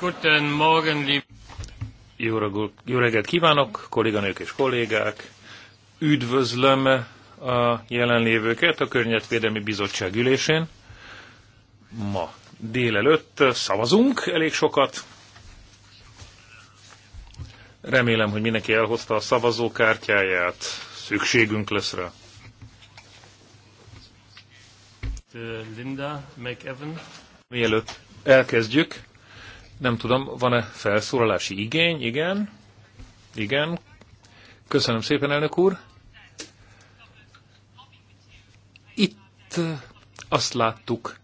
Guten Morgen, lieb... Jó, jó reggelt kívánok, kolléganők és kollégák! Üdvözlöm a jelenlévőket a Környezetvédelmi Bizottság ülésén. Ma délelőtt szavazunk elég sokat. Remélem, hogy mindenki elhozta a szavazókártyáját. Szükségünk lesz rá. Linda McEvan. Mielőtt elkezdjük, nem tudom, van-e felszólalási igény? Igen. Igen. Köszönöm szépen, elnök úr. Itt azt láttuk,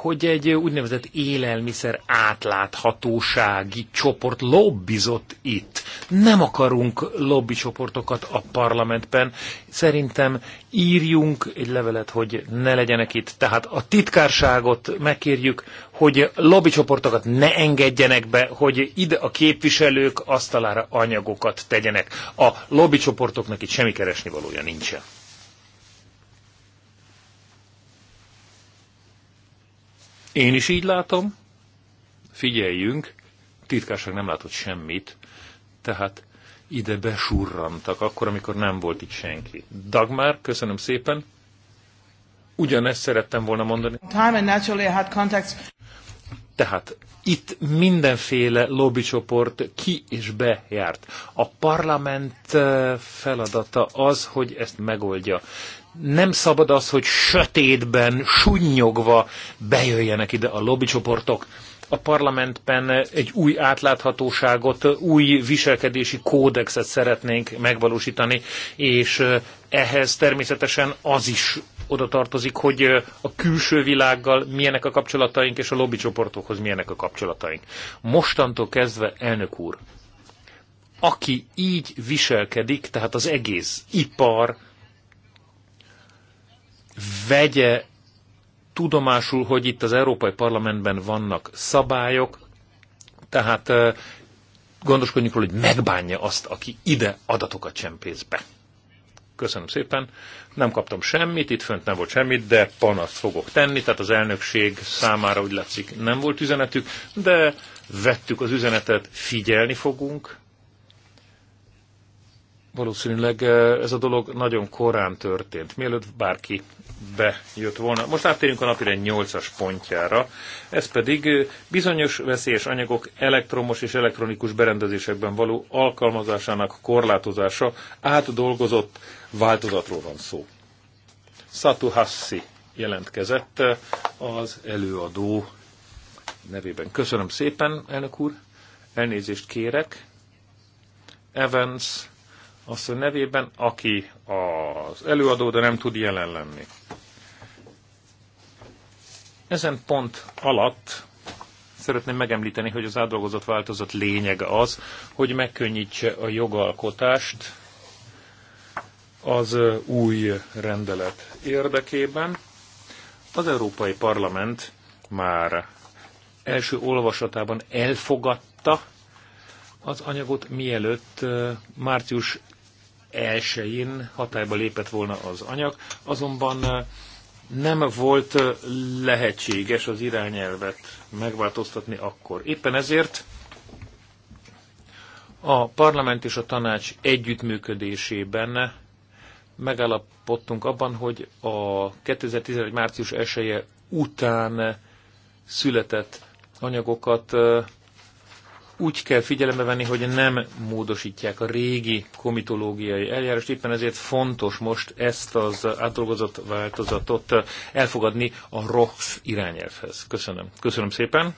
hogy egy úgynevezett élelmiszer átláthatósági csoport lobbizott itt. Nem akarunk lobbycsoportokat a parlamentben. Szerintem írjunk egy levelet, hogy ne legyenek itt. Tehát a titkárságot megkérjük, hogy lobbycsoportokat ne engedjenek be, hogy ide a képviselők asztalára anyagokat tegyenek. A lobbycsoportoknak itt semmi valója nincsen. Én is így látom. Figyeljünk, a titkárság nem látott semmit, tehát ide besurrantak, akkor, amikor nem volt itt senki. Dagmar, köszönöm szépen. Ugyanezt szerettem volna mondani. Tehát itt mindenféle lobbycsoport ki és bejárt. A parlament eh, feladata az, hogy ezt megoldja nem szabad az, hogy sötétben, sunnyogva bejöjjenek ide a lobbycsoportok. A parlamentben egy új átláthatóságot, új viselkedési kódexet szeretnénk megvalósítani, és ehhez természetesen az is oda tartozik, hogy a külső világgal milyenek a kapcsolataink, és a lobbycsoportokhoz milyenek a kapcsolataink. Mostantól kezdve, elnök úr, aki így viselkedik, tehát az egész ipar, vegye tudomásul, hogy itt az Európai Parlamentben vannak szabályok, tehát gondoskodjunk róla, hogy megbánja azt, aki ide adatokat csempész be. Köszönöm szépen. Nem kaptam semmit, itt fönt nem volt semmit, de panaszt fogok tenni, tehát az elnökség számára úgy látszik nem volt üzenetük, de vettük az üzenetet, figyelni fogunk, valószínűleg eh, ez a dolog nagyon korán történt, mielőtt bárki bejött volna. Most áttérünk a napirend 8-as pontjára, ez pedig eh, bizonyos veszélyes anyagok elektromos és elektronikus berendezésekben való alkalmazásának korlátozása átdolgozott változatról van szó. Satu Hassi jelentkezett eh, az előadó nevében. Köszönöm szépen, elnök úr, elnézést kérek. Evans a nevében, aki az előadó, de nem tud jelen lenni. Ezen pont alatt szeretném megemlíteni, hogy az átdolgozott változat lényege az, hogy megkönnyítse a jogalkotást az új rendelet érdekében. Az Európai Parlament már első olvasatában elfogadta az anyagot, mielőtt március 1-én hatályba lépett volna az anyag, azonban nem volt lehetséges az irányelvet megváltoztatni akkor. Éppen ezért a parlament és a tanács együttműködésében megállapodtunk abban, hogy a 2011. március 1 -e után született anyagokat úgy kell figyelembe venni, hogy nem módosítják a régi komitológiai eljárást, éppen ezért fontos most ezt az átdolgozott változatot elfogadni a ROX irányelvhez. Köszönöm. Köszönöm szépen.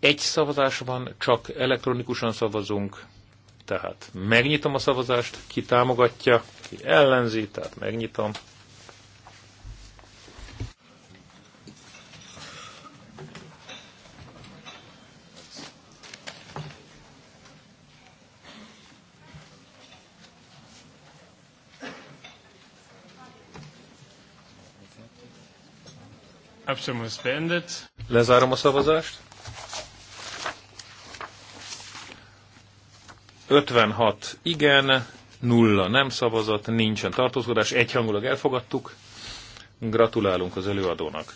Egy szavazás van, csak elektronikusan szavazunk, tehát megnyitom a szavazást, ki támogatja, ki ellenzi, tehát megnyitom. Abstimmung ist beendet. Lezárom a szavazást. 56 igen, nulla nem szavazat, nincsen tartózkodás, egyhangulag elfogadtuk. Gratulálunk az előadónak.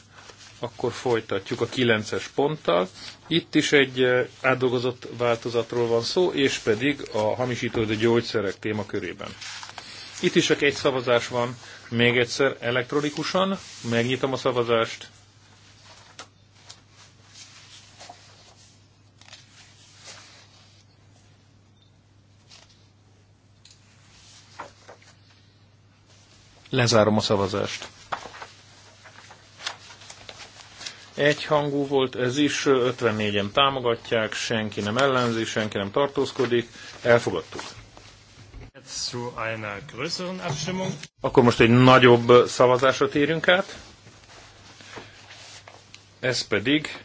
Akkor folytatjuk a 9-es ponttal. Itt is egy eh, átdolgozott változatról van szó, és pedig a hamisítódó gyógyszerek témakörében. Itt is csak egy szavazás van, még egyszer elektronikusan, megnyitom a szavazást. Lezárom a szavazást. Egyhangú volt ez is, 54-en támogatják, senki nem ellenzi, senki nem tartózkodik, elfogadtuk. Akkor most egy nagyobb szavazásra térünk át. Ez pedig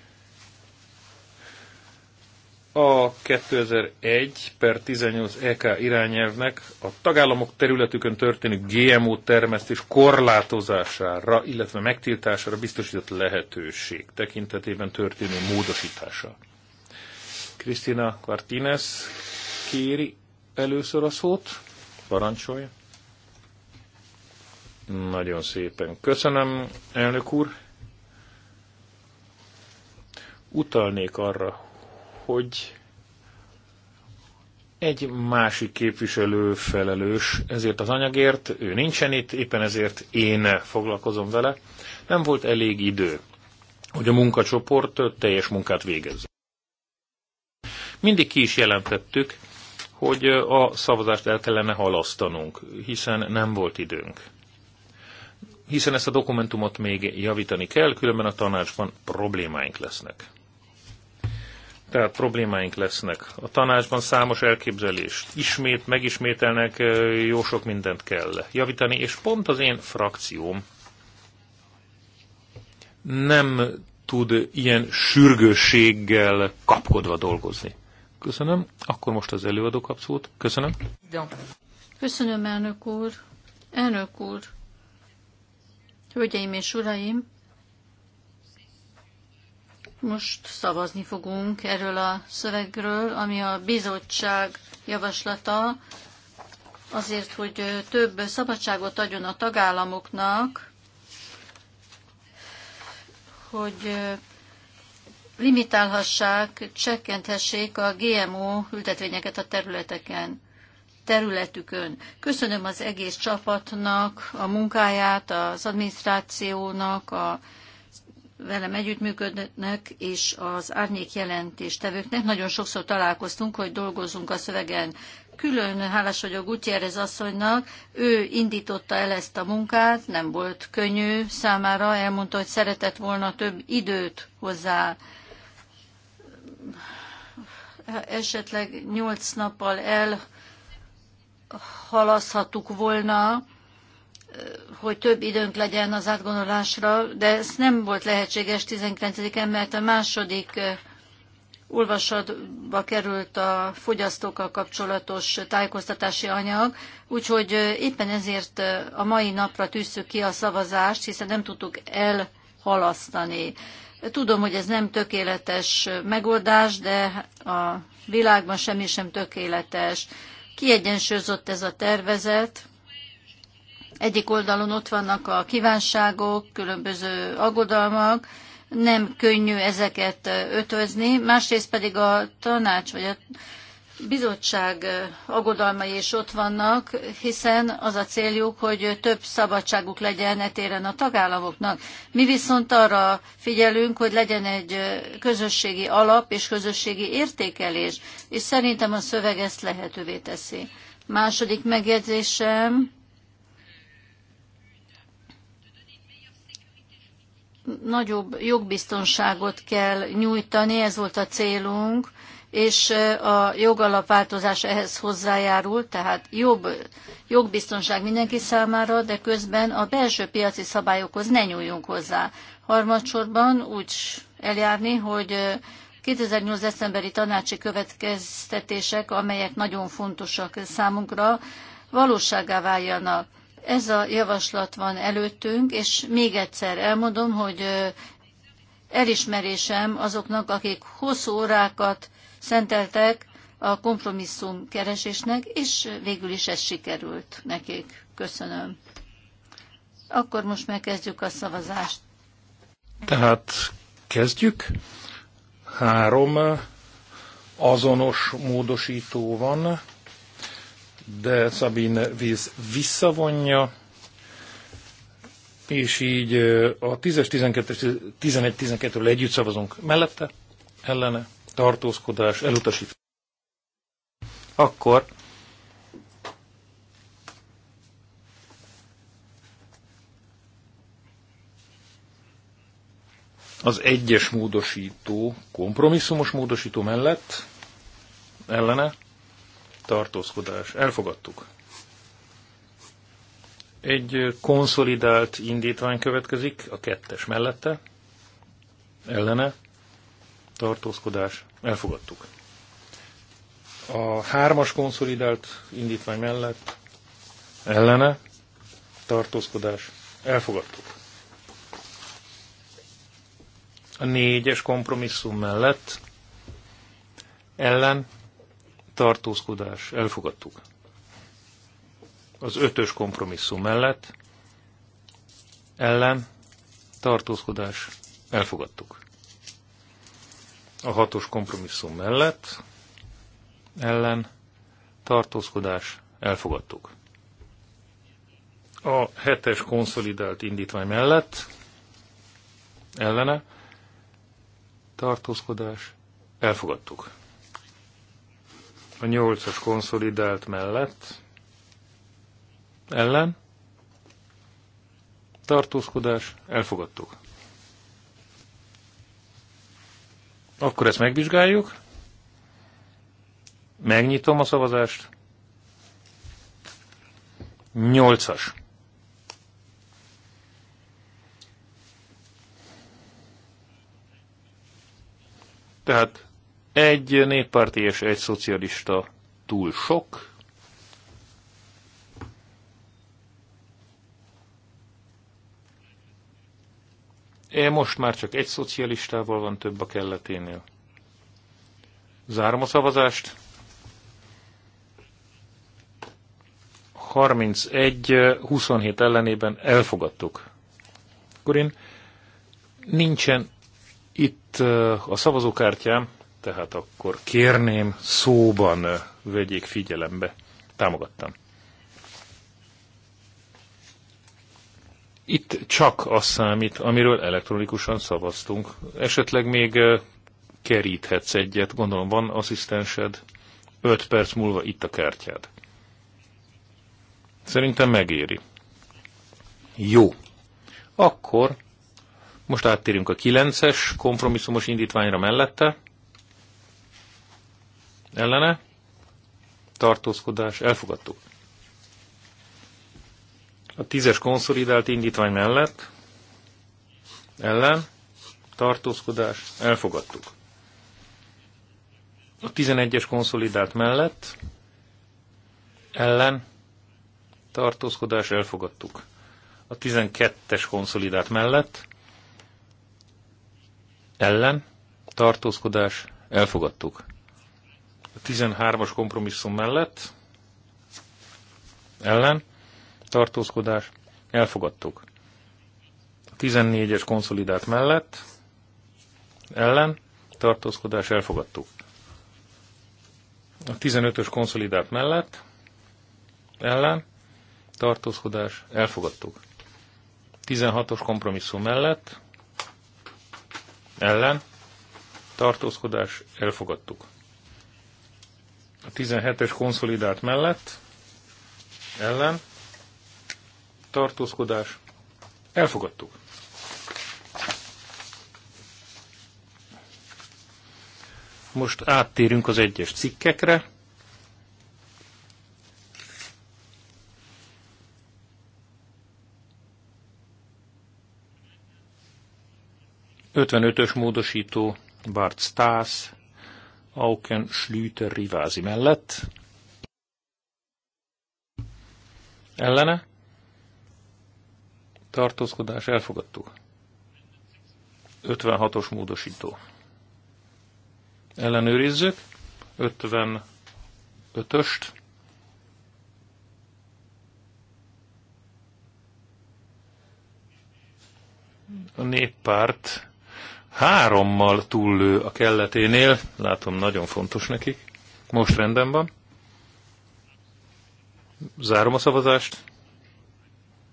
a 2001 per 18 EK irányelvnek a tagállamok területükön történő GMO termesztés korlátozására, illetve megtiltására biztosított lehetőség tekintetében történő módosítása. Krisztina Martínez kéri először a szót. Parancsolja. Nagyon szépen köszönöm, elnök úr. Utalnék arra, hogy egy másik képviselő felelős ezért az anyagért, ő nincsen itt, éppen ezért én foglalkozom vele. Nem volt elég idő, hogy a munkacsoport teljes munkát végezze. Mindig ki is jelentettük, hogy a szavazást el kellene halasztanunk, hiszen nem volt időnk. Hiszen ezt a dokumentumot még javítani kell, különben a tanácsban problémáink lesznek. Tehát problémáink lesznek. A tanácsban számos elképzelést ismét, megismételnek, jó sok mindent kell javítani, és pont az én frakcióm nem tud ilyen sürgősséggel kapkodva dolgozni. Köszönöm. Akkor most az előadó kap szót. Köszönöm. Köszönöm, elnök úr. Elnök úr. Hölgyeim és uraim, most szavazni fogunk erről a szövegről, ami a bizottság javaslata azért, hogy több szabadságot adjon a tagállamoknak, hogy limitálhassák, csekkenthessék a GMO ültetvényeket a területeken, területükön. Köszönöm az egész csapatnak, a munkáját, az adminisztrációnak, a velem együttműködnek, és az árnyék jelentéstevőknek. Nagyon sokszor találkoztunk, hogy dolgozunk a szövegen. Külön hálás vagyok Gutierrez asszonynak, ő indította el ezt a munkát, nem volt könnyű számára, elmondta, hogy szeretett volna több időt hozzá esetleg nyolc nappal elhalaszhattuk volna hogy több időnk legyen az átgondolásra, de ez nem volt lehetséges 19-en, mert a második olvasatba került a fogyasztókkal kapcsolatos tájékoztatási anyag, úgyhogy éppen ezért a mai napra tűzzük ki a szavazást, hiszen nem tudtuk elhalasztani. Tudom, hogy ez nem tökéletes megoldás, de a világban semmi sem tökéletes. Kiegyensúlyozott ez a tervezet, egyik oldalon ott vannak a kívánságok, különböző aggodalmak, nem könnyű ezeket ötvözni, másrészt pedig a tanács vagy a bizottság aggodalmai is ott vannak, hiszen az a céljuk, hogy több szabadságuk legyen etéren a tagállamoknak. Mi viszont arra figyelünk, hogy legyen egy közösségi alap és közösségi értékelés, és szerintem a szöveg ezt lehetővé teszi. Második megjegyzésem, nagyobb jogbiztonságot kell nyújtani, ez volt a célunk, és a jogalapváltozás ehhez hozzájárul, tehát jobb jogbiztonság mindenki számára, de közben a belső piaci szabályokhoz ne nyúljunk hozzá. Harmadsorban úgy eljárni, hogy 2008. decemberi tanácsi következtetések, amelyek nagyon fontosak számunkra, valóságá váljanak. Ez a javaslat van előttünk, és még egyszer elmondom, hogy elismerésem azoknak, akik hosszú órákat szenteltek a kompromisszum keresésnek, és végül is ez sikerült nekik. Köszönöm. Akkor most megkezdjük a szavazást. Tehát kezdjük. Három azonos módosító van de Sabine Víz visszavonja, és így a 10-es, 12-es, 11-12-ről együtt szavazunk mellette, ellene, tartózkodás, elutasít. Akkor az egyes módosító kompromisszumos módosító mellett ellene tartózkodás. Elfogadtuk. Egy konszolidált indítvány következik a kettes mellette. Ellene. Tartózkodás. Elfogadtuk. A hármas konszolidált indítvány mellett. Ellene. Tartózkodás. Elfogadtuk. A négyes kompromisszum mellett. Ellen tartózkodás, elfogadtuk. Az ötös kompromisszum mellett, ellen, tartózkodás, elfogadtuk. A hatos kompromisszum mellett, ellen, tartózkodás, elfogadtuk. A hetes konszolidált indítvány mellett, ellene, tartózkodás, elfogadtuk a 8-as konszolidált mellett ellen tartózkodás elfogadtuk. Akkor ezt megvizsgáljuk. Megnyitom a szavazást. 8-as. Tehát egy néppárti és egy szocialista túl sok. most már csak egy szocialistával van több a kelleténél. Zárom a szavazást. 31-27 ellenében elfogadtuk. Akkor én nincsen itt a szavazókártyám, tehát akkor kérném, szóban vegyék figyelembe. Támogattam. Itt csak az számít, amiről elektronikusan szavaztunk. Esetleg még keríthetsz egyet, gondolom van asszisztensed, 5 perc múlva itt a kártyád. Szerintem megéri. Jó. Akkor most áttérünk a 9-es kompromisszumos indítványra mellette ellene, tartózkodás, elfogadtuk. A tízes konszolidált indítvány mellett, ellen, tartózkodás, elfogadtuk. A 11-es konszolidált mellett, ellen, tartózkodás, elfogadtuk. A 12-es konszolidált mellett, ellen, tartózkodás, elfogadtuk. A 13-as kompromisszum mellett ellen tartózkodás elfogadtuk. A 14-es konszolidált mellett ellen tartózkodás elfogadtuk. A 15-ös konszolidált mellett ellen tartózkodás elfogadtuk. 16-os kompromisszum mellett ellen tartózkodás elfogadtuk a 17-es konszolidált mellett, ellen, tartózkodás, elfogadtuk. Most áttérünk az egyes cikkekre. Ötvenötös módosító Bart Stas Auken Schlüter Rivázi mellett. Ellene? Tartózkodás elfogadtuk. 56-os módosító. Ellenőrizzük. 55-öst. A néppárt hárommal túllő a kelleténél, látom nagyon fontos nekik. Most rendben van. Zárom a szavazást.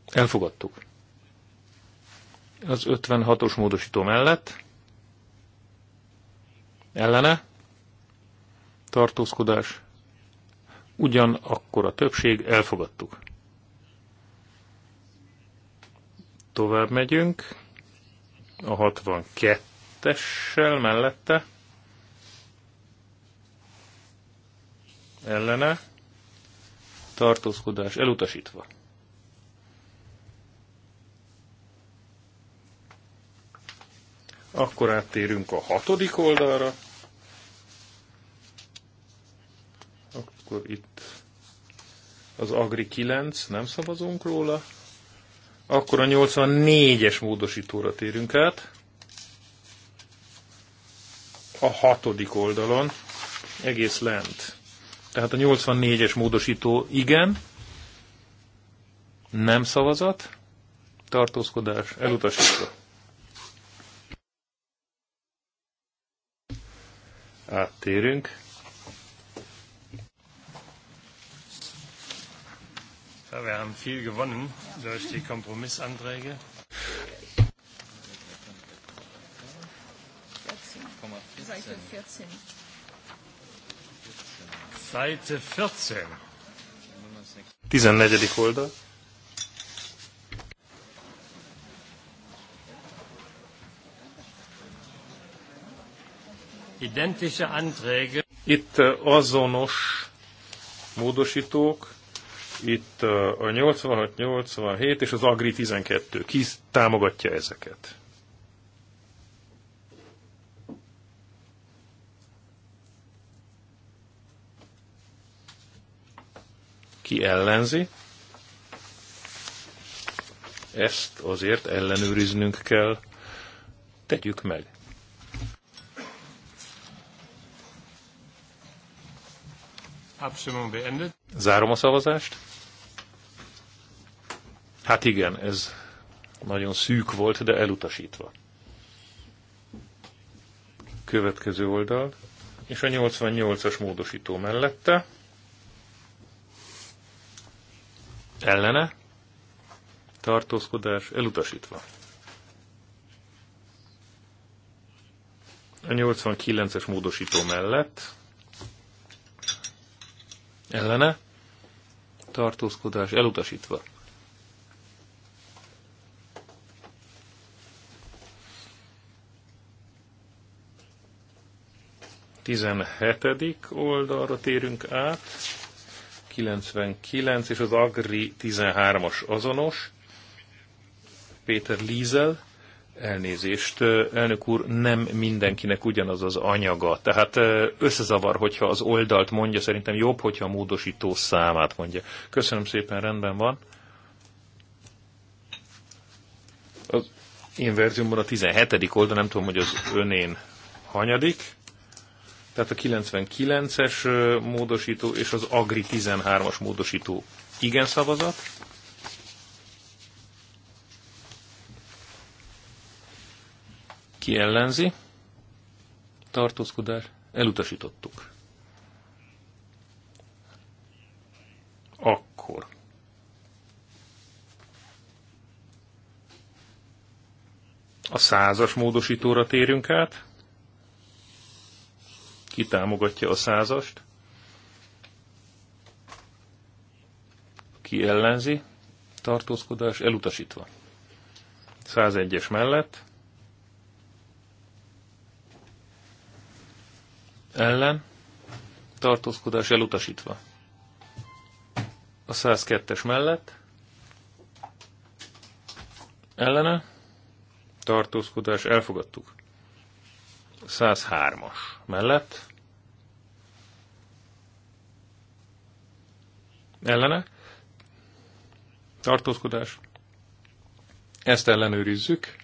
Elfogadtuk. Az 56-os módosító mellett. Ellene. Tartózkodás. Ugyanakkor a többség elfogadtuk. Tovább megyünk. A 62 kettessel mellette. Ellene. Tartózkodás elutasítva. Akkor áttérünk a hatodik oldalra. Akkor itt az Agri 9, nem szavazunk róla. Akkor a 84-es módosítóra térünk át a hatodik oldalon, egész lent. Tehát a 84-es módosító igen, nem szavazat, tartózkodás elutasítva. Áttérünk. Ja, wir haben viel gewonnen durch die Kompromissanträge. Seite 14. 14. oldal. Identische Anträge. Itt azonos módosítók, itt a 86, 87 és az Agri 12. Ki támogatja ezeket? Ki ellenzi? Ezt azért ellenőriznünk kell. Tegyük meg. Zárom a szavazást. Hát igen, ez nagyon szűk volt, de elutasítva. Következő oldal, és a 88-as módosító mellette ellene, tartózkodás elutasítva. A 89-es módosító mellett ellene, tartózkodás elutasítva. Tizenhetedik oldalra térünk át. 99 és az Agri 13-as azonos. Péter Lízel, elnézést, elnök úr, nem mindenkinek ugyanaz az anyaga. Tehát összezavar, hogyha az oldalt mondja, szerintem jobb, hogyha a módosító számát mondja. Köszönöm szépen, rendben van. Az én verziómban a 17. oldal, nem tudom, hogy az önén hanyadik. Tehát a 99-es módosító és az Agri 13-as módosító igen szavazat. Ki ellenzi? Tartózkodás. Elutasítottuk. Akkor. A százas módosítóra térünk át ki támogatja a százast, ki ellenzi, tartózkodás elutasítva. 101-es mellett, ellen, tartózkodás elutasítva. A 102-es mellett, ellene, tartózkodás elfogadtuk. 103-as mellett, ellene, tartózkodás, ezt ellenőrizzük.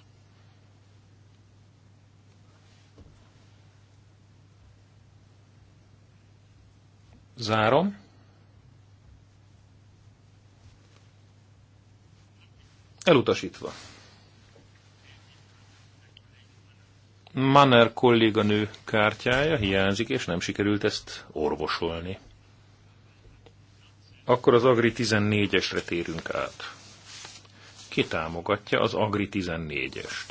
Zárom. Elutasítva. Manner kolléganő kártyája hiányzik, és nem sikerült ezt orvosolni. Akkor az Agri 14-esre térünk át. Ki támogatja az Agri 14-est?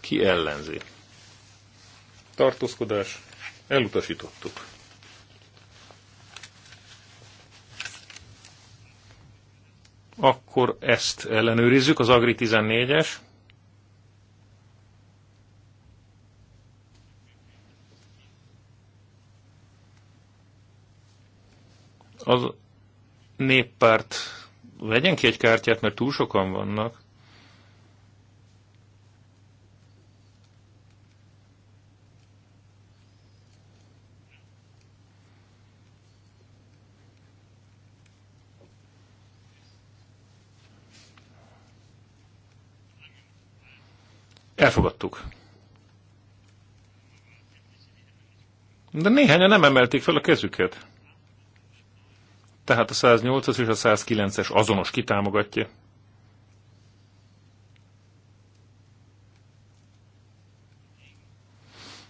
Ki ellenzi? Tartózkodás. Elutasítottuk. Akkor ezt ellenőrizzük, az Agri 14-es. az néppárt vegyen ki egy kártyát, mert túl sokan vannak. Elfogadtuk. De néhányan nem emelték fel a kezüket. Tehát a 108-as és a 109-es azonos kitámogatja.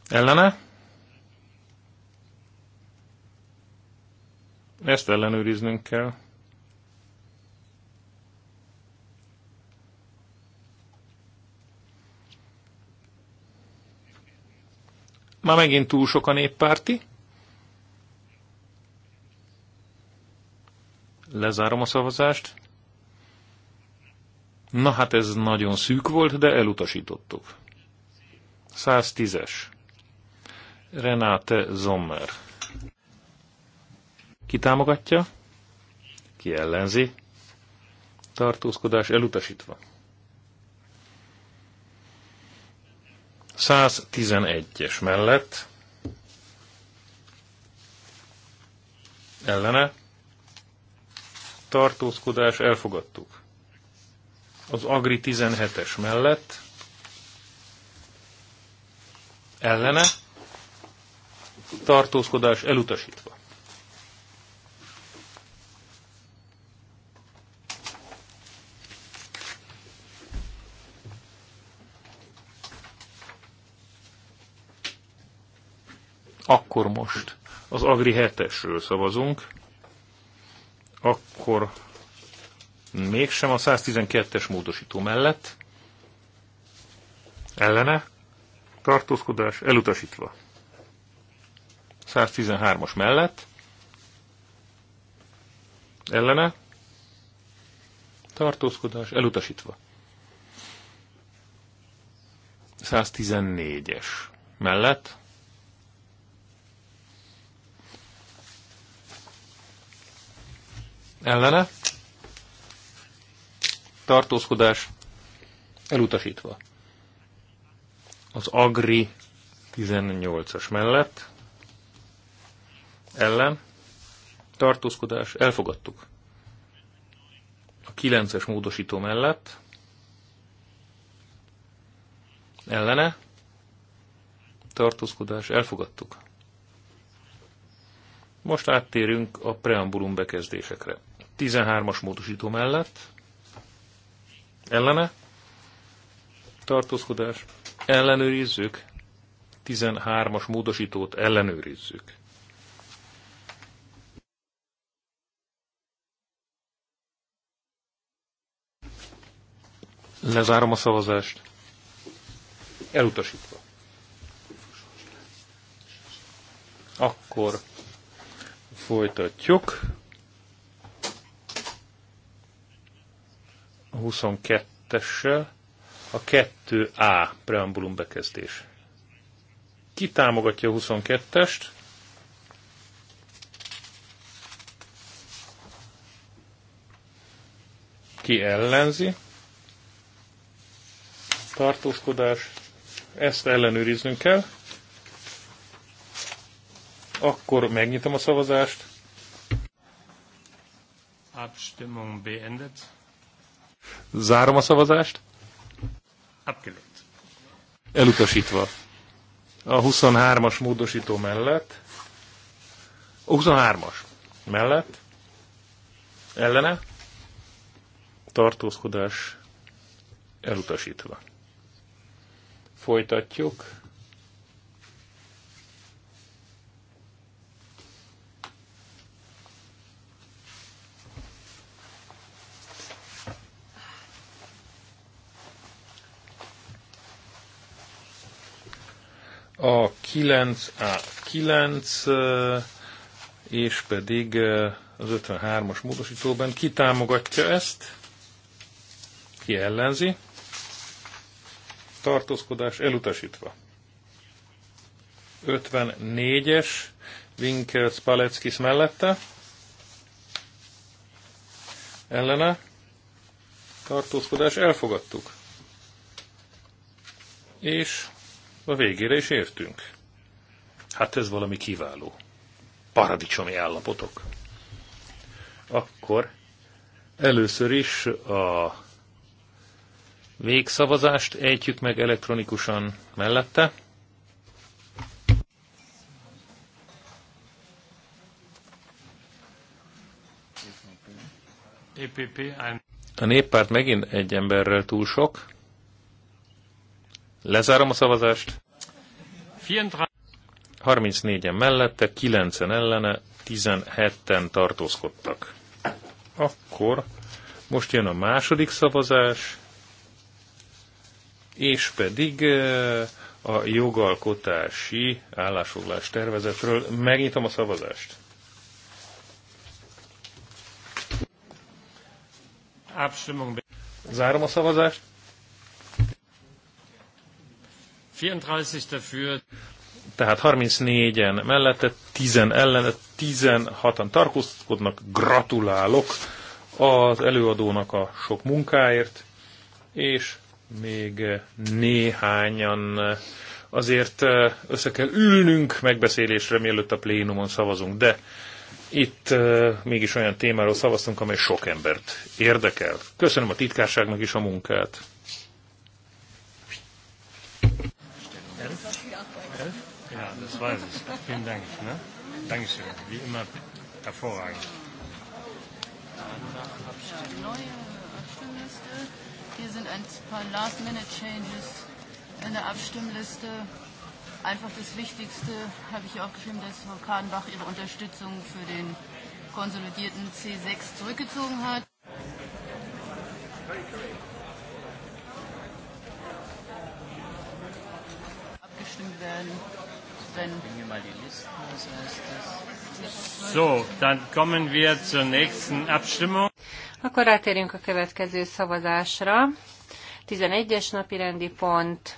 Ellene? Ezt ellenőriznünk kell. Már megint túl sok a néppárti. Lezárom a szavazást. Na hát ez nagyon szűk volt, de elutasítottuk. 110-es. Renate Zommer. Ki támogatja? Ki ellenzi? Tartózkodás elutasítva. 111-es mellett ellene tartózkodás elfogadtuk. Az Agri 17-es mellett ellene tartózkodás elutasítva. Akkor most az Agri 7-esről szavazunk. Akkor mégsem a 112-es módosító mellett ellene tartózkodás elutasítva. 113-as mellett ellene tartózkodás elutasítva. 114-es mellett ellene, tartózkodás elutasítva. Az Agri 18-as mellett ellen tartózkodás elfogadtuk. A 9-es módosító mellett ellene tartózkodás elfogadtuk. Most áttérünk a preambulum bekezdésekre. 13-as módosító mellett ellene tartózkodás ellenőrizzük, 13-as módosítót ellenőrizzük. Lezárom a szavazást. Elutasítva. Akkor folytatjuk. a 22-essel, a 2A preambulum bekezdés. Ki támogatja a 22-est? Ki ellenzi? Tartózkodás. Ezt ellenőriznünk kell. Akkor megnyitom a szavazást. Abstimmung beendet. Zárom a szavazást. Abgelehnt. Elutasítva. A 23-as módosító mellett. A 23-as mellett. Ellene. Tartózkodás elutasítva. Folytatjuk. a 9A9 és pedig az 53-as módosítóban ki támogatja ezt, ki ellenzi, tartózkodás elutasítva. 54-es Winkels Paleckis mellette, ellene, tartózkodás elfogadtuk. És a végére is értünk. Hát ez valami kiváló. Paradicsomi állapotok. Akkor először is a végszavazást ejtjük meg elektronikusan mellette. A néppárt megint egy emberrel túl sok. Lezárom a szavazást. 34-en mellette, 9-en ellene, 17-en tartózkodtak. Akkor most jön a második szavazás, és pedig eh, a jogalkotási állásfoglás tervezetről. Megnyitom a szavazást. Zárom a szavazást. 34 dafür. Tehát 34-en mellette, 10 ellen, 16-an tartózkodnak. Gratulálok az előadónak a sok munkáért, és még néhányan azért össze kell ülnünk megbeszélésre, mielőtt a plénumon szavazunk, de itt eh, mégis olyan témáról szavaztunk, amely sok embert érdekel. Köszönöm a titkárságnak is a munkát. weiß ich. Vielen Dank. Ne? Dankeschön. Wie immer hervorragend. Hier sind ein paar Last-Minute-Changes in der Abstimmliste. Einfach das Wichtigste habe ich auch geschrieben, dass Frau Kahnbach ihre Unterstützung für den konsolidierten C6 zurückgezogen hat. Abgestimmt werden. So, dann kommen wir zur nächsten Abstimmung. Akkor rátérünk a következő szavazásra. 11-es napi rendi pont,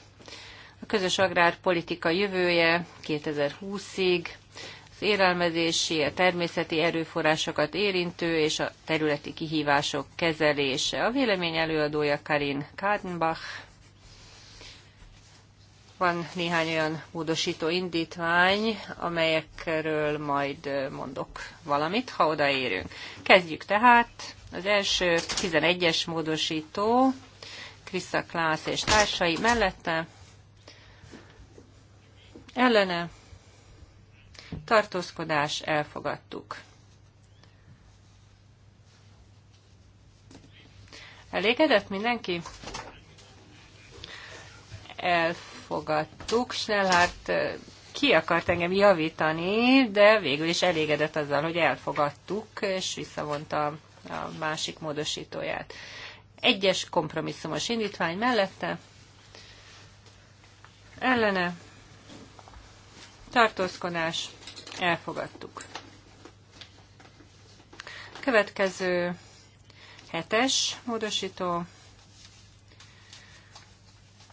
a közös agrárpolitika jövője 2020-ig, az élelmezési, a természeti erőforrásokat érintő és a területi kihívások kezelése. A vélemény előadója Karin Kádenbach van néhány olyan módosító indítvány, amelyekről majd mondok valamit, ha odaérünk. Kezdjük tehát. Az első 11-es módosító, Krisza Klász és társai mellette, ellene, tartózkodás, elfogadtuk. Elégedett mindenki? Elf fogadtuk. Snellhárt ki akart engem javítani, de végül is elégedett azzal, hogy elfogadtuk, és visszavonta a másik módosítóját. Egyes kompromisszumos indítvány mellette, ellene, tartózkodás, elfogadtuk. Következő hetes módosító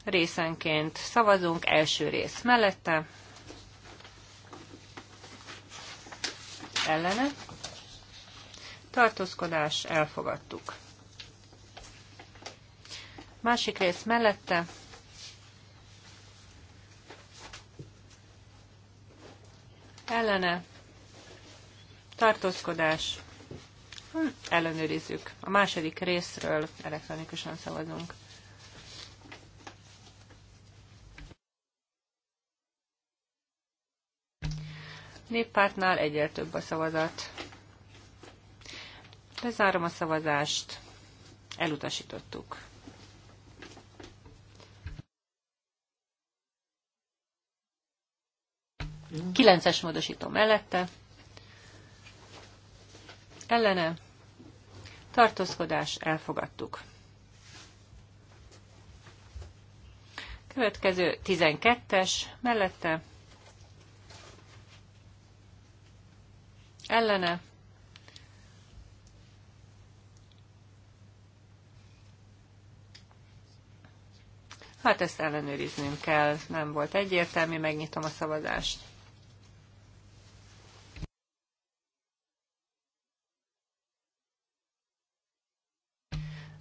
Részenként szavazunk, első rész mellette. Ellene. Tartózkodás, elfogadtuk. Másik rész mellette. Ellene. Tartózkodás. Hm, ellenőrizzük. A második részről elektronikusan szavazunk. néppártnál egyre több a szavazat. Lezárom a szavazást. Elutasítottuk. Kilences módosító mellette. Ellene. Tartózkodás. Elfogadtuk. Következő 12-es mellette ellene Hát ezt ellenőriznünk kell, nem volt egyértelmű, megnyitom a szavazást.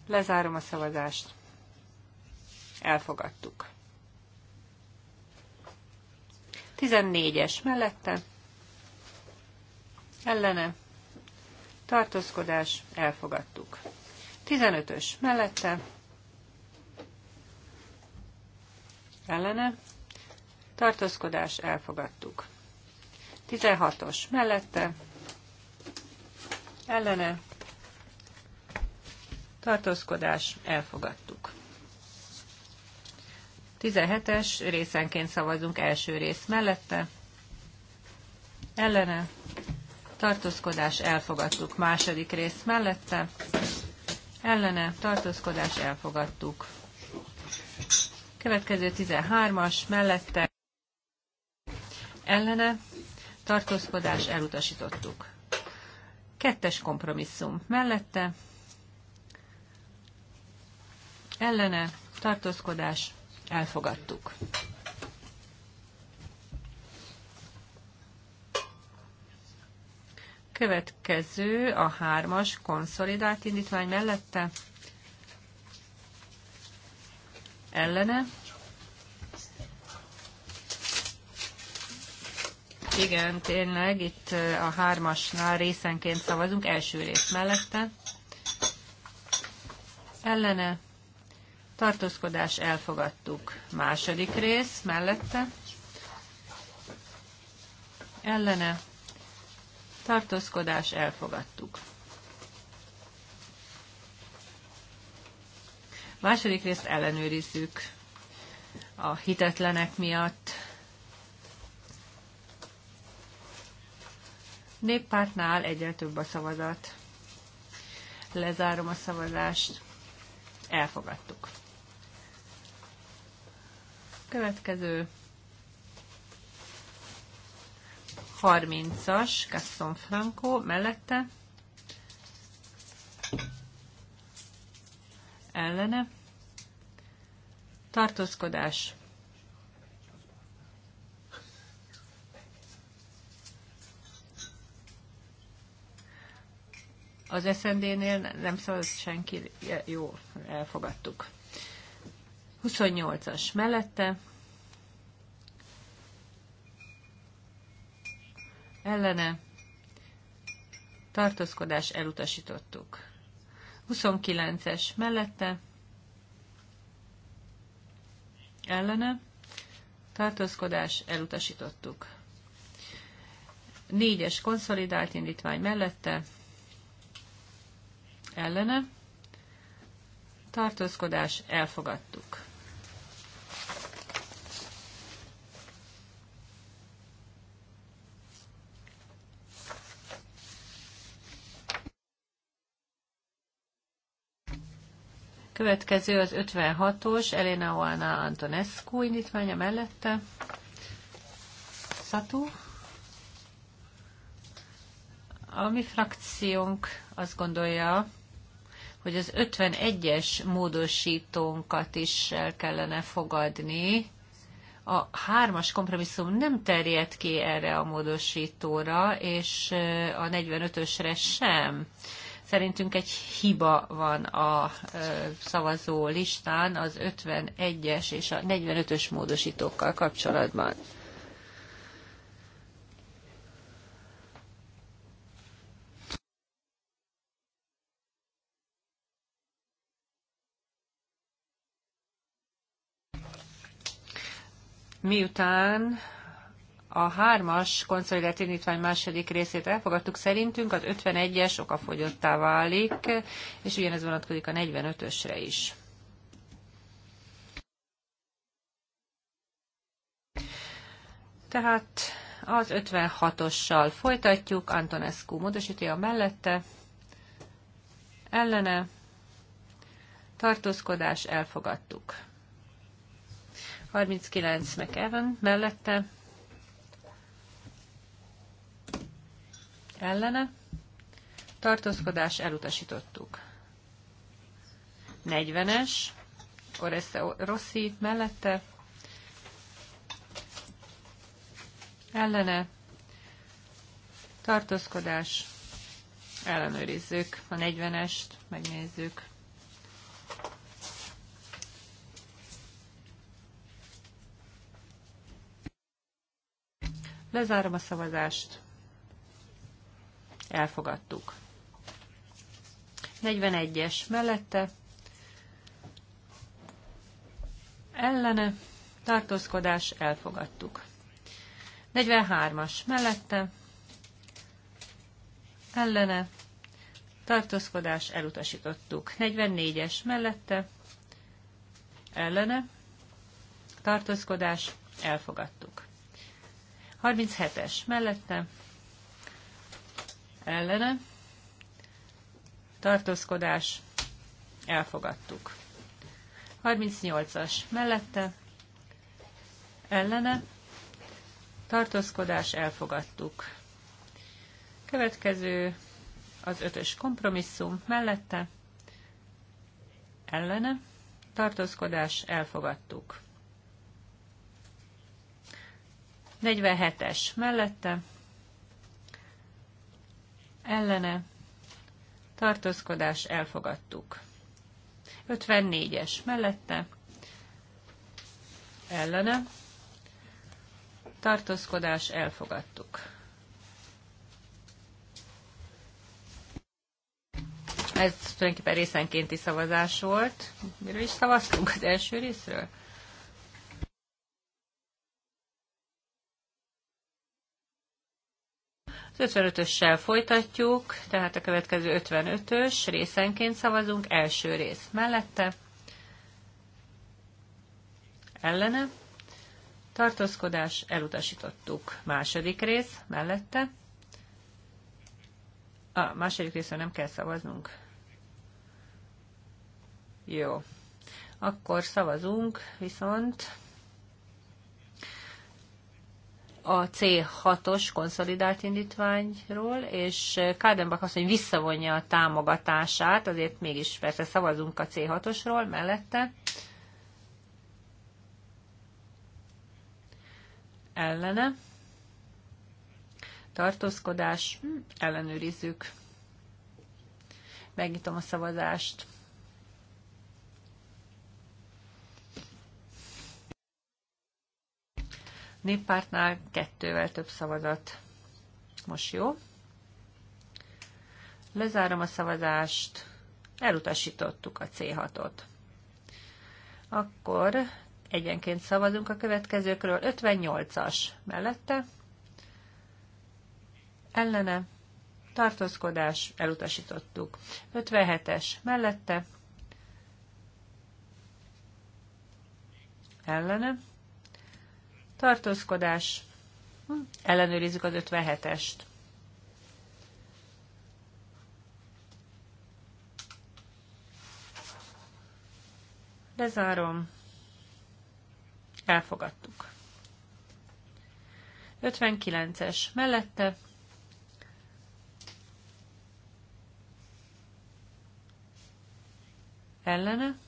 Lezárom a szavazást. Elfogadtuk. 14-es mellette ellene, tartózkodás, elfogadtuk. 15-ös mellette, ellene, tartózkodás, elfogadtuk. 16-os mellette, ellene, tartózkodás, elfogadtuk. 17-es részenként szavazunk első rész mellette, ellene, tartózkodás elfogadtuk. Második rész mellette, ellene, tartózkodás elfogadtuk. Következő 13-as mellette, ellene, tartózkodás elutasítottuk. Kettes kompromisszum mellette, ellene, tartózkodás elfogadtuk. Következő a hármas konszolidált indítvány mellette. Ellene. Igen, tényleg itt a hármasnál részenként szavazunk, első rész mellette. Ellene. Tartózkodás elfogadtuk. Második rész mellette. Ellene tartózkodás elfogadtuk. Második részt ellenőrizzük a hitetlenek miatt. Néppártnál egyre több a szavazat. Lezárom a szavazást. Elfogadtuk. Következő 30-as Gaston Franco mellette ellene tartózkodás az SND-nél nem szólt senki, jó, elfogadtuk. 28-as mellette ellene tartózkodás elutasítottuk. 29-es mellette ellene tartózkodás elutasítottuk. 4-es konszolidált indítvány mellette ellene tartózkodás elfogadtuk. Következő az 56-os Elena Oana Antonescu indítványa mellette. Szatú. A mi frakciónk azt gondolja, hogy az 51-es módosítónkat is el kellene fogadni. A hármas kompromisszum nem terjed ki erre a módosítóra, és a 45-ösre sem. Szerintünk egy hiba van a szavazó listán az 51-es és a 45-ös módosítókkal kapcsolatban. Miután a hármas konszolidált indítvány második részét elfogadtuk, szerintünk az 51-es okafogyottá válik, és ugyanez vonatkozik a 45-ösre is. Tehát az 56-ossal folytatjuk, Antonescu a mellette, ellene, tartózkodás, elfogadtuk. 39 McEwan mellette, ellene, tartózkodás elutasítottuk. 40-es, Oreste Rossi mellette, ellene, tartózkodás, ellenőrizzük a 40-est, megnézzük. Lezárom a szavazást elfogadtuk. 41-es mellette ellene tartózkodás elfogadtuk. 43-as mellette ellene tartózkodás elutasítottuk. 44-es mellette ellene tartózkodás elfogadtuk. 37-es mellette ellene, tartózkodás, elfogadtuk. 38-as mellette, ellene, tartózkodás, elfogadtuk. Következő az ötös kompromisszum mellette, ellene, tartózkodás, elfogadtuk. 47-es mellette, ellene, tartózkodás elfogadtuk. 54-es mellette, ellene, tartózkodás elfogadtuk. Ez tulajdonképpen részenkénti szavazás volt. Miről is szavaztunk az első részről? Az 55-össel folytatjuk, tehát a következő 55-ös részenként szavazunk, első rész mellette, ellene, tartózkodás, elutasítottuk. Második rész mellette, a második részre nem kell szavaznunk. Jó. Akkor szavazunk, viszont a C6-os konszolidált indítványról, és Kádenbach azt mondja, visszavonja a támogatását, azért mégis persze szavazunk a C6-osról mellette. Ellene. Tartózkodás. Hm, ellenőrizzük. Megnyitom a szavazást. néppártnál kettővel több szavazat. Most jó. Lezárom a szavazást. Elutasítottuk a C6-ot. Akkor egyenként szavazunk a következőkről. 58-as mellette. Ellene. Tartózkodás. Elutasítottuk. 57-es mellette. Ellene tartózkodás, ellenőrizzük az 57-est. Lezárom. Elfogadtuk. 59-es mellette. Ellene.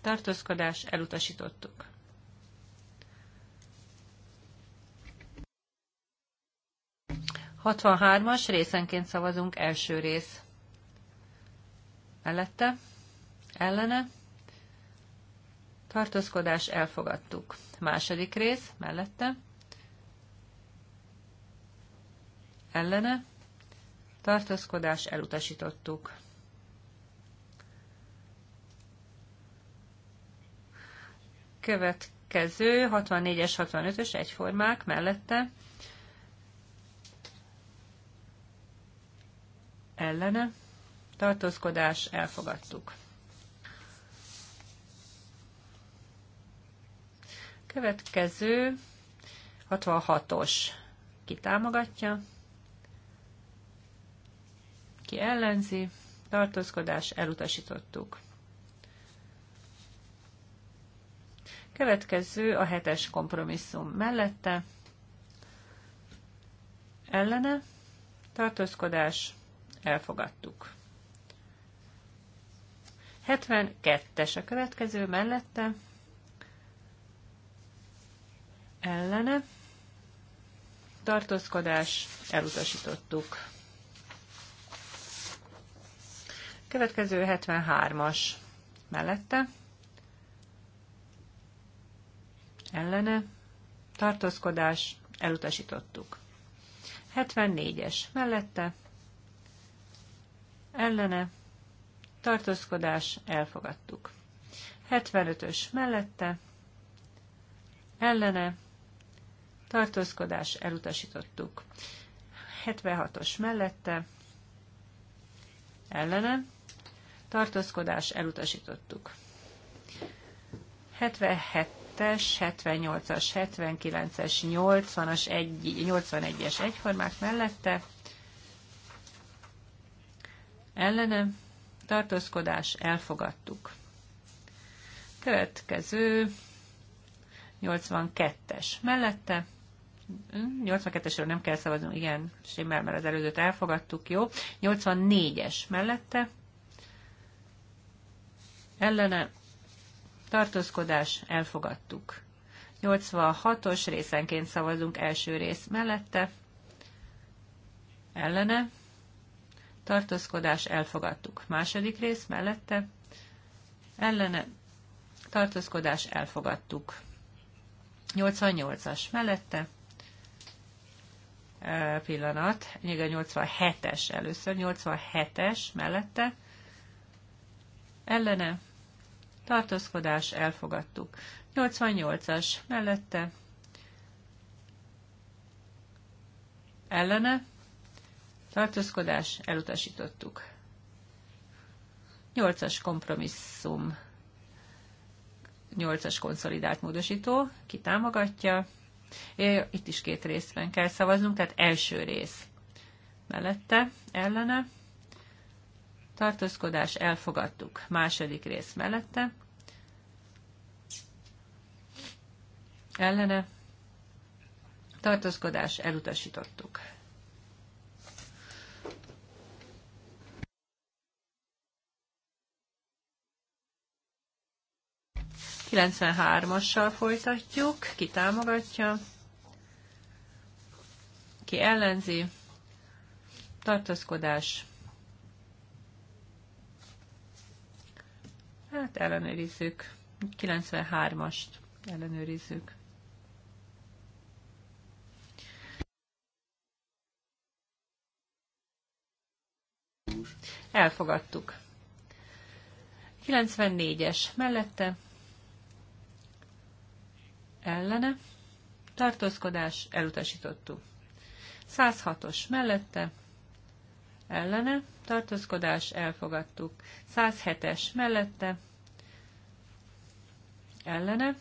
Tartózkodás elutasítottuk. 63-as részenként szavazunk első rész. Mellette? Ellene? Tartózkodás elfogadtuk. Második rész, mellette. Ellene. Tartózkodás elutasítottuk. Következő 64-es, 65-ös egyformák mellette. ellene, tartózkodás, elfogadtuk. Következő 66-os. Ki támogatja? Ki ellenzi? Tartózkodás elutasítottuk. Következő a hetes kompromisszum mellette. Ellene? Tartózkodás elfogadtuk. 72-es a következő mellette, ellene, tartózkodás, elutasítottuk. Következő 73-as mellette, ellene, tartózkodás, elutasítottuk. 74-es mellette, ellene, tartózkodás, elfogadtuk. 75-ös mellette, ellene, tartózkodás, elutasítottuk. 76-os mellette, ellene, tartózkodás, elutasítottuk. 77-es, 78-as, 79-es, 80-as, 81-es egyformák mellette, ellene tartózkodás elfogadtuk. Következő 82-es mellette. 82-esről hm, nem kell szavaznunk, igen, simmel, mert az előzőt elfogadtuk, jó. 84-es mellette. Ellene tartózkodás elfogadtuk. 86-os részenként szavazunk első rész mellette. Ellene tartózkodás elfogadtuk. Második rész mellette ellene tartózkodás elfogadtuk. 88-as mellette pillanat, még a 87-es először, 87-es mellette ellene tartózkodás elfogadtuk. 88-as mellette ellene tartózkodás, elutasítottuk. Nyolcas kompromisszum, nyolcas konszolidált módosító, ki támogatja. Itt is két részben kell szavaznunk, tehát első rész mellette, ellene, tartózkodás, elfogadtuk. Második rész mellette, ellene, tartózkodás, elutasítottuk. 93-assal folytatjuk, ki támogatja, ki ellenzi, tartózkodás. Hát ellenőrizzük, 93-ast ellenőrizzük. Elfogadtuk. 94-es mellette ellene, tartózkodás, elutasítottuk. 106-os mellette, ellene, tartózkodás, elfogadtuk. 107-es mellette, ellene,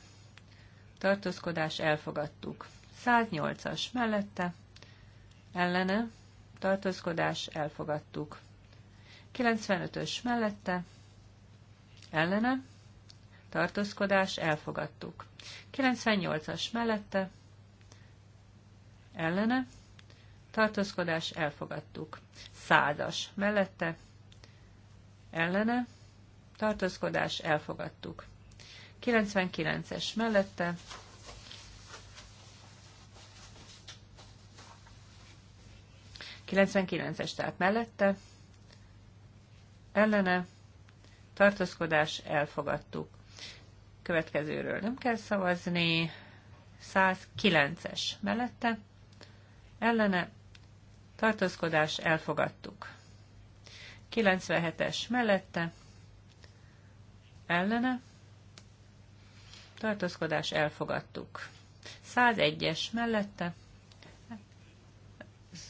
tartózkodás, elfogadtuk. 108-as mellette, ellene, tartózkodás, elfogadtuk. 95-ös mellette, ellene, tartózkodás, elfogadtuk. 98-as mellette, ellene, tartózkodás, elfogadtuk. 100-as mellette, ellene, tartózkodás, elfogadtuk. 99-es mellette, ...99-es, tehát mellette, ellene, tartózkodás, elfogadtuk következőről nem kell szavazni. 109-es mellette ellene tartózkodás elfogadtuk. 97-es mellette ellene tartózkodás elfogadtuk. 101-es mellette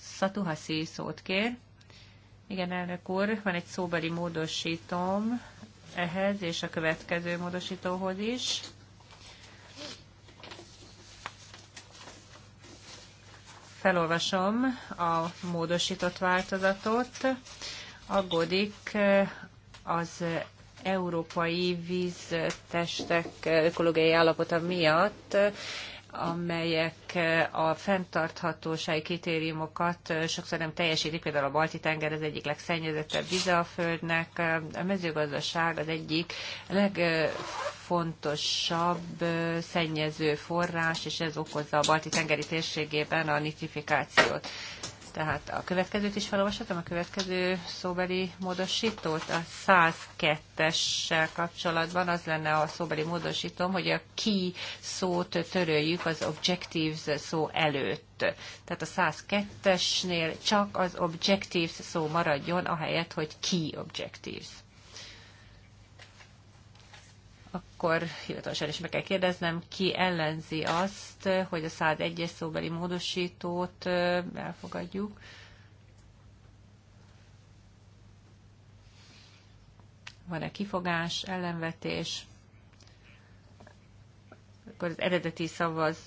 Szatuhaszi szót kér. Igen, elnök úr, van egy szóbeli módosítom ehhez és a következő módosítóhoz is. Felolvasom a módosított változatot. Aggódik eh, az európai víztestek eh, ökológiai állapota miatt amelyek a fenntarthatósági kritériumokat sokszor nem teljesítik, például a Balti-tenger az egyik legszennyezettebb vize a Földnek, a mezőgazdaság az egyik legfontosabb szennyező forrás, és ez okozza a Balti-tengeri térségében a nitrifikációt. Tehát a következőt is felolvashatom, a következő szóbeli módosítót, a 102-essel kapcsolatban az lenne a szóbeli módosítom, hogy a ki szót töröljük az objectives szó előtt. Tehát a 102-esnél csak az objectives szó maradjon, ahelyett, hogy key objectives akkor hivatalosan is meg kell kérdeznem, ki ellenzi azt, hogy a 101-es szóbeli módosítót elfogadjuk. Van-e kifogás, ellenvetés? akkor az eredeti szavaz,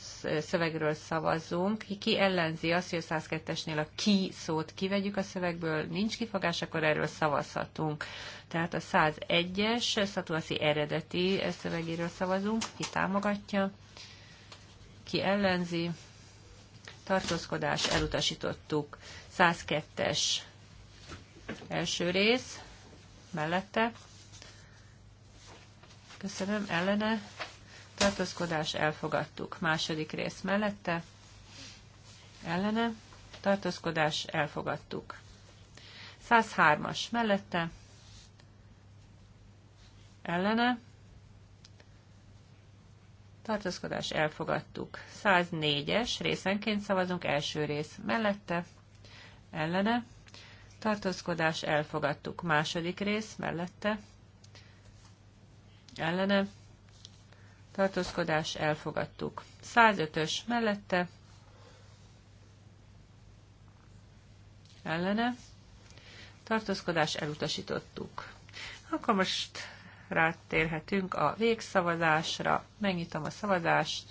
szövegről szavazzunk. Ki ellenzi azt, hogy a 102-esnél a ki szót kivegyük a szövegből, nincs kifogás, akkor erről szavazhatunk. Tehát a 101-es Szatuaszi eredeti szövegéről szavazunk. Ki támogatja? Ki ellenzi? Tartózkodás elutasítottuk. 102-es első rész mellette. Köszönöm, ellene tartózkodás elfogadtuk. Második rész mellette, ellene, tartózkodás elfogadtuk. 103-as mellette, ellene, tartózkodás elfogadtuk. 104-es részenként szavazunk, első rész mellette, ellene, tartózkodás elfogadtuk. Második rész mellette, ellene, tartózkodás elfogadtuk. 105-ös mellette ellene tartózkodás elutasítottuk. Akkor most rátérhetünk a végszavazásra. Megnyitom a szavazást.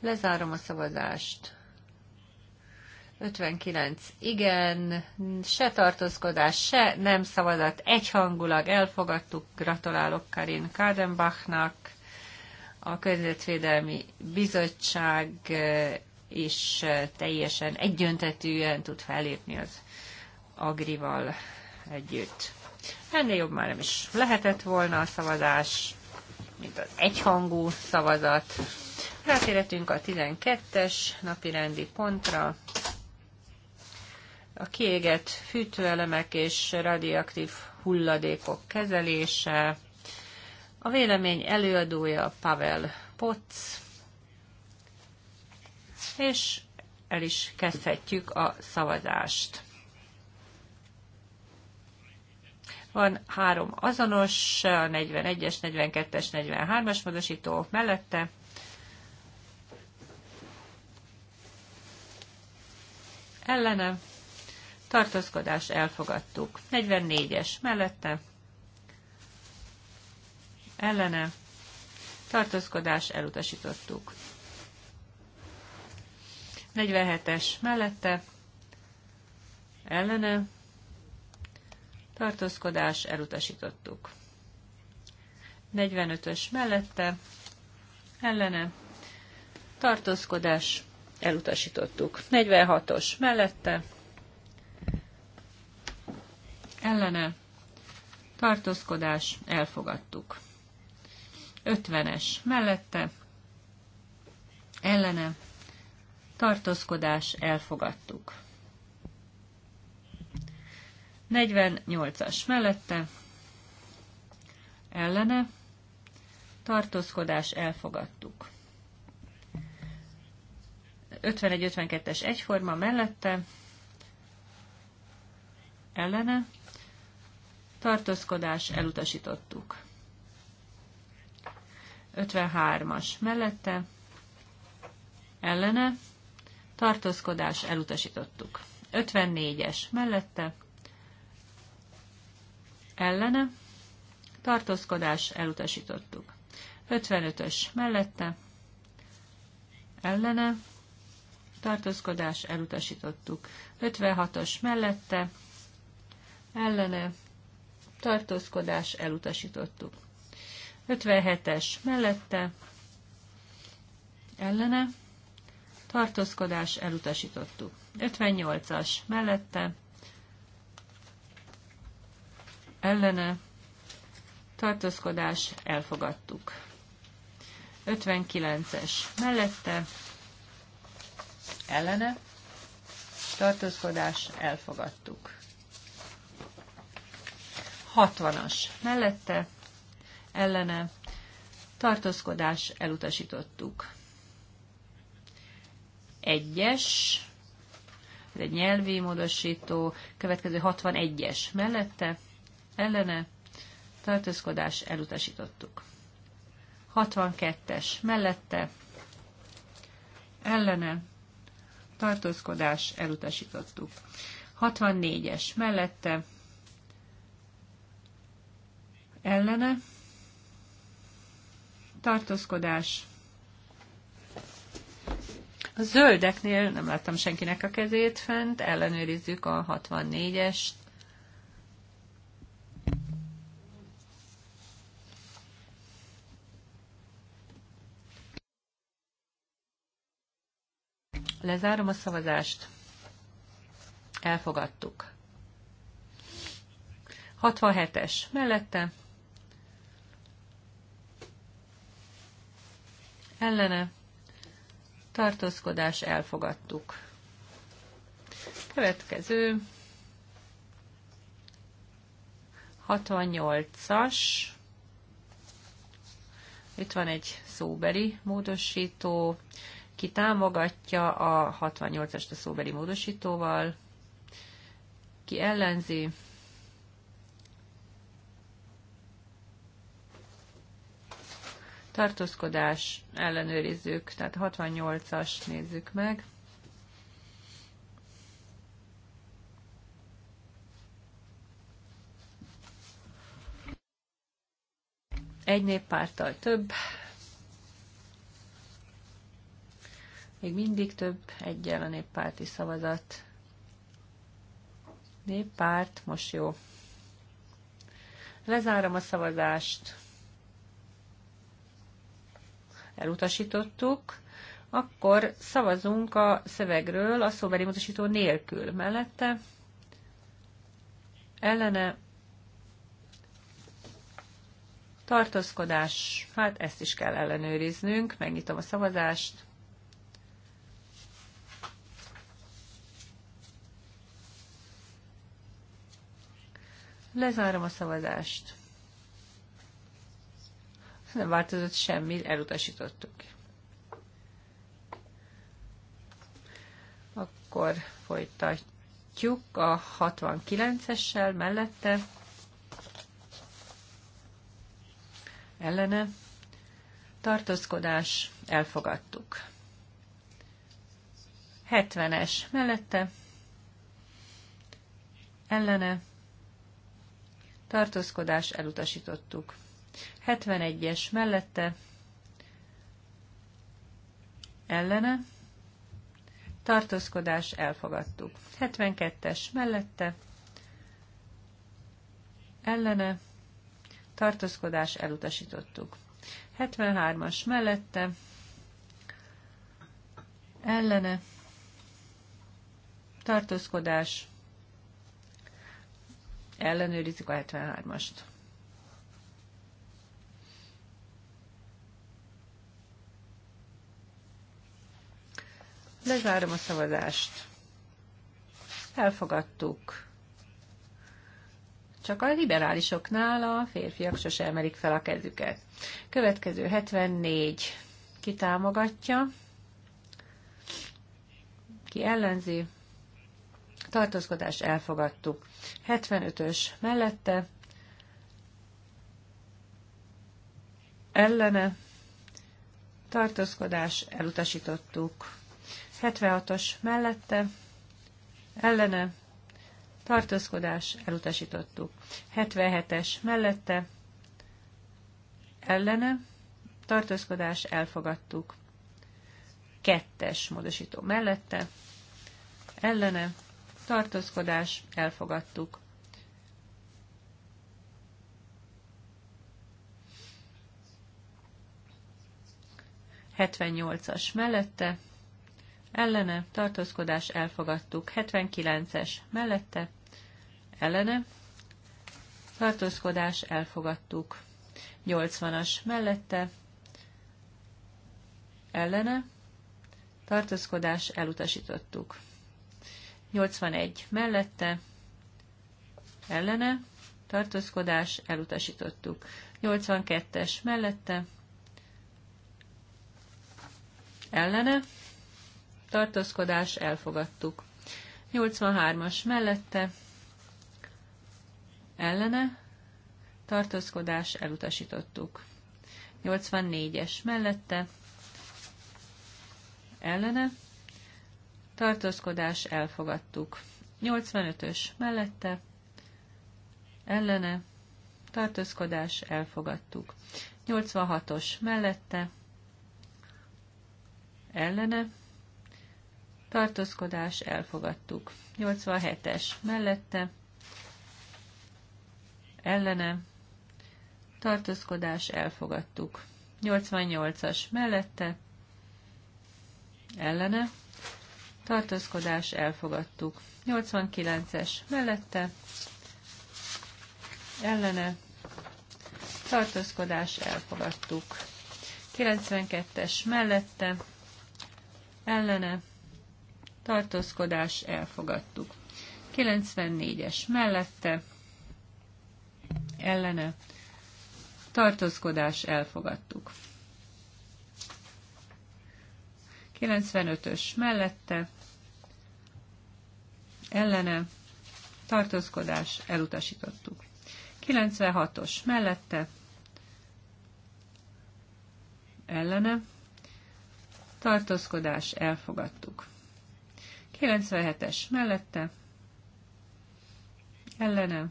Lezárom a szavazást. 59 igen, se tartózkodás, se nem szavazat, egyhangulag elfogadtuk, gratulálok Karin Kadenbachnak, a Környezetvédelmi Bizottság eh, is eh, teljesen egyöntetűen tud fellépni az Agrival együtt. Ennél jobb már nem is lehetett volna a szavazás, mint az egyhangú szavazat. Rátérhetünk a 12-es napi rendi pontra a kiégett fűtőelemek és radioaktív hulladékok kezelése. A vélemény előadója Pavel Potts, és el is kezdhetjük a szavazást. Van három azonos, a 41-es, 42-es, 43-as módosító mellette, Ellenem tartózkodás elfogadtuk. 44-es mellette ellene tartózkodás elutasítottuk. 47-es mellette ellene tartózkodás elutasítottuk. 45-ös mellette ellene tartózkodás elutasítottuk. 46-os mellette ellene, tartózkodás, elfogadtuk. 50-es mellette, ellene, tartózkodás, elfogadtuk. 48-as mellette, ellene, tartózkodás, elfogadtuk. 51-52-es egyforma mellette, ellene, tartózkodás, elutasítottuk. 53-as mellette, ellene, tartózkodás, elutasítottuk. 54-es mellette, ellene, tartózkodás, elutasítottuk. 55-ös mellette, ellene, tartózkodás, elutasítottuk. 56-os mellette, ellene, tartózkodás, elutasítottuk. 57-es mellette, ellene, tartózkodás, elutasítottuk. 58-as mellette, ellene, tartózkodás, elfogadtuk. 59-es mellette, ellene, tartózkodás, elfogadtuk. 60-as mellette, ellene, tartózkodás, elutasítottuk. Egyes, ez egy nyelvi módosító, következő 61-es mellette, ellene, tartózkodás, elutasítottuk. 62-es mellette, ellene, tartózkodás, elutasítottuk. 64-es mellette, ellene, tartózkodás. A zöldeknél nem láttam senkinek a kezét fent, ellenőrizzük a 64-est. Lezárom a szavazást. Elfogadtuk. 67-es mellette ellene tartózkodás elfogadtuk. Következő 68-as. Itt van egy szóbeli módosító. Ki támogatja a 68-ast a szóbeli módosítóval? Ki ellenzi? tartózkodás ellenőrizzük, tehát 68-as nézzük meg. Egy néppárttal több, még mindig több egyel a néppárti szavazat. Néppárt, most jó. Lezárom a szavazást elutasítottuk, akkor szavazunk a szövegről a szóbeli módosító nélkül. Mellette ellene tartózkodás, hát ezt is kell ellenőriznünk. Megnyitom a szavazást. Lezárom a szavazást nem változott semmi, elutasítottuk. Akkor folytatjuk a 69-essel mellette. Ellene. Tartózkodás. Elfogadtuk. 70-es mellette. Ellene. Tartózkodás. Elutasítottuk. 71-es mellette ellene tartózkodás elfogadtuk. 72-es mellette ellene tartózkodás elutasítottuk. 73-as mellette ellene tartózkodás ellenőrizik a 73-ast. Lezárom a szavazást. Elfogadtuk. Csak a liberálisoknál a férfiak sose emelik fel a kezüket. Következő 74. Ki támogatja? Ki ellenzi? Tartózkodást elfogadtuk. 75-ös mellette. Ellene. Tartózkodás elutasítottuk. 76-os mellette, ellene, tartózkodás, elutasítottuk. 77-es mellette, ellene, tartózkodás, elfogadtuk. Kettes módosító mellette, ellene, tartózkodás, elfogadtuk. Hetvennyolcas mellette, ellene, tartózkodás elfogadtuk. 79-es mellette, ellene, tartózkodás elfogadtuk. 80-as mellette, ellene, tartózkodás elutasítottuk. 81 mellette, ellene, tartózkodás elutasítottuk. 82-es mellette, ellene, tartózkodás, elfogadtuk. 83-as mellette, ellene, tartózkodás, elutasítottuk. 84-es mellette, ellene, tartózkodás, elfogadtuk. 85-ös mellette, ellene, tartózkodás, elfogadtuk. 86-os mellette, ellene, tartózkodás, elfogadtuk. 87-es mellette, ellene, tartózkodás, elfogadtuk. 88-as mellette, ellene, tartózkodás, elfogadtuk. 89-es mellette, ellene, tartózkodás, elfogadtuk. 92-es mellette, ellene, tartózkodás elfogadtuk. 94-es mellette ellene tartózkodás elfogadtuk. 95-ös mellette ellene tartózkodás elutasítottuk. 96-os mellette ellene tartózkodás elfogadtuk. 97-es mellette, ellene,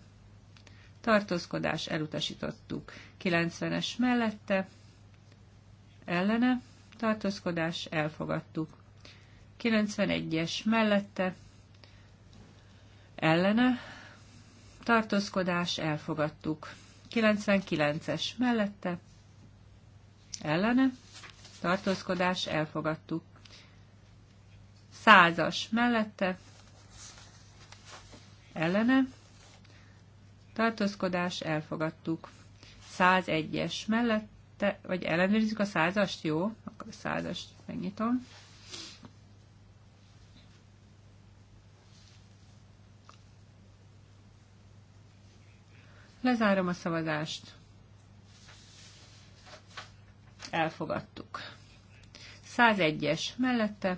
tartózkodás elutasítottuk. 90-es mellette, ellene, tartózkodás elfogadtuk. 91-es mellette, ellene, tartózkodás elfogadtuk. 99-es mellette, ellene, tartózkodás elfogadtuk százas mellette ellene tartózkodás elfogadtuk. 101-es mellette, vagy ellenőrizzük a százast, jó? Akkor a százast megnyitom. Lezárom a szavazást. Elfogadtuk. 101-es mellette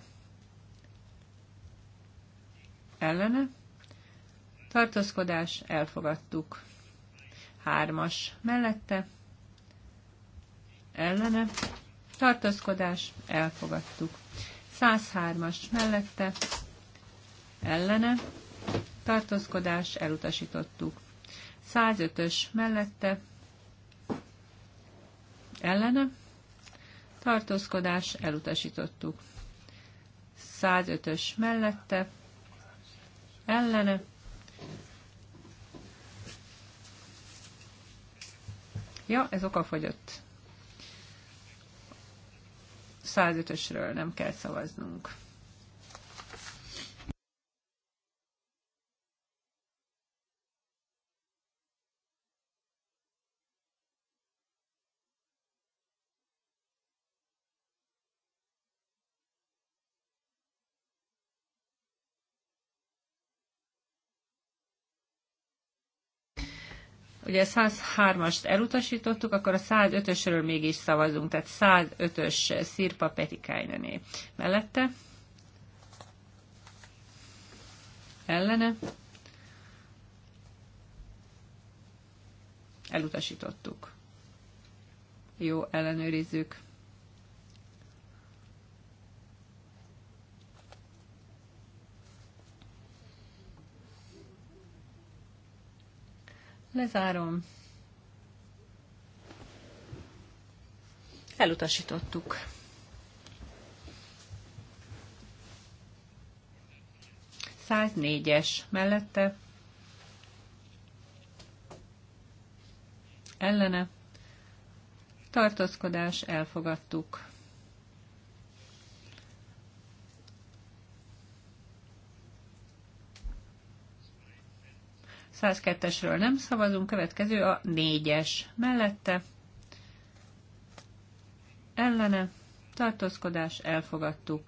ellene, tartózkodás, elfogadtuk. Hármas mellette, ellene, tartózkodás, elfogadtuk. 103-as mellette, ellene, tartózkodás, elutasítottuk. 105-ös mellette, ellene, tartózkodás, elutasítottuk. 105-ös mellette, ellene. Ja, ez oka fogyott. 105-ösről nem kell szavaznunk. Ugye 103-ast elutasítottuk, akkor a 105-ösről mégis szavazunk, tehát 105-ös Szirpa Petikájnené. Mellette? Ellene? Elutasítottuk. Jó, ellenőrizzük. Lezárom. Elutasítottuk. Száz négyes mellette. Ellene. Tartózkodás elfogadtuk. 102-esről nem szavazunk, következő a 4-es mellette. Ellene, tartózkodás, elfogadtuk.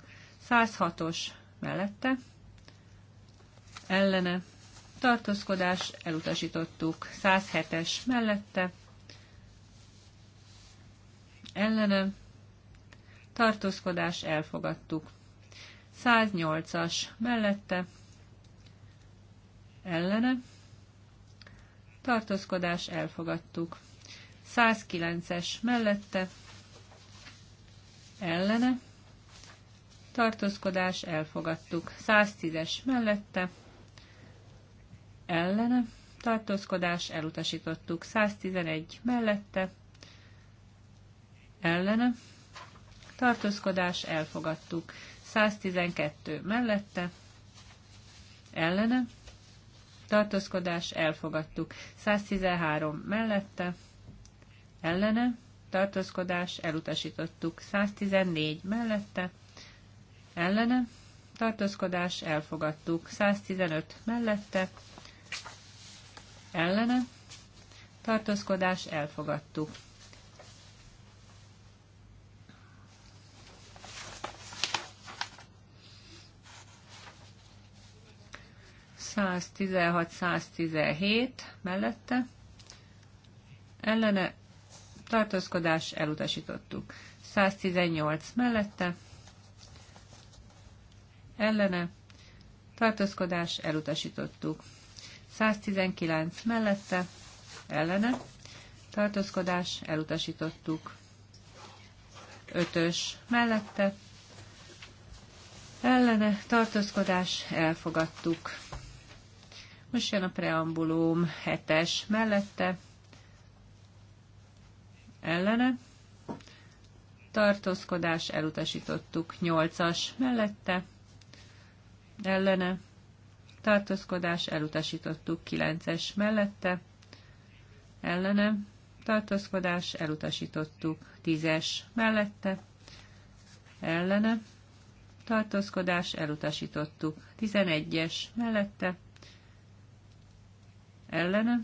106-os mellette. Ellene, tartózkodás, elutasítottuk. 107-es mellette. Ellene, tartózkodás, elfogadtuk. 108-as mellette. Ellene, tartózkodás elfogadtuk. 109-es mellette, ellene, tartózkodás elfogadtuk. 110-es mellette, ellene, tartózkodás elutasítottuk. 111 mellette, ellene, tartózkodás elfogadtuk. 112 mellette, ellene, tartózkodás, elfogadtuk. 113 mellette, ellene, tartózkodás, elutasítottuk. 114 mellette, ellene, tartózkodás, elfogadtuk. 115 mellette, ellene, tartózkodás, elfogadtuk. 116-117 mellette ellene tartózkodás elutasítottuk. 118 mellette ellene tartózkodás elutasítottuk. 119 mellette ellene tartózkodás elutasítottuk. 5-ös mellette ellene tartózkodás elfogadtuk. Most jön a preambulum hetes mellette, ellene, tartózkodás, elutasítottuk 8-as mellette, ellene, tartózkodás, elutasítottuk 9-es mellette, ellene, tartózkodás, elutasítottuk 10-es mellette, ellene, tartózkodás, elutasítottuk 11-es mellette, ellene,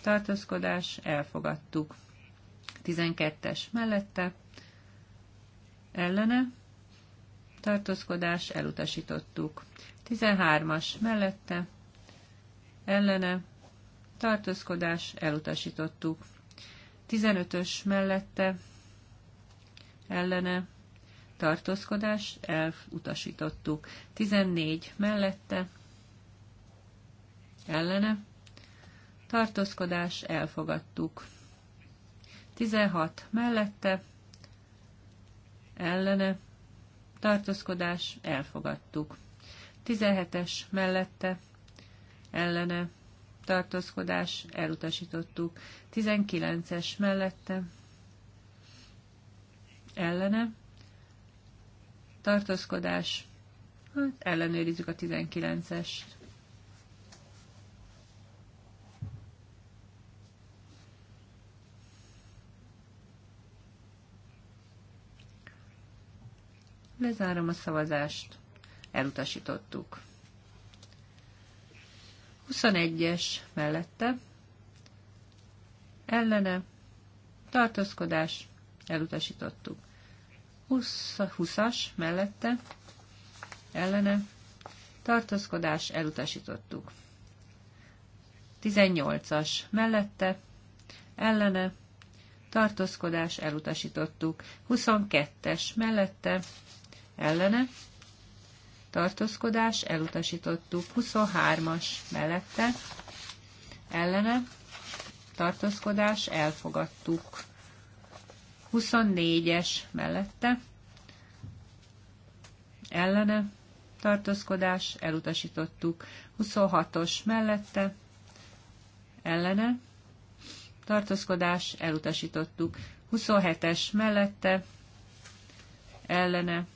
tartózkodás, elfogadtuk. 12-es mellette, ellene, tartózkodás, elutasítottuk. 13-as mellette, ellene, tartózkodás, elutasítottuk. 15-ös mellette, ellene, tartózkodás, elutasítottuk. 14 mellette, ellene, tartózkodás, elfogadtuk. 16 mellette, ellene, tartózkodás, elfogadtuk. 17-es mellette, ellene, tartózkodás, elutasítottuk. 19-es mellette, ellene, tartózkodás, hát ellenőrizzük a 19-est. Lezárom a szavazást. Elutasítottuk. 21-es mellette. Ellene. Tartózkodás. Elutasítottuk. 20-as mellette. Ellene. Tartózkodás. Elutasítottuk. 18-as mellette. Ellene tartózkodás elutasítottuk. 22-es mellette ellene, tartózkodás, elutasítottuk 23-as mellette, ellene, tartózkodás, elfogadtuk 24-es mellette, ellene, tartózkodás, elutasítottuk 26-os mellette, ellene, tartózkodás, elutasítottuk 27-es mellette, ellene,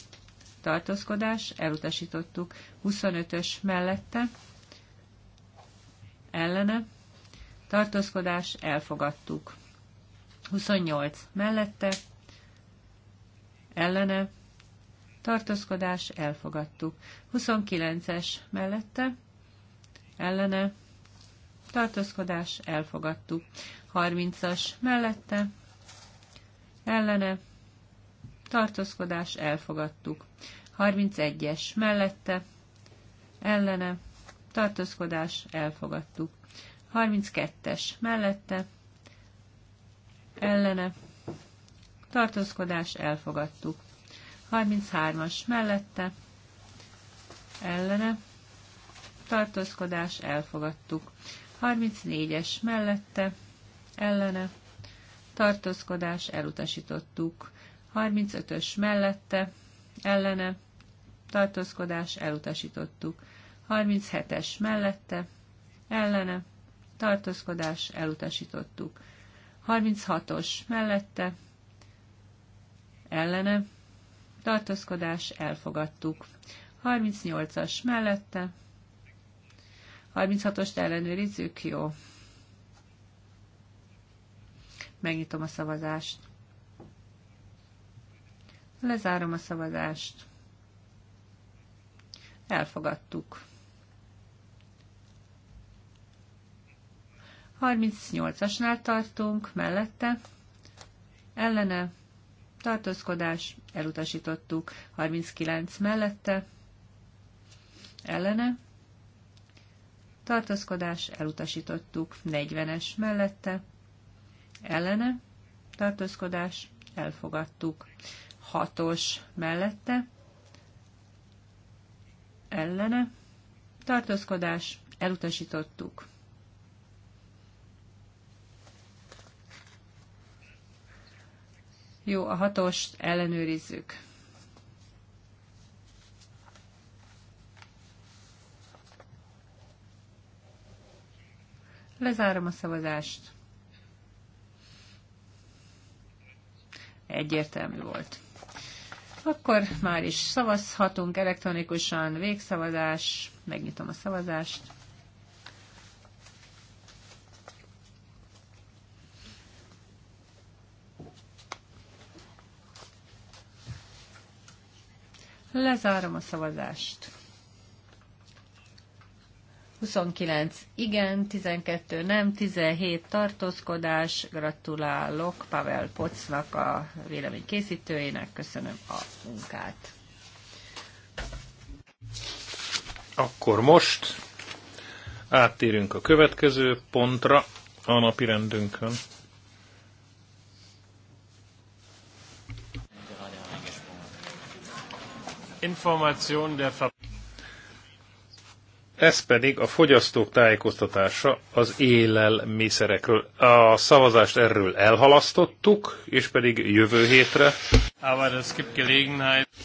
tartózkodás, elutasítottuk. 25-ös mellette, ellene, tartózkodás, elfogadtuk. 28 mellette, ellene, tartózkodás, elfogadtuk. 29-es mellette, ellene, tartózkodás, elfogadtuk. 30-as mellette, ellene, tartózkodás elfogadtuk. 31-es mellette, ellene, tartózkodás elfogadtuk. 32-es mellette, ellene, tartózkodás elfogadtuk. 33-as mellette, ellene, tartózkodás elfogadtuk. 34-es mellette, ellene, tartózkodás elutasítottuk. 35-ös mellette, ellene, tartózkodás, elutasítottuk. 37-es mellette, ellene, tartózkodás, elutasítottuk. 36-os mellette, ellene, tartózkodás, elfogadtuk. 38-as mellette, 36-ost ellenőrizzük, jó. Megnyitom a szavazást. Lezárom a szavazást. Elfogadtuk. 38-asnál tartunk, mellette, ellene, tartózkodás, elutasítottuk, 39 mellette, ellene, tartózkodás, elutasítottuk, 40-es mellette, ellene, tartózkodás, elfogadtuk, 6-os mellette, ellene, tartózkodás, elutasítottuk. Jó, a hatost ellenőrizzük. Lezárom a szavazást. Egyértelmű volt. Akkor már is szavazhatunk elektronikusan, végszavazás, megnyitom a szavazást. Lezárom a szavazást. 29 igen, 12 nem, 17 tartózkodás. Gratulálok Pavel Pocnak, a vélemény készítőjének. Köszönöm a munkát. Akkor most áttérünk a következő pontra a napi rendünkön. Information der ez pedig a fogyasztók tájékoztatása az élelmiszerekről. A szavazást erről elhalasztottuk, és pedig jövő hétre.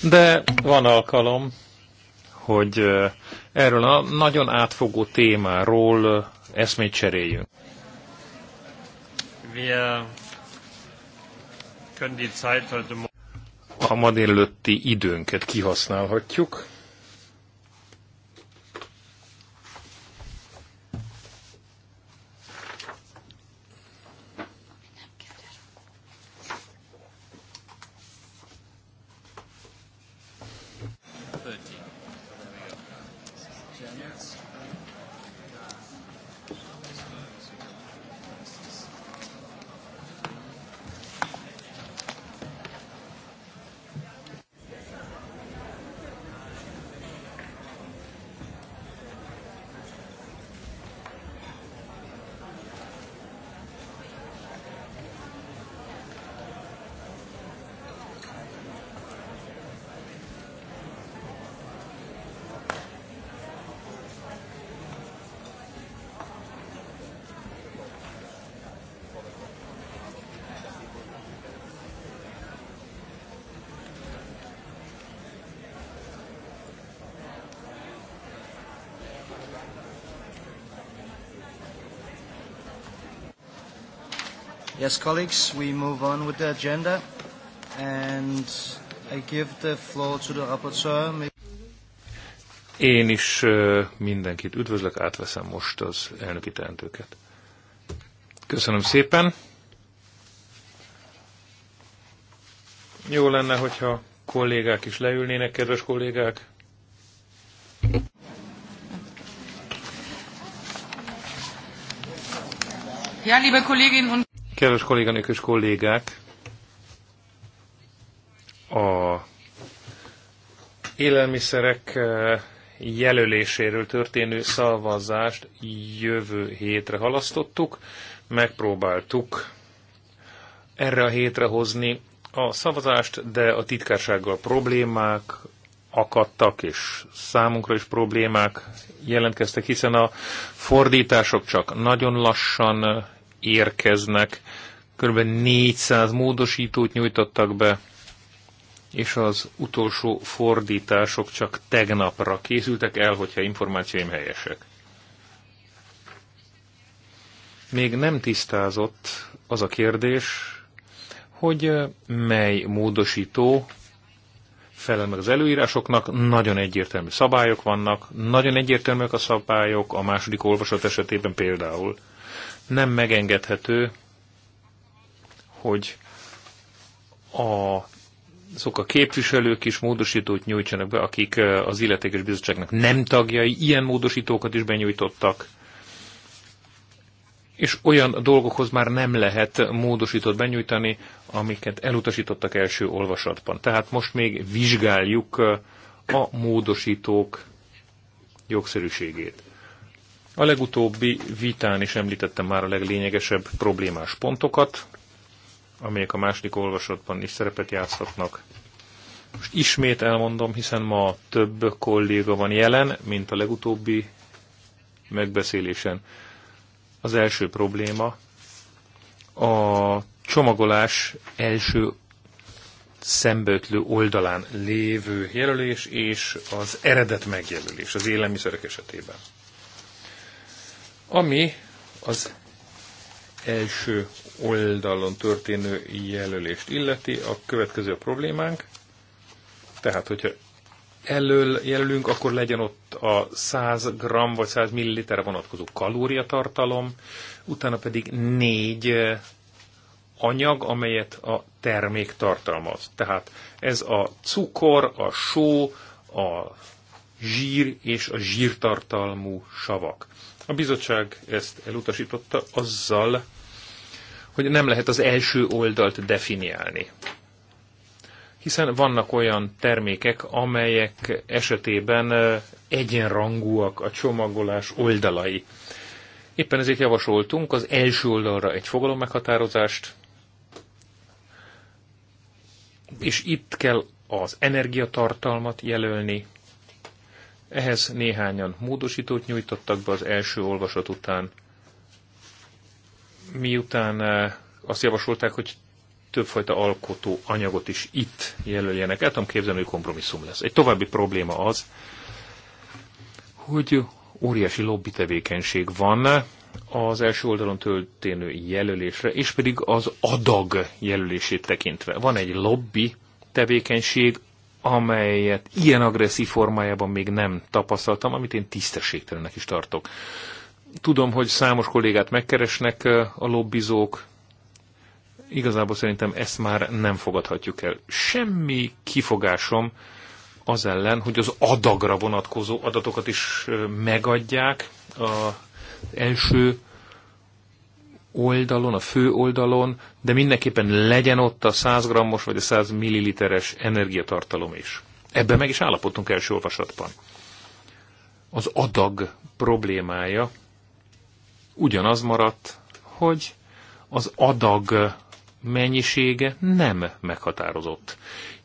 De van alkalom, hogy erről a nagyon átfogó témáról eszmét cseréljünk. A ma délőtti időnket kihasználhatjuk Yes, colleagues, we move on with the agenda and I give the floor to the rapporteur. Én is mindenkit üdvözlök, átveszem most az elnöki teendőket. Köszönöm szépen. Jó lenne, hogyha kollégák is leülnének, kedves kollégák. Ja, liebe Kolleginnen und Kedves kolléganők és kollégák, a élelmiszerek eh, jelöléséről történő szavazást jövő hétre halasztottuk, megpróbáltuk erre a hétre hozni a szavazást, de a titkársággal problémák akadtak, és számunkra is problémák jelentkeztek, hiszen a fordítások csak nagyon lassan érkeznek. Körülbelül 400 módosítót nyújtottak be, és az utolsó fordítások csak tegnapra készültek el, hogyha információim helyesek. Még nem tisztázott az a kérdés, hogy mely módosító felel meg az előírásoknak, nagyon egyértelmű szabályok vannak, nagyon egyértelműek a szabályok a második olvasat esetében például. Nem megengedhető, hogy a azok a képviselők is módosítót nyújtsanak be, akik az illetékes bizottságnak nem tagjai, ilyen módosítókat is benyújtottak. És olyan dolgokhoz már nem lehet módosítót benyújtani, amiket elutasítottak első olvasatban. Tehát most még vizsgáljuk a módosítók jogszerűségét. A legutóbbi vitán is említettem már a leglényegesebb problémás pontokat, amelyek a második olvasatban is szerepet játszhatnak. Most ismét elmondom, hiszen ma több kolléga van jelen, mint a legutóbbi megbeszélésen. Az első probléma a csomagolás első szembeötlő oldalán lévő jelölés és az eredet megjelölés az élelmiszerek esetében. Ami az első oldalon történő jelölést illeti, a következő problémánk, tehát hogyha elől jelölünk, akkor legyen ott a 100 g vagy 100 ml vonatkozó kalóriatartalom, utána pedig négy eh, anyag, amelyet a termék tartalmaz. Tehát ez a cukor, a só, a zsír és a zsírtartalmú savak. A bizottság ezt elutasította azzal, hogy nem lehet az első oldalt definiálni. Hiszen vannak olyan termékek, amelyek esetében egyenrangúak a csomagolás oldalai. Éppen ezért javasoltunk az első oldalra egy fogalom meghatározást, és itt kell az energiatartalmat jelölni, ehhez néhányan módosítót nyújtottak be az első olvasat után, miután eh, azt javasolták, hogy többfajta alkotó anyagot is itt jelöljenek. El tudom képzelni, hogy kompromisszum lesz. Egy további probléma az, hogy óriási lobby tevékenység van az első oldalon történő jelölésre, és pedig az adag jelölését tekintve. Van egy lobby tevékenység amelyet ilyen agresszív formájában még nem tapasztaltam, amit én tisztességtelennek is tartok. Tudom, hogy számos kollégát megkeresnek a lobbizók, igazából szerintem ezt már nem fogadhatjuk el. Semmi kifogásom az ellen, hogy az adagra vonatkozó adatokat is megadják a első oldalon, a fő oldalon, de mindenképpen legyen ott a 100 grammos vagy a 100 milliliteres energiatartalom is. Ebben meg is állapodtunk első olvasatban. Az adag problémája ugyanaz maradt, hogy az adag mennyisége nem meghatározott.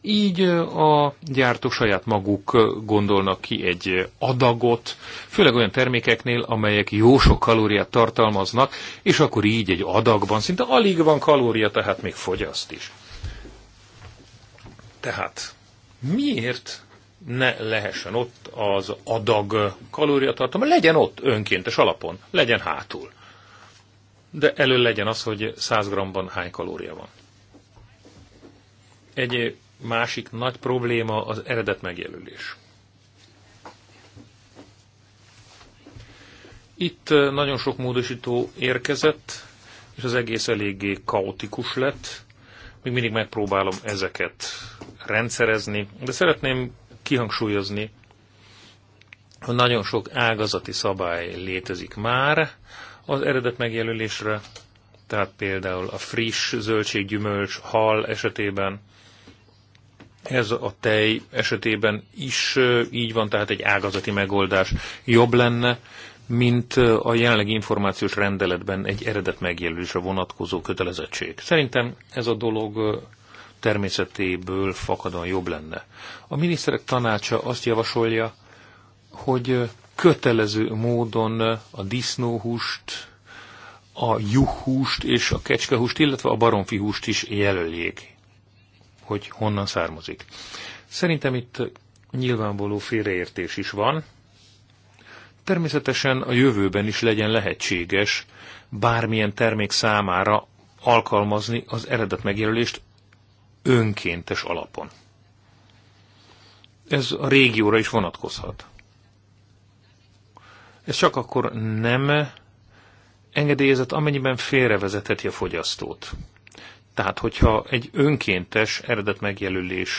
Így a gyártók saját maguk gondolnak ki egy adagot, főleg olyan termékeknél, amelyek jó sok kalóriát tartalmaznak, és akkor így egy adagban szinte alig van kalória, tehát még fogyaszt is. Tehát miért ne lehessen ott az adag kalóriatartalma, legyen ott önkéntes alapon, legyen hátul. De elő legyen az, hogy 100 g-ban hány kalória van. Egy másik nagy probléma az eredet megjelölés. Itt eh, nagyon sok módosító érkezett, és az egész eléggé kaotikus lett. Még mindig megpróbálom ezeket rendszerezni, de szeretném kihangsúlyozni, hogy nagyon sok ágazati szabály létezik már az eredet megjelölésre, tehát például a friss zöldséggyümölcs, hal esetében, ez a tej esetében is így van, tehát egy ágazati megoldás jobb lenne, mint a jelenlegi információs rendeletben egy eredet megjelölésre vonatkozó kötelezettség. Szerintem ez a dolog természetéből fakadóan jobb lenne. A miniszterek tanácsa azt javasolja, hogy kötelező módon a disznóhúst, a juhúst és a kecskehúst, illetve a baromfihúst is jelöljék hogy honnan származik. Szerintem itt nyilvánvaló félreértés is van. Természetesen a jövőben is legyen lehetséges bármilyen termék számára alkalmazni az eredet megjelölést önkéntes alapon. Ez a régióra is vonatkozhat. Ez csak akkor nem engedélyezett, amennyiben félrevezetheti a fogyasztót. Tehát, hogyha egy önkéntes eredet megjelölés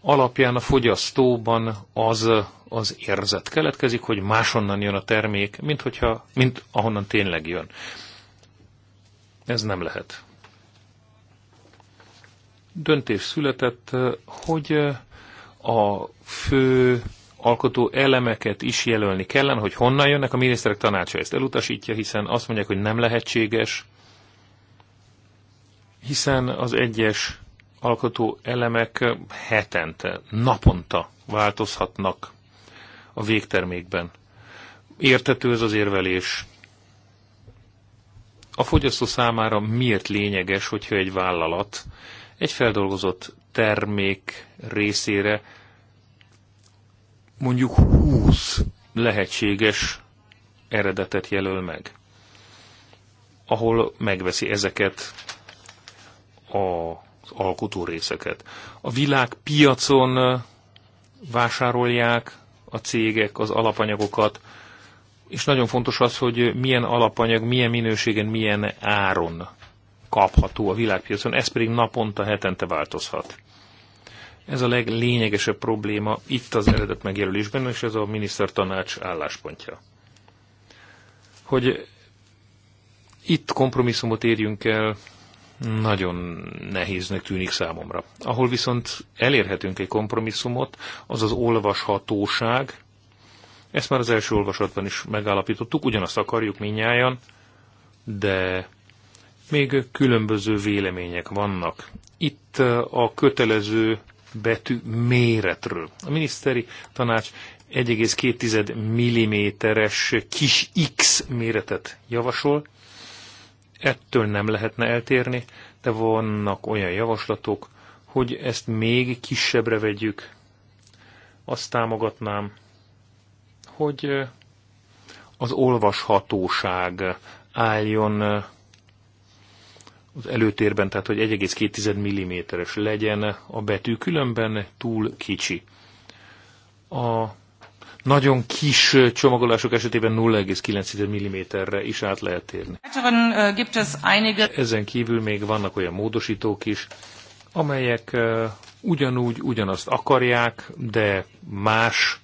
alapján a fogyasztóban az az érzet keletkezik, hogy máshonnan jön a termék, mint, hogyha, mint ahonnan tényleg jön. Ez nem lehet. Döntés született, hogy a fő alkotó elemeket is jelölni kellene, hogy honnan jönnek. A miniszterek tanácsa ezt elutasítja, hiszen azt mondják, hogy nem lehetséges, hiszen az egyes alkotó elemek hetente, naponta változhatnak a végtermékben. Értető ez az érvelés. A fogyasztó számára miért lényeges, hogyha egy vállalat egy feldolgozott termék részére mondjuk 20 lehetséges eredetet jelöl meg, ahol megveszi ezeket az alkotó részeket. A világ piacon vásárolják a cégek az alapanyagokat, és nagyon fontos az, hogy milyen alapanyag, milyen minőségen, milyen áron kapható a világpiacon, ez pedig naponta, hetente változhat. Ez a leglényegesebb probléma itt az eredet megjelölésben, és ez a minisztertanács álláspontja. Hogy itt kompromisszumot érjünk el nagyon nehéznek tűnik számomra. Ahol viszont elérhetünk egy kompromisszumot, az az olvashatóság. Ezt már az első olvasatban is megállapítottuk, ugyanazt akarjuk minnyáján, de még különböző vélemények vannak. Itt a kötelező betű méretről. A miniszteri tanács 1,2 mm-es kis X méretet javasol, ettől nem lehetne eltérni, de vannak olyan javaslatok, hogy ezt még kisebbre vegyük. Azt támogatnám, hogy az olvashatóság álljon az előtérben, tehát hogy 1,2 mm-es legyen a betű, különben túl kicsi. A nagyon kis csomagolások esetében 0,9 mm-re is át lehet térni. Ezen kívül még vannak olyan módosítók is, amelyek ugyanúgy ugyanazt akarják, de más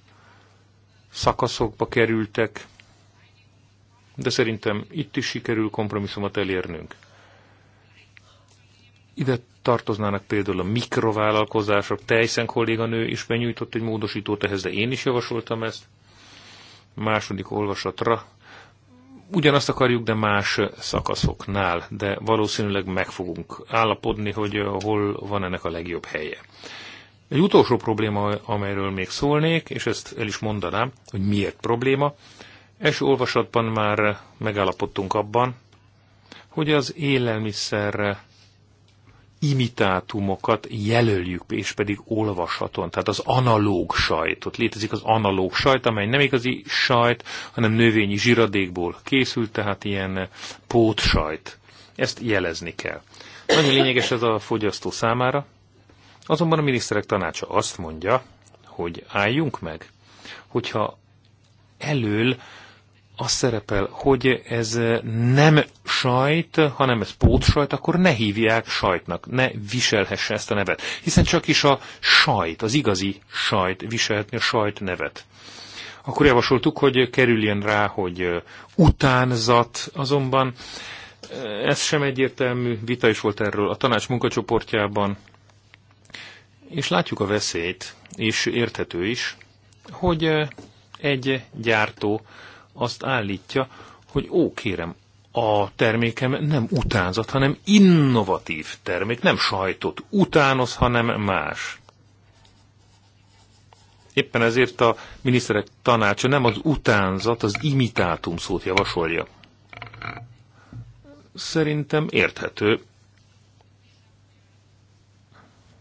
szakaszokba kerültek, de szerintem itt is sikerül kompromisszumot elérnünk. Ide tartoznának például a mikrovállalkozások. Tejszen kolléganő is benyújtott egy módosítót ehhez, de én is javasoltam ezt. Második olvasatra. Ugyanazt akarjuk, de más szakaszoknál, de valószínűleg meg fogunk állapodni, hogy eh, hol van ennek a legjobb helye. Egy utolsó probléma, amelyről még szólnék, és ezt el is mondanám, hogy miért probléma. Első olvasatban már megállapodtunk abban, hogy az élelmiszer imitátumokat jelöljük, és pedig olvashaton. Tehát az analóg sajtot. Létezik az analóg sajt, amely nem igazi sajt, hanem növényi zsiradékból készült, tehát ilyen pótsajt. Ezt jelezni kell. Nagyon lényeges ez a fogyasztó számára. Azonban a miniszterek tanácsa azt mondja, hogy álljunk meg, hogyha elől az szerepel, hogy ez nem sajt, hanem ez pótsajt, akkor ne hívják sajtnak, ne viselhesse ezt a nevet. Hiszen csak is a sajt, az igazi sajt viselhetni a sajt nevet. Akkor javasoltuk, hogy kerüljön rá, hogy utánzat, azonban ez sem egyértelmű, vita is volt erről a tanács munkacsoportjában, és látjuk a veszélyt, és érthető is, hogy egy gyártó azt állítja, hogy ó, kérem, a termékem nem utánzat, hanem innovatív termék, nem sajtot utánoz, hanem más. Éppen ezért a miniszterek tanácsa nem az utánzat, az imitátum szót javasolja. Szerintem érthető.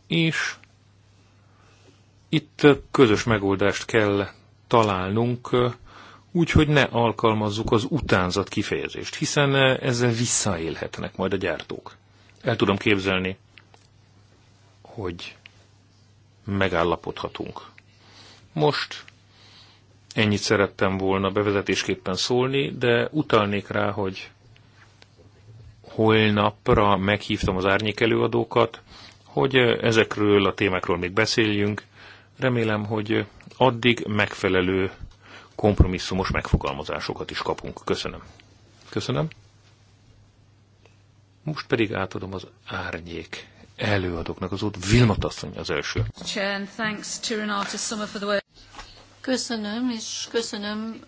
És itt közös megoldást kell találnunk úgy, hogy ne alkalmazzuk az utánzat kifejezést, hiszen eh, ezzel visszaélhetnek majd a gyártók. El tudom képzelni, hogy megállapodhatunk. Most ennyit szerettem volna bevezetésképpen szólni, de utalnék rá, hogy holnapra meghívtam az árnyék előadókat, hogy eh, ezekről a témákról még beszéljünk. Remélem, hogy eh, addig megfelelő kompromisszumos megfogalmazásokat is kapunk. Köszönöm. Köszönöm. Most pedig átadom az árnyék előadóknak az út. Vilma az első. Köszönöm, és köszönöm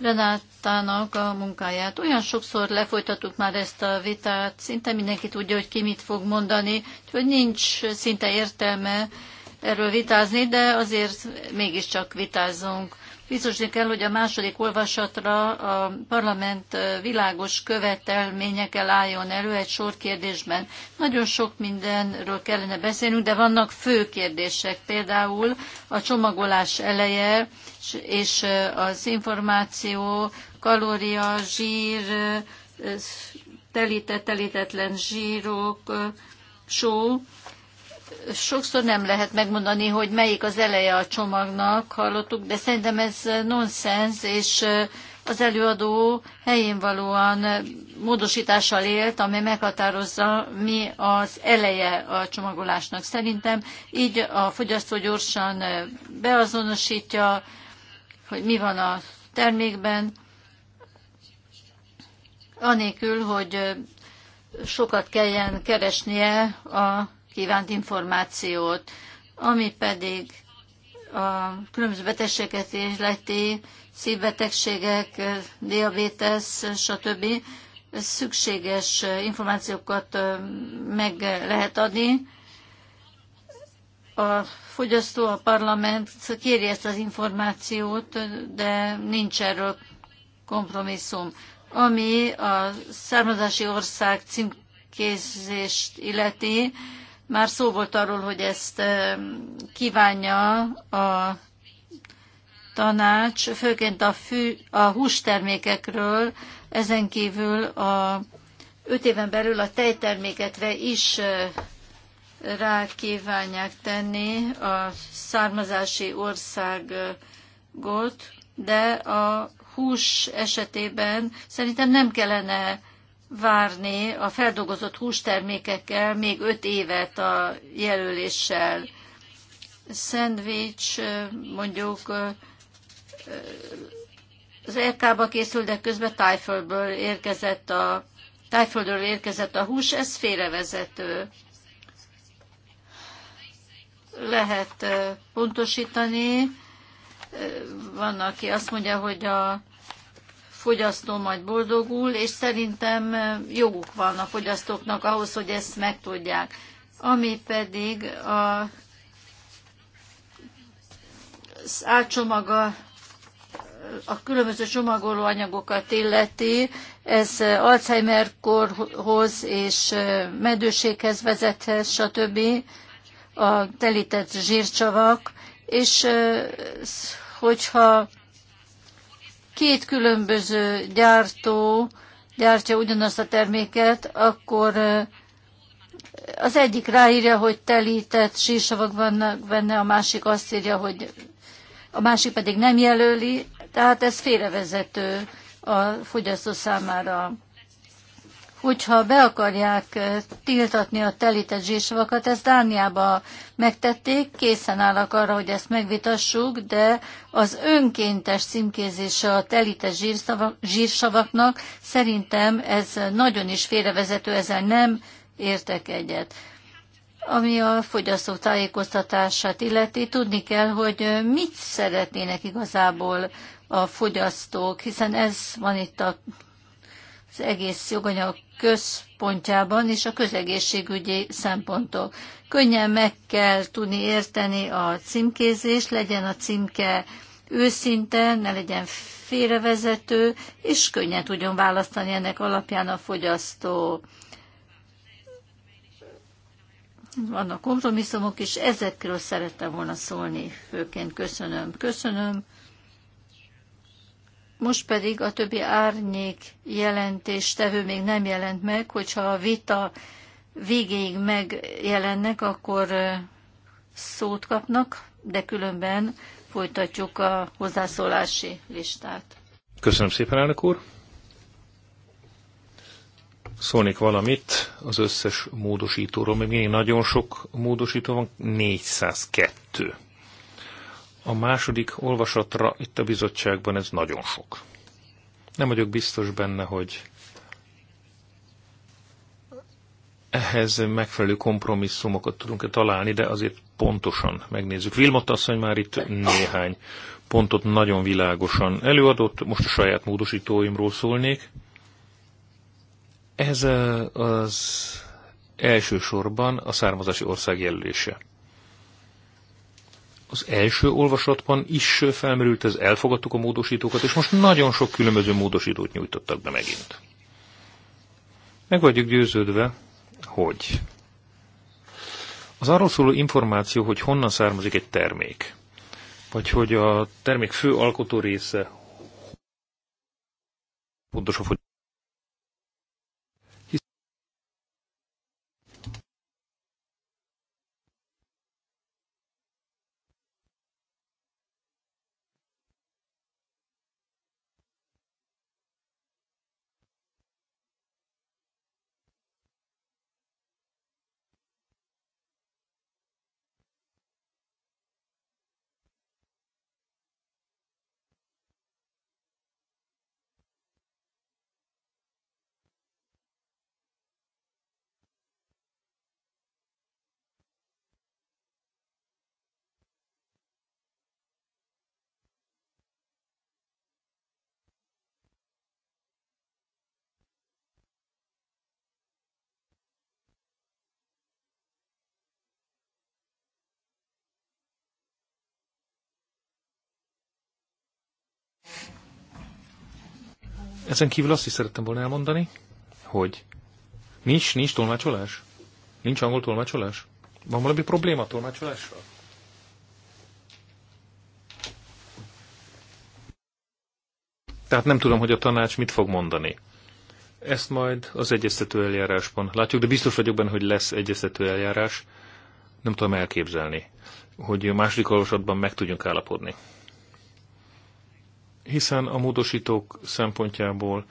Renátának a munkáját. Olyan sokszor lefolytattuk már ezt a vitát, szinte mindenki tudja, hogy ki mit fog mondani, hogy nincs szinte értelme erről vitázni, de azért mégiscsak vitázzunk. Biztosni kell, hogy a második olvasatra a parlament világos követelményekkel álljon elő egy sor kérdésben. Nagyon sok mindenről kellene beszélnünk, de vannak fő kérdések, például a csomagolás eleje és az információ, kalória, zsír, telített, telítetlen zsírok, só, sokszor nem lehet megmondani, hogy melyik az eleje a csomagnak, hallottuk, de szerintem ez nonsens, és az előadó helyén valóan módosítással élt, ami meghatározza, mi az eleje a csomagolásnak. Szerintem így a fogyasztó gyorsan beazonosítja, hogy mi van a termékben, anélkül, hogy sokat kelljen keresnie a kívánt információt, ami pedig a különböző betegségeket illeti, szívbetegségek, diabetes, stb. szükséges információkat meg lehet adni. A fogyasztó, a parlament kéri ezt az információt, de nincs erről kompromisszum. Ami a származási ország címkézést illeti, már szó volt arról, hogy ezt kívánja a tanács, főként a, fű, a hústermékekről, ezen kívül a öt éven belül a tejtermékekre is rá kívánják tenni a származási országot, de a hús esetében szerintem nem kellene várni a feldolgozott hústermékekkel még öt évet a jelöléssel. Szendvics mondjuk az RK-ba készült, de közben Tájföldből érkezett a Tájföldről érkezett a hús, ez félrevezető. Lehet pontosítani. Van, aki azt mondja, hogy a fogyasztó majd boldogul, és szerintem joguk van a fogyasztóknak ahhoz, hogy ezt megtudják. Ami pedig a, az átcsomaga, a különböző csomagoló anyagokat illeti, ez Alzheimer korhoz és medőséghez vezethet, stb. a telített zsírcsavak, és hogyha két különböző gyártó gyártja ugyanazt a terméket, akkor az egyik ráírja, hogy telített sírsavak vannak benne, a másik azt írja, hogy a másik pedig nem jelöli, tehát ez félrevezető a fogyasztó számára hogyha be akarják tiltatni a telített zsírsavakat, ezt Dániába megtették, készen állnak arra, hogy ezt megvitassuk, de az önkéntes címkézése a telített zsírsavaknak szerintem ez nagyon is félrevezető, ezzel nem értek egyet. Ami a fogyasztók tájékoztatását illeti, tudni kell, hogy mit szeretnének igazából a fogyasztók, hiszen ez van itt a az egész joganyag központjában és a közegészségügyi szempontok. Könnyen meg kell tudni érteni a címkézés, legyen a címke őszinte, ne legyen félrevezető, és könnyen tudjon választani ennek alapján a fogyasztó. Vannak kompromisszumok, és ezekről szerettem volna szólni főként. Köszönöm. Köszönöm. Most pedig a többi árnyék jelentéstevő még nem jelent meg, hogyha a vita végéig megjelennek, akkor szót kapnak, de különben folytatjuk a hozzászólási listát. Köszönöm szépen, elnök úr! Szólnék valamit az összes módosítóról, még mindig nagyon sok módosító van, 402 a második olvasatra itt a bizottságban ez nagyon sok. Nem vagyok biztos benne, hogy ehhez megfelelő kompromisszumokat tudunk-e találni, de azért pontosan megnézzük. Vilmot asszony már itt néhány pontot nagyon világosan előadott, most a saját módosítóimról szólnék. Ez az elsősorban a származási ország jelölése az első olvasatban is felmerült, ez elfogadtuk a módosítókat, és most nagyon sok különböző módosítót nyújtottak be megint. Meg vagyok győződve, hogy az arról szóló információ, hogy honnan származik egy termék, vagy hogy a termék fő alkotó része pontosan, hogy Ezen kívül azt is szerettem volna elmondani, hogy nincs, nincs tolmácsolás? Nincs angol tolmácsolás? Van valami probléma a tolmácsolással? Tehát nem tudom, hogy a tanács mit fog mondani. Ezt majd az egyeztető eljárásban látjuk, de biztos vagyok benne, hogy lesz egyeztető eljárás. Nem tudom elképzelni, hogy második olvasatban meg tudjunk állapodni hiszen a módosítók szempontjából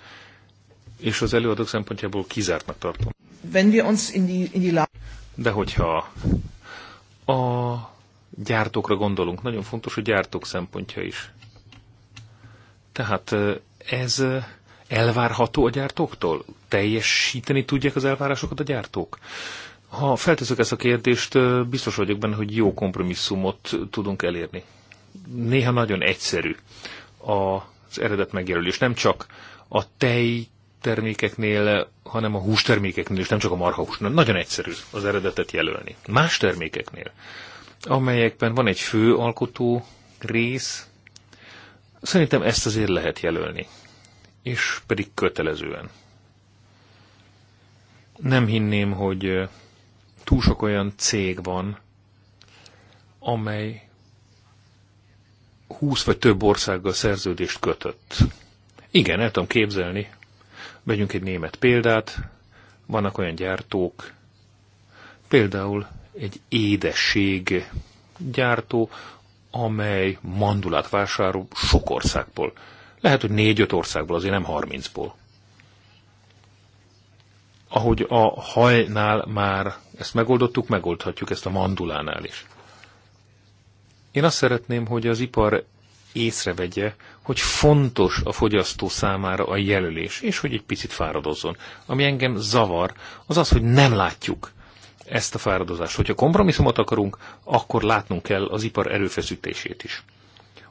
és az előadók szempontjából kizártnak tartom. De hogyha a gyártókra gondolunk, nagyon fontos a gyártók szempontja is. Tehát eh, ez eh, elvárható a gyártóktól? Teljesíteni tudják az elvárásokat a gyártók? Ha felteszek ezt a kérdést, eh, biztos vagyok benne, hogy jó kompromisszumot tudunk elérni. Néha nagyon egyszerű az eredet megjelölés. Nem csak a tej termékeknél, hanem a hústermékeknél, és nem csak a marhahúsnál. Nagyon egyszerű az eredetet jelölni. Más termékeknél, amelyekben van egy fő alkotó rész, szerintem ezt azért lehet jelölni. És pedig kötelezően. Nem hinném, hogy túl sok olyan cég van, amely 20 vagy több országgal szerződést kötött. Igen, el tudom képzelni. Vegyünk egy német példát. Vannak olyan gyártók, például egy édesség gyártó, amely mandulát vásárol sok országból. Lehet, hogy négy-öt országból, azért nem harmincból. Ahogy a hajnál már ezt megoldottuk, megoldhatjuk ezt a mandulánál is. Én azt szeretném, hogy az ipar észrevegye, hogy fontos a fogyasztó számára a jelölés, és hogy egy picit fáradozzon. Ami engem zavar, az az, hogy nem látjuk ezt a fáradozást. Hogyha kompromisszumot akarunk, akkor látnunk kell az ipar erőfeszítését is.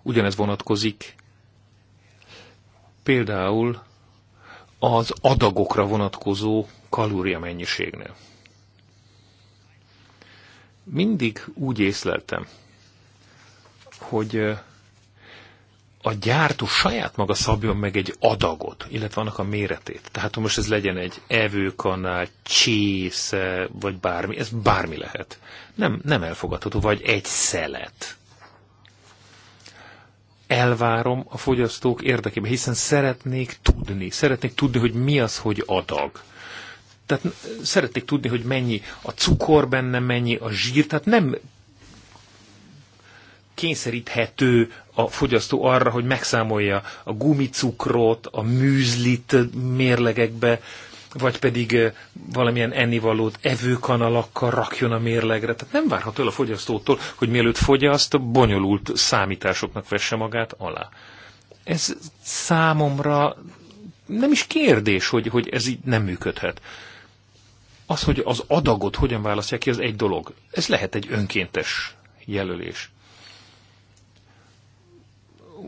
Ugyanez vonatkozik például az adagokra vonatkozó kalória mennyiségnél. Mindig úgy észleltem, hogy a gyártó saját maga szabjon meg egy adagot, illetve annak a méretét. Tehát ha most ez legyen egy evőkanál, csésze, vagy bármi, ez bármi lehet. Nem, nem elfogadható, vagy egy szelet. Elvárom a fogyasztók érdekében, hiszen szeretnék tudni, szeretnék tudni, hogy mi az, hogy adag. Tehát szeretnék tudni, hogy mennyi a cukor benne, mennyi a zsír, tehát nem kényszeríthető a fogyasztó arra, hogy megszámolja a gumicukrot, a műzlit mérlegekbe, vagy pedig valamilyen ennivalót evőkanalakkal rakjon a mérlegre. Tehát nem várható el a fogyasztótól, hogy mielőtt fogyaszt, bonyolult számításoknak vesse magát alá. Ez számomra nem is kérdés, hogy, hogy ez így nem működhet. Az, hogy az adagot hogyan választják ki, az egy dolog. Ez lehet egy önkéntes jelölés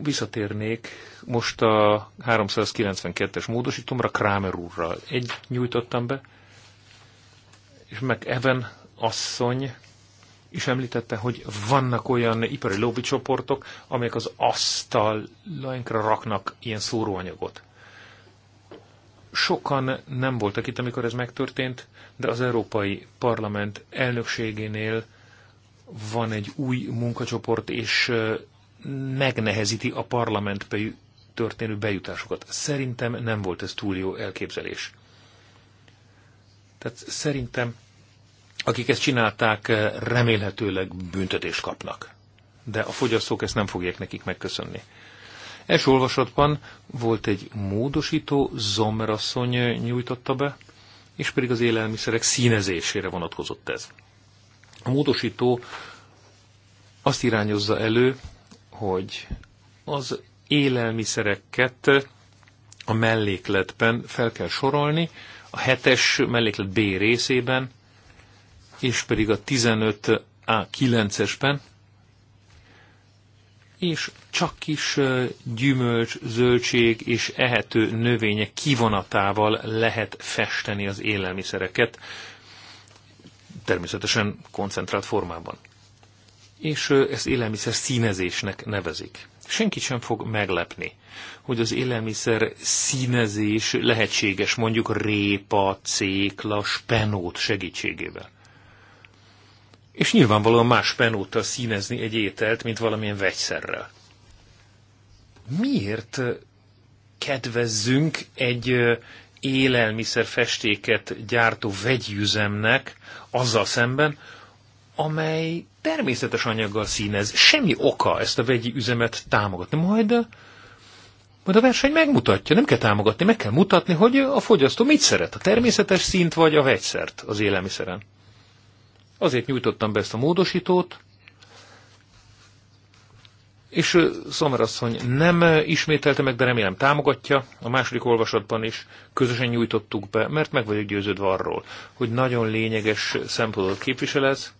visszatérnék most a 392-es módosítomra Kramer úrral. Egy nyújtottam be, és meg Evan asszony is említette, hogy vannak olyan ipari lobby csoportok, amelyek az asztalainkra raknak ilyen szóróanyagot. Sokan nem voltak itt, amikor ez megtörtént, de az Európai Parlament elnökségénél van egy új munkacsoport, és megnehezíti a parlament történő bejutásokat. Szerintem nem volt ez túl jó elképzelés. Tehát szerintem, akik ezt csinálták, remélhetőleg büntetést kapnak. De a fogyasztók ezt nem fogják nekik megköszönni. Első olvasatban volt egy módosító, Zomerasszony nyújtotta be, és pedig az élelmiszerek színezésére vonatkozott ez. A módosító azt irányozza elő, hogy az élelmiszereket a mellékletben fel kell sorolni, a hetes melléklet B részében, és pedig a 15A9-esben, és csak kis gyümölcs, zöldség és ehető növények kivonatával lehet festeni az élelmiszereket, természetesen koncentrált formában és ezt élelmiszer színezésnek nevezik. Senki sem fog meglepni, hogy az élelmiszer színezés lehetséges mondjuk répa, cékla, spenót segítségével. És nyilvánvalóan más spenóttal színezni egy ételt, mint valamilyen vegyszerrel. Miért kedvezzünk egy élelmiszer festéket gyártó vegyüzemnek azzal szemben, amely természetes anyaggal színez. Semmi oka ezt a vegyi üzemet támogatni. Majd, majd a verseny megmutatja, nem kell támogatni, meg kell mutatni, hogy a fogyasztó mit szeret, a természetes szint vagy a vegyszert az élelmiszeren. Azért nyújtottam be ezt a módosítót, és Szomerasszony nem ismételte meg, de remélem támogatja a második olvasatban is. Közösen nyújtottuk be, mert meg vagyok győződve arról, hogy nagyon lényeges szempontot képvisel ez,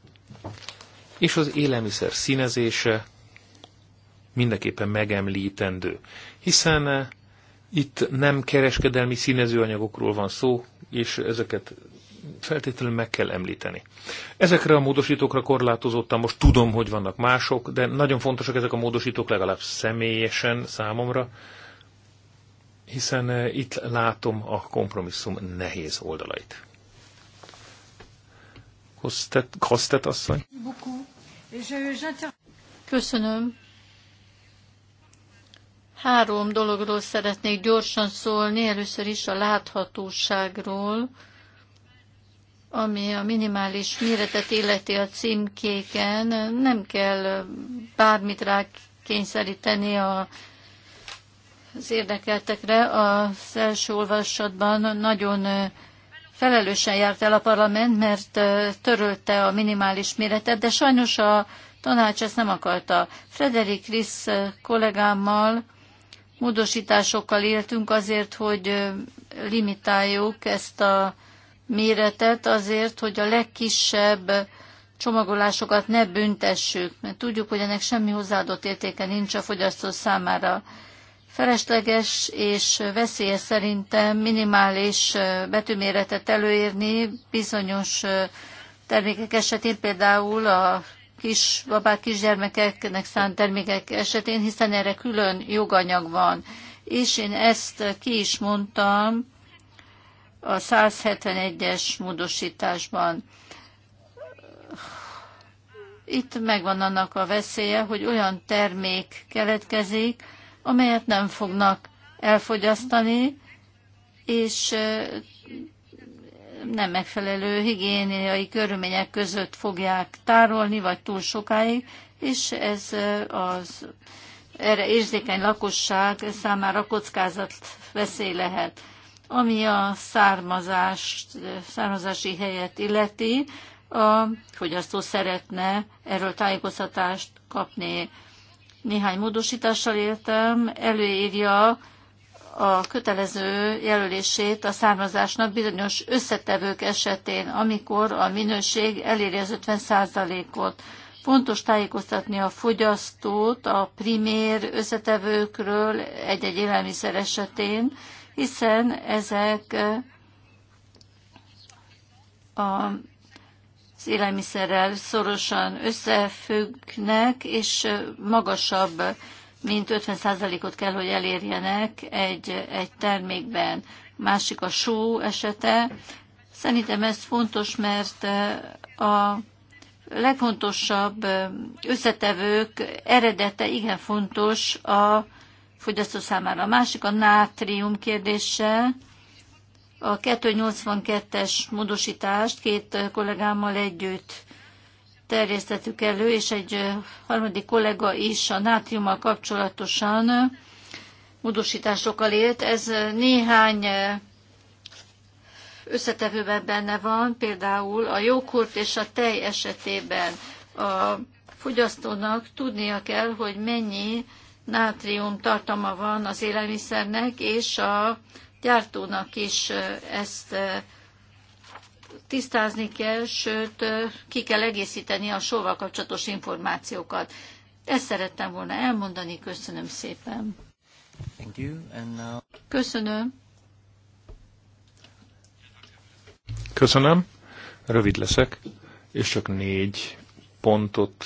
és az élelmiszer színezése mindenképpen megemlítendő, hiszen eh, itt nem kereskedelmi színezőanyagokról van szó, és ezeket feltétlenül meg kell említeni. Ezekre a módosítókra korlátozottan most tudom, hogy vannak mások, de nagyon fontosak ezek a módosítók legalább személyesen számomra, hiszen eh, itt látom a kompromisszum nehéz oldalait. Hostet, asszony. Köszönöm. Három dologról szeretnék gyorsan szólni. Először is a láthatóságról, ami a minimális méretet illeti a címkéken. Nem kell bármit rá kényszeríteni a az érdekeltekre. Az első olvasatban nagyon felelősen járt el a parlament, mert törölte a minimális méretet, de sajnos a tanács ezt nem akarta. Frederik Risz kollégámmal módosításokkal éltünk azért, hogy limitáljuk ezt a méretet azért, hogy a legkisebb csomagolásokat ne büntessük, mert tudjuk, hogy ennek semmi hozzáadott értéke nincs a fogyasztó számára. Felesleges és veszélyes szerintem minimális betűméretet előírni bizonyos termékek esetén, például a kis babák, kisgyermekeknek szánt termékek esetén, hiszen erre külön joganyag van. És én ezt ki is mondtam a 171-es módosításban. Itt megvan annak a veszélye, hogy olyan termék keletkezik, amelyet nem fognak elfogyasztani, és nem megfelelő higiéniai körülmények között fogják tárolni, vagy túl sokáig, és ez az erre érzékeny lakosság számára kockázat veszély lehet. Ami a származást, származási helyet illeti, a fogyasztó szeretne erről tájékoztatást kapni néhány módosítással éltem, előírja a kötelező jelölését a származásnak bizonyos összetevők esetén, amikor a minőség eléri az 50%-ot. Fontos tájékoztatni a fogyasztót a primér összetevőkről egy-egy élelmiszer esetén, hiszen ezek a az élelmiszerrel szorosan összefüggnek, és magasabb, mint 50%-ot kell, hogy elérjenek egy, egy termékben. Másik a só esete. Szerintem ez fontos, mert a legfontosabb összetevők eredete igen fontos a fogyasztó számára. A másik a nátrium kérdése. A 282-es módosítást két kollégámmal együtt terjesztettük elő, és egy harmadik kollega is a nátriummal kapcsolatosan módosításokkal élt. Ez néhány összetevőben benne van, például a joghurt és a tej esetében a fogyasztónak tudnia kell, hogy mennyi nátrium tartalma van az élelmiszernek, és a gyártónak is ezt tisztázni kell, sőt, ki kell egészíteni a sóval kapcsolatos információkat. Ezt szerettem volna elmondani, köszönöm szépen. Thank you, and now... Köszönöm. Köszönöm, rövid leszek, és csak négy pontot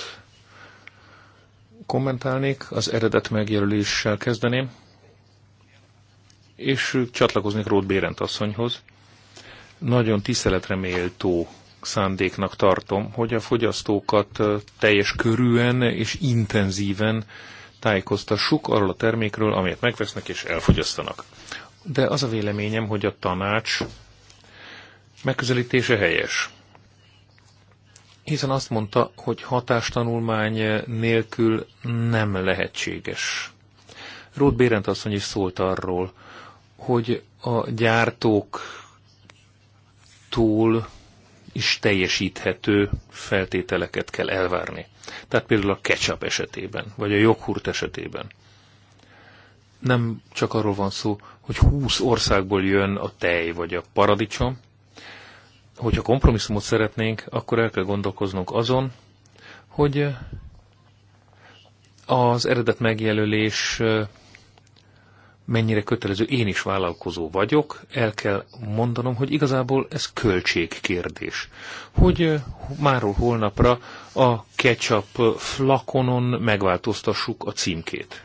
kommentálnék. Az eredet megjelöléssel kezdeném és csatlakoznék Rót Bérent asszonyhoz. Nagyon tiszteletre méltó szándéknak tartom, hogy a fogyasztókat teljes körűen és intenzíven tájékoztassuk arról a termékről, amelyet megvesznek és elfogyasztanak. De az a véleményem, hogy a tanács megközelítése helyes. Hiszen azt mondta, hogy hatástanulmány nélkül nem lehetséges. Ruth Bérent asszony is szólt arról, hogy a gyártóktól is teljesíthető feltételeket kell elvárni. Tehát például a ketchup esetében, vagy a joghurt esetében. Nem csak arról van szó, hogy 20 országból jön a tej vagy a paradicsom. Hogyha kompromisszumot szeretnénk, akkor el kell gondolkoznunk azon, hogy az eredet megjelölés mennyire kötelező. Én is vállalkozó vagyok, el kell mondanom, hogy igazából ez költségkérdés. Hogy máról holnapra a ketchup flakonon megváltoztassuk a címkét.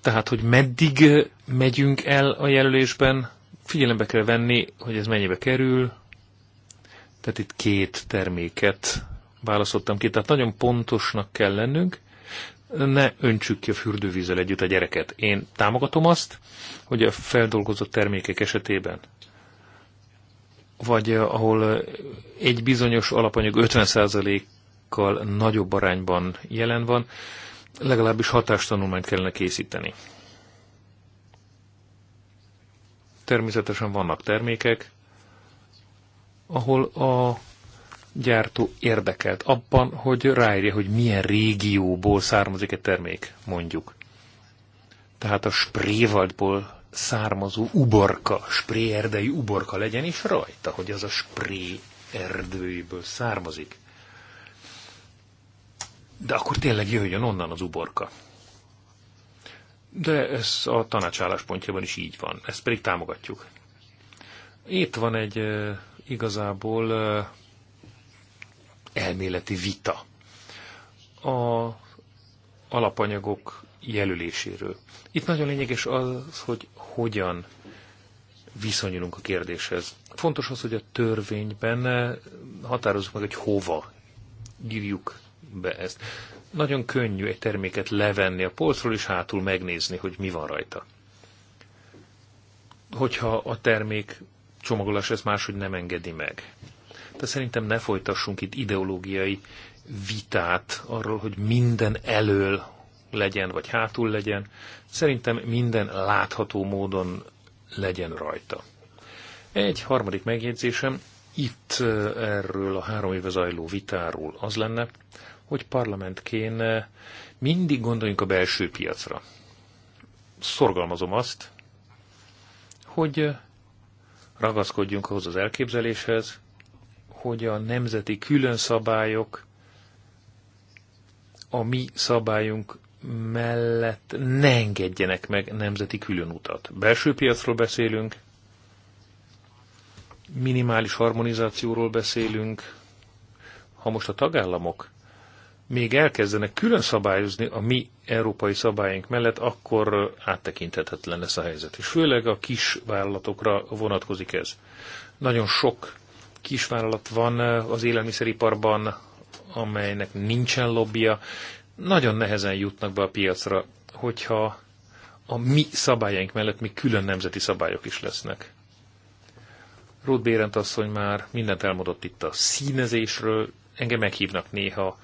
Tehát, hogy meddig megyünk el a jelölésben, figyelembe kell venni, hogy ez mennyibe kerül. Tehát itt két terméket választottam ki, tehát nagyon pontosnak kell lennünk, ne öntsük ki a fürdővízzel együtt a gyereket. Én támogatom azt, hogy a feldolgozott termékek esetében, vagy eh, ahol eh, egy bizonyos alapanyag 50%-kal nagyobb arányban jelen van, legalábbis hatástanulmányt kellene készíteni. Természetesen vannak termékek, ahol a gyártó érdekelt abban, hogy ráírja, hogy milyen régióból származik egy termék, mondjuk. Tehát a Spreewaldból származó uborka, spréerdei uborka legyen is rajta, hogy az a spré erdőiből származik. De akkor tényleg jöjjön onnan az uborka. De ez a tanácsálláspontjában is így van, ezt pedig támogatjuk. Itt van egy eh, igazából eh, elméleti vita a alapanyagok jelöléséről. Itt nagyon lényeges az, hogy hogyan viszonyulunk a kérdéshez. Fontos az, hogy a törvényben határozzuk meg, hogy hova írjuk be ezt. Nagyon könnyű egy terméket levenni a polcról, és hátul megnézni, hogy mi van rajta. Hogyha a termék csomagolás ezt máshogy nem engedi meg de szerintem ne folytassunk itt ideológiai vitát arról, hogy minden elől legyen, vagy hátul legyen. Szerintem minden látható módon legyen rajta. Egy harmadik megjegyzésem, itt eh, erről a három éve zajló vitáról az lenne, hogy parlamentként eh, mindig gondoljunk a belső piacra. Szorgalmazom azt, hogy eh, ragaszkodjunk ahhoz az elképzeléshez, hogy a nemzeti külön szabályok a mi szabályunk mellett ne engedjenek meg nemzeti különutat. Belső piacról beszélünk, minimális harmonizációról beszélünk. Ha most a tagállamok még elkezdenek külön szabályozni a mi európai szabályunk mellett, akkor áttekinthetetlen lesz a helyzet. És főleg a kis vállalatokra vonatkozik ez. Nagyon sok kisvállalat van az élelmiszeriparban, amelynek nincsen lobbia, nagyon nehezen jutnak be a piacra, hogyha a mi szabályaink mellett még külön nemzeti szabályok is lesznek. Ruth Bérent asszony már mindent elmondott itt a színezésről, engem meghívnak néha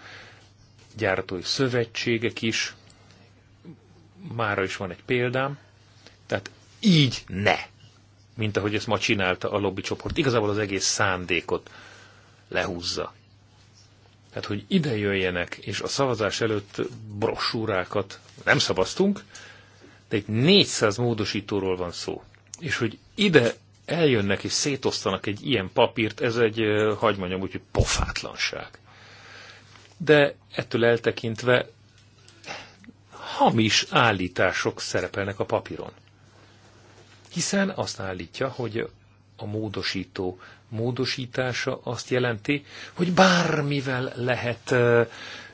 gyártói szövetségek is, mára is van egy példám, tehát így ne! mint ahogy ezt ma csinálta a csoport, Igazából az egész szándékot lehúzza. Tehát, hogy ide jöjjenek, és a szavazás előtt brosúrákat nem szavaztunk, de egy 400 módosítóról van szó. És hogy ide eljönnek és szétosztanak egy ilyen papírt, ez egy, hagymanyom, úgyhogy úgy, pofátlanság. De ettől eltekintve hamis állítások szerepelnek a papíron hiszen azt állítja, hogy a módosító módosítása azt jelenti, hogy bármivel lehet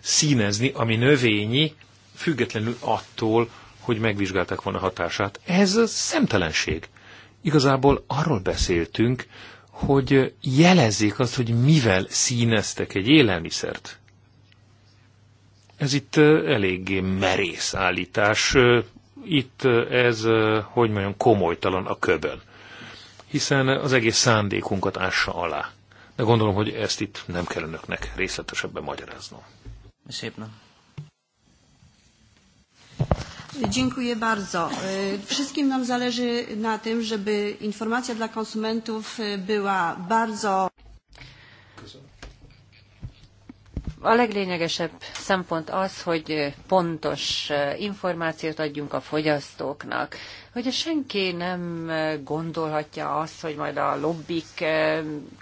színezni, ami növényi, függetlenül attól, hogy megvizsgálták volna hatását. Ez szemtelenség. Igazából arról beszéltünk, hogy jelezzék azt, hogy mivel színeztek egy élelmiszert. Ez itt eléggé merész állítás, itt ez, hogy mondjam, komolytalan a köbön. Hiszen az egész szándékunkat ássa alá. De gondolom, hogy ezt itt nem kell önöknek részletesebben magyaráznom. Szép nem. Dziękuję bardzo. E, wszystkim nam zależy na tym, żeby informacja dla konsumentów e, była bardzo... A leglényegesebb szempont az, hogy pontos információt adjunk a fogyasztóknak, hogy senki nem gondolhatja azt, hogy majd a lobbik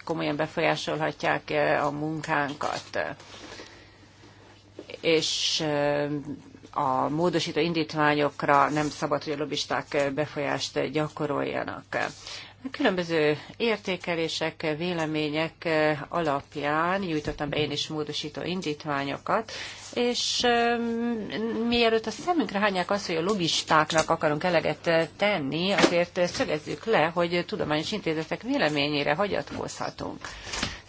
komolyan befolyásolhatják a munkánkat. És a módosító indítványokra nem szabad, hogy a lobbisták befolyást gyakoroljanak. Különböző értékelések, vélemények alapján nyújtottam be én is módosító indítványokat, és mielőtt a szemünkre hányák azt, hogy a lobistáknak akarunk eleget tenni, azért szögezzük le, hogy tudományos intézetek véleményére hagyatkozhatunk.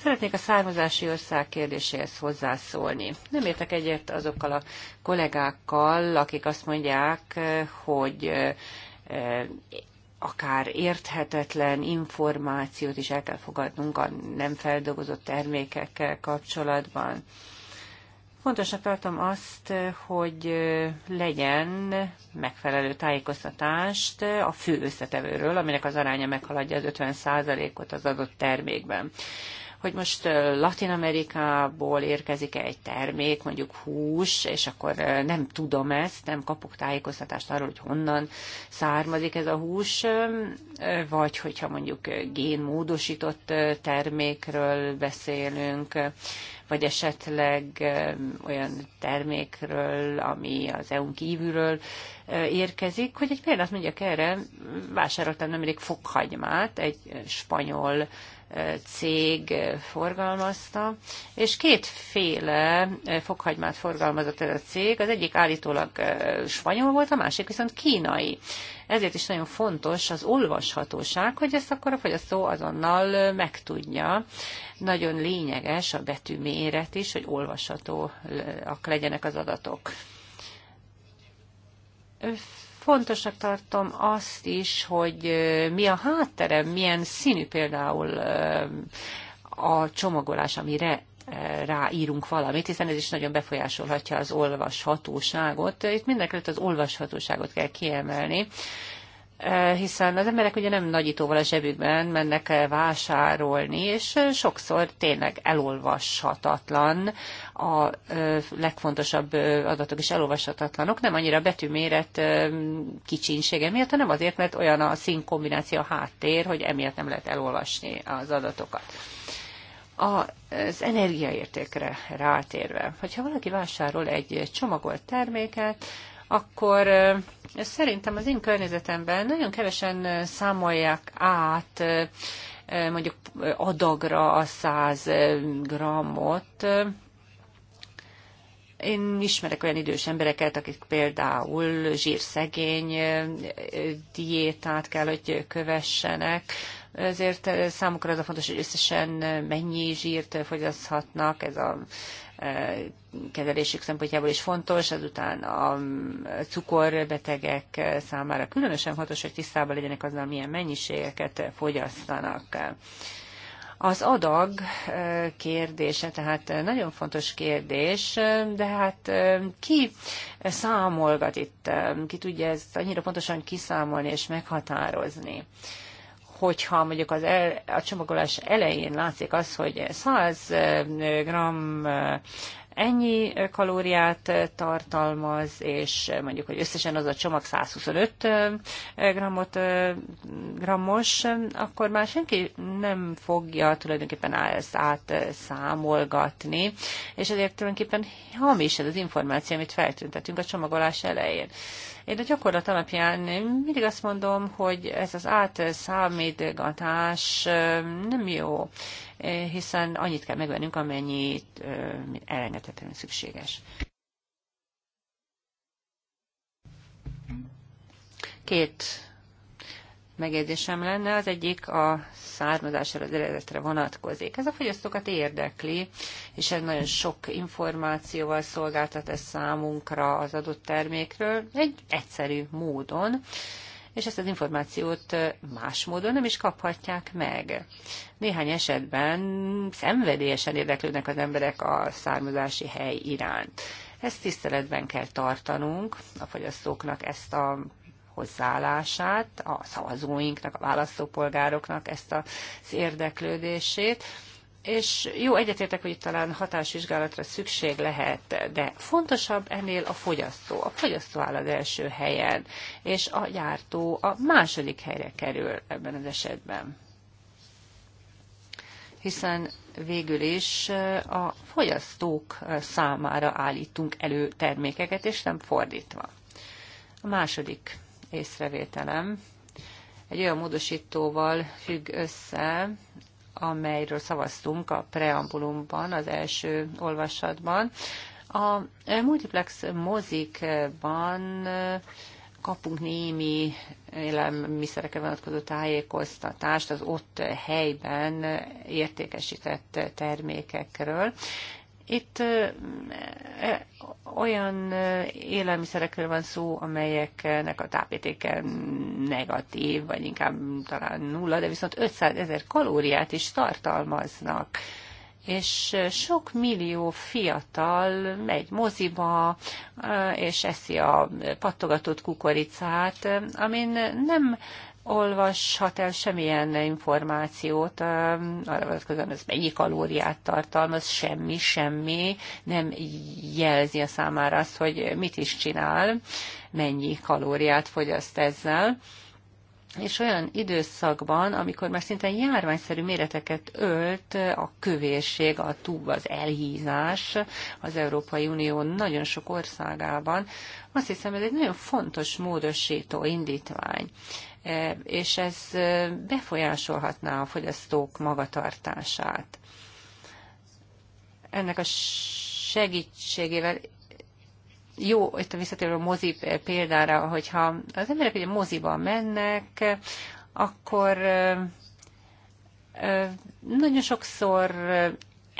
Szeretnék a származási ország kérdéséhez hozzászólni. Nem értek egyet azokkal a kollégákkal, akik azt mondják, hogy akár érthetetlen információt is el kell fogadnunk a nem feldolgozott termékekkel kapcsolatban. Fontosnak tartom azt, hogy legyen megfelelő tájékoztatást a fő összetevőről, aminek az aránya meghaladja az 50%-ot az adott termékben hogy most Latin Amerikából érkezik -e egy termék, mondjuk hús, és akkor nem tudom ezt, nem kapok tájékoztatást arról, hogy honnan származik ez a hús, vagy hogyha mondjuk génmódosított termékről beszélünk, vagy esetleg olyan termékről, ami az EU-n kívülről érkezik, hogy egy példát mondjak erre, vásároltam nemrég fokhagymát egy spanyol cég forgalmazta, és kétféle fokhagymát forgalmazott ez a cég. Az egyik állítólag spanyol volt, a másik viszont kínai. Ezért is nagyon fontos az olvashatóság, hogy ezt akkor a fogyasztó azonnal megtudja. Nagyon lényeges a betű méret is, hogy olvashatóak legyenek az adatok fontosnak tartom azt is, hogy mi a hátterem, milyen színű például a csomagolás, amire ráírunk valamit, hiszen ez is nagyon befolyásolhatja az olvashatóságot. Itt mindenkelőtt az olvashatóságot kell kiemelni, E, hiszen az emberek ugye nem nagyítóval a zsebükben mennek vásárolni, és sokszor tényleg elolvashatatlan, a e, legfontosabb e, adatok is elolvashatatlanok, nem annyira betűméret kicsinsége miatt, hanem azért, mert olyan a színkombináció a háttér, hogy emiatt nem lehet elolvasni az adatokat. Az energiaértékre rátérve, hogyha valaki vásárol egy csomagolt terméket, akkor eh, szerintem az én környezetemben nagyon kevesen eh, számolják át eh, mondjuk adagra a 100 grammot, én ismerek olyan idős embereket, akik például zsírszegény diétát kell, hogy kövessenek, ezért számukra az a fontos, hogy összesen mennyi zsírt fogyaszthatnak, ez a kezelésük szempontjából is fontos, azután a cukorbetegek számára különösen fontos, hogy tisztában legyenek azzal, milyen mennyiségeket fogyasztanak. Az adag kérdése, tehát nagyon fontos kérdés, de hát ki számolgat itt, ki tudja ezt annyira pontosan kiszámolni és meghatározni hogyha mondjuk az el, a csomagolás elején látszik az, hogy 100 g ennyi kalóriát tartalmaz, és mondjuk, hogy összesen az a csomag 125 grammot, grammos, akkor már senki nem fogja tulajdonképpen ezt átszámolgatni, és ezért tulajdonképpen hamis ez az információ, amit feltüntetünk a csomagolás elején. Én a gyakorlat alapján mindig azt mondom, hogy ez az átszámítgatás nem jó, hiszen annyit kell megvennünk, amennyi elengedhetően szükséges. Két megjegyzésem lenne, az egyik a származásra, az eredetre vonatkozik. Ez a fogyasztókat érdekli, és ez nagyon sok információval szolgáltat ez számunkra az adott termékről, egy egyszerű módon és ezt az információt más módon nem is kaphatják meg. Néhány esetben szenvedélyesen érdeklődnek az emberek a származási hely iránt. Ezt tiszteletben kell tartanunk, a fogyasztóknak ezt a hozzáállását, a szavazóinknak, a választópolgároknak ezt az érdeklődését. És jó, egyetértek, hogy itt talán hatásvizsgálatra szükség lehet, de fontosabb ennél a fogyasztó. A fogyasztó áll az első helyen, és a gyártó a második helyre kerül ebben az esetben. Hiszen végül is eh, a fogyasztók eh, számára állítunk elő termékeket, és nem fordítva. A második észrevételem egy olyan módosítóval függ össze, amelyről szavaztunk a preambulumban, az első olvasatban. A multiplex mozikban kapunk némi élelmiszerekre vonatkozó tájékoztatást az ott helyben értékesített termékekről, itt e, olyan élelmiszerekről van szó, amelyeknek a tápértéke negatív, vagy inkább talán nulla, de viszont 500 ezer kalóriát is tartalmaznak és sok millió fiatal megy moziba, és eszi a pattogatott kukoricát, amin nem olvashat el semmilyen információt, arra vonatkozóan ez mennyi kalóriát tartalmaz, semmi, semmi, nem jelzi a számára azt, hogy mit is csinál, mennyi kalóriát fogyaszt ezzel és olyan időszakban, amikor már szinte járványszerű méreteket ölt a kövérség, a túl, az elhízás az Európai Unió nagyon sok országában, azt hiszem ez egy nagyon fontos módosító indítvány. E, és ez e, befolyásolhatná a fogyasztók magatartását. Ennek a segítségével jó, itt a visszatérő mozi példára, hogyha az emberek ugye moziban mennek, akkor e, nagyon sokszor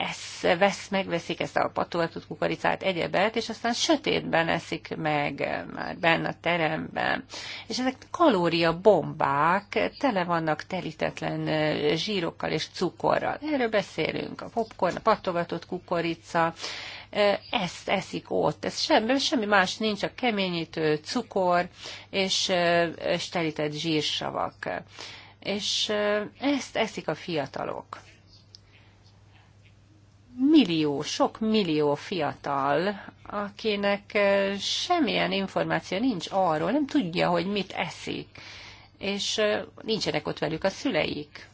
esz, vesz, megveszik ezt a patolatot, kukoricát, egyebet, és aztán sötétben eszik meg, eh, már benne a teremben. És ezek kalóriabombák tele vannak telítetlen eh, zsírokkal és cukorral. Erről beszélünk, a popcorn, a patogatott kukorica, eh, ezt eszik ott. Ez semmi, semmi más nincs, csak keményítő, cukor és, és telített zsírsavak. És ezt eszik a fiatalok millió, sok millió fiatal, akinek eh, semmilyen információ nincs arról, nem tudja, hogy mit eszik, és eh, nincsenek ott velük a szüleik.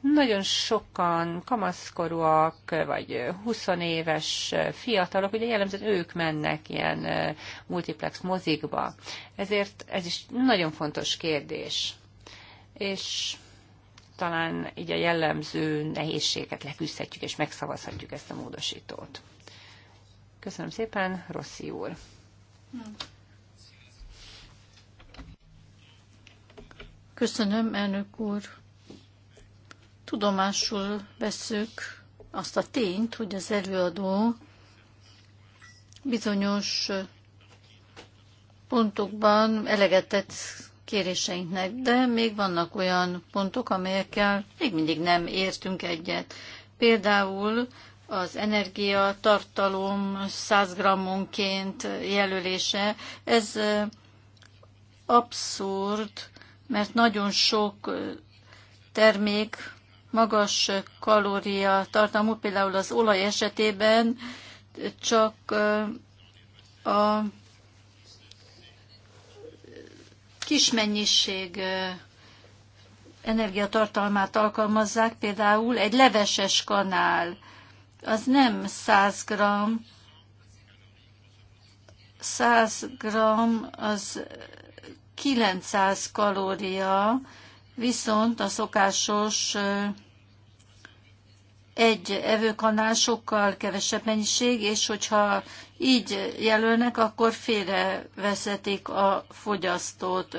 Nagyon sokan kamaszkorúak, vagy 20 eh, éves fiatalok, ugye jellemzően ők mennek ilyen multiplex mozikba. Ezért ez is nagyon fontos kérdés. És talán így a jellemző nehézséget leküzdhetjük és megszavazhatjuk ezt a módosítót. Köszönöm szépen, Rossi úr. Köszönöm, elnök úr. Tudomásul veszük azt a tényt, hogy az előadó bizonyos pontokban eleget tett kéréseinknek, de még vannak olyan pontok, amelyekkel még mindig nem értünk egyet. Például az energia tartalom 100 grammonként jelölése, ez abszurd, mert nagyon sok termék magas kalória tartalmú, például az olaj esetében csak a kis mennyiség energiatartalmát alkalmazzák, például egy leveses kanál, az nem 100 g, 100 g az 900 kalória, viszont a szokásos egy evőkanál sokkal kevesebb mennyiség, és hogyha így jelölnek, akkor félrevezetik a fogyasztót.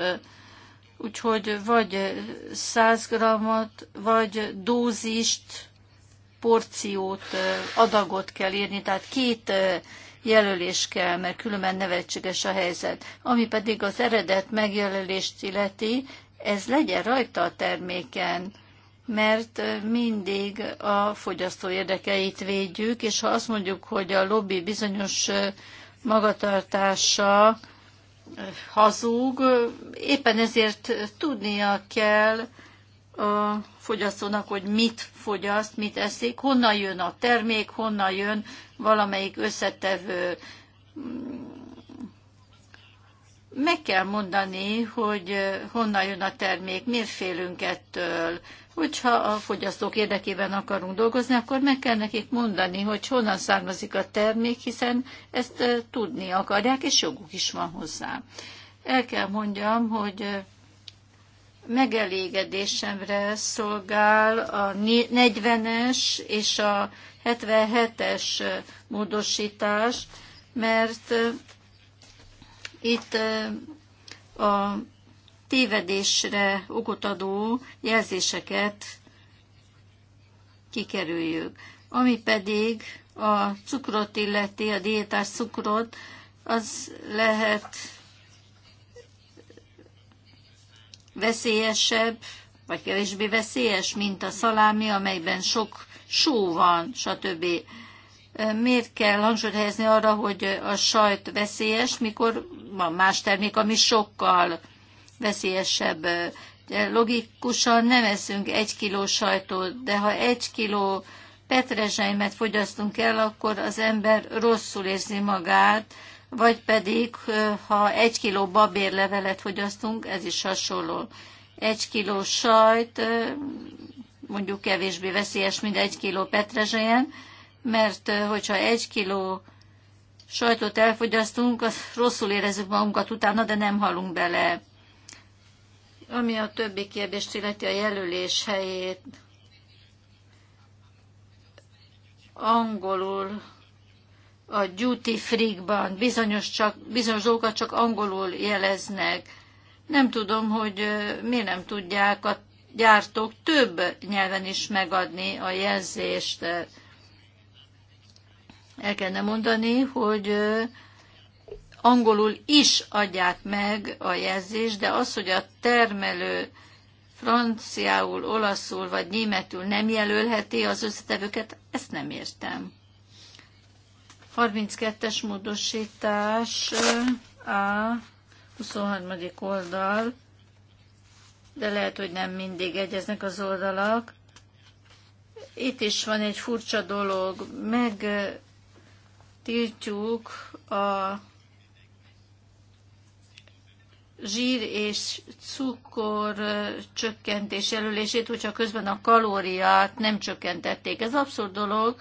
Úgyhogy vagy 100 grammot, vagy dózist, porciót, adagot kell írni, tehát két jelölés kell, mert különben nevetséges a helyzet. Ami pedig az eredet megjelölést illeti, ez legyen rajta a terméken mert mindig a fogyasztó érdekeit védjük, és ha azt mondjuk, hogy a lobby bizonyos magatartása hazug, éppen ezért tudnia kell a fogyasztónak, hogy mit fogyaszt, mit eszik, honnan jön a termék, honnan jön valamelyik összetevő. Meg kell mondani, hogy honnan jön a termék, miért félünk ettől, hogyha a fogyasztók érdekében akarunk dolgozni, akkor meg kell nekik mondani, hogy honnan származik a termék, hiszen ezt tudni akarják, és joguk is van hozzá. El kell mondjam, hogy megelégedésemre szolgál a 40-es és a 77-es módosítás, mert itt a tévedésre okot adó jelzéseket kikerüljük. Ami pedig a cukrot illeti, a diétás cukrot, az lehet veszélyesebb, vagy kevésbé veszélyes, mint a szalámi, amelyben sok só van, stb. Miért kell hangsúlyt helyezni arra, hogy a sajt veszélyes, mikor van más termék, ami sokkal veszélyesebb. Logikusan nem eszünk egy kiló sajtot, de ha egy kiló petrezselymet fogyasztunk el, akkor az ember rosszul érzi magát, vagy pedig, ha egy kiló babérlevelet fogyasztunk, ez is hasonló. Egy kiló sajt mondjuk kevésbé veszélyes, mint egy kiló petrezselyen, mert hogyha egy kiló sajtot elfogyasztunk, az rosszul érezzük magunkat utána, de nem halunk bele. Ami a többi kérdést illeti a jelölés helyét, angolul a duty free-ban bizonyos, csak, bizonyos dolgokat csak angolul jeleznek. Nem tudom, hogy miért nem tudják a gyártók több nyelven is megadni a jelzést. El kellene mondani, hogy angolul is adják meg a jelzést, de az, hogy a termelő franciául, olaszul vagy németül nem jelölheti az összetevőket, ezt nem értem. 32-es módosítás a 23. oldal, de lehet, hogy nem mindig egyeznek az oldalak. Itt is van egy furcsa dolog, megtiltjuk a zsír és cukor csökkentés jelölését, hogyha közben a kalóriát nem csökkentették. Ez abszurd dolog,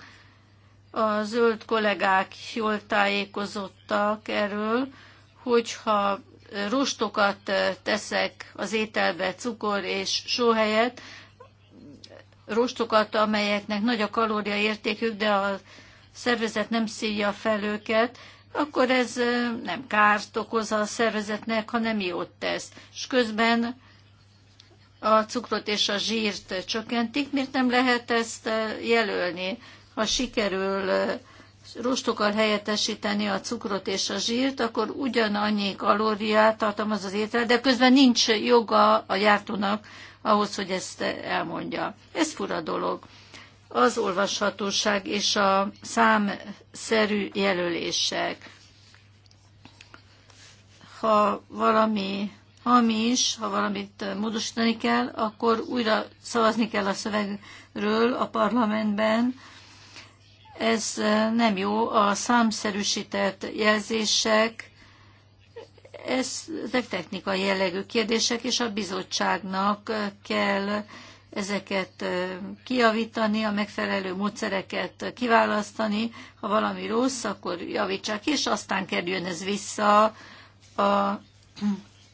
a zöld kollégák jól tájékozottak erről, hogyha rostokat teszek az ételbe cukor és só helyett, rostokat, amelyeknek nagy a kalória értékük, de a szervezet nem szívja fel őket, akkor ez nem kárt okoz a szervezetnek, hanem jót tesz. És közben a cukrot és a zsírt csökkentik, miért nem lehet ezt jelölni? Ha sikerül rostokkal helyettesíteni a cukrot és a zsírt, akkor ugyanannyi kalóriát tartalmaz az étel, de közben nincs joga a jártónak ahhoz, hogy ezt elmondja. Ez fura dolog az olvashatóság és a számszerű jelölések. Ha valami hamis, ha valamit módosítani kell, akkor újra szavazni kell a szövegről a parlamentben. Ez nem jó. A számszerűsített jelzések, ezek technikai jellegű kérdések, és a bizottságnak kell ezeket kiavítani, a megfelelő módszereket kiválasztani. Ha valami rossz, akkor javítsák, és aztán kerüljön ez vissza a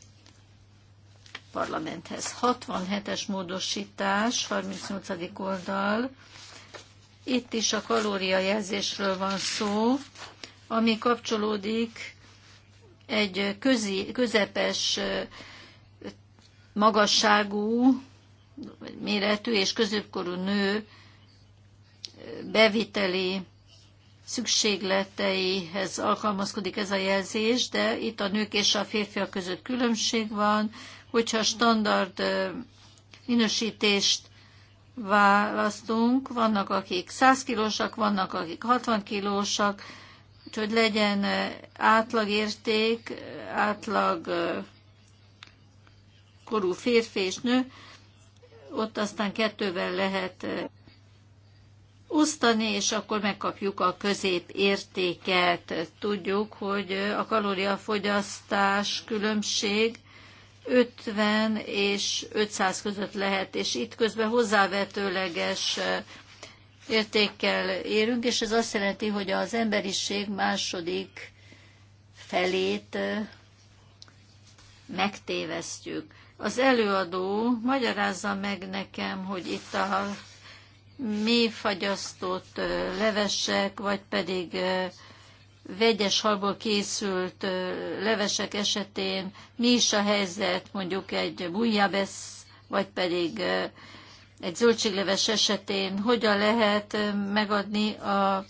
parlamenthez. 67-es módosítás, 38. oldal. Itt is a kalóriajelzésről van szó, ami kapcsolódik egy közi, közepes magasságú méretű és középkorú nő beviteli szükségleteihez alkalmazkodik ez a jelzés, de itt a nők és a férfiak között különbség van, hogyha standard minősítést választunk, vannak akik 100 kilósak, vannak akik 60 kilósak, úgyhogy legyen átlagérték, átlag korú férfi és nő, ott aztán kettővel lehet osztani, és akkor megkapjuk a középértéket. Tudjuk, hogy a kalóriafogyasztás különbség 50 és 500 között lehet, és itt közben hozzávetőleges értékkel érünk, és ez azt jelenti, hogy az emberiség második felét megtévesztjük az előadó magyarázza meg nekem, hogy itt a mély levesek, vagy pedig vegyes halból készült levesek esetén mi is a helyzet, mondjuk egy bújjabesz, vagy pedig egy zöldségleves esetén hogyan lehet megadni a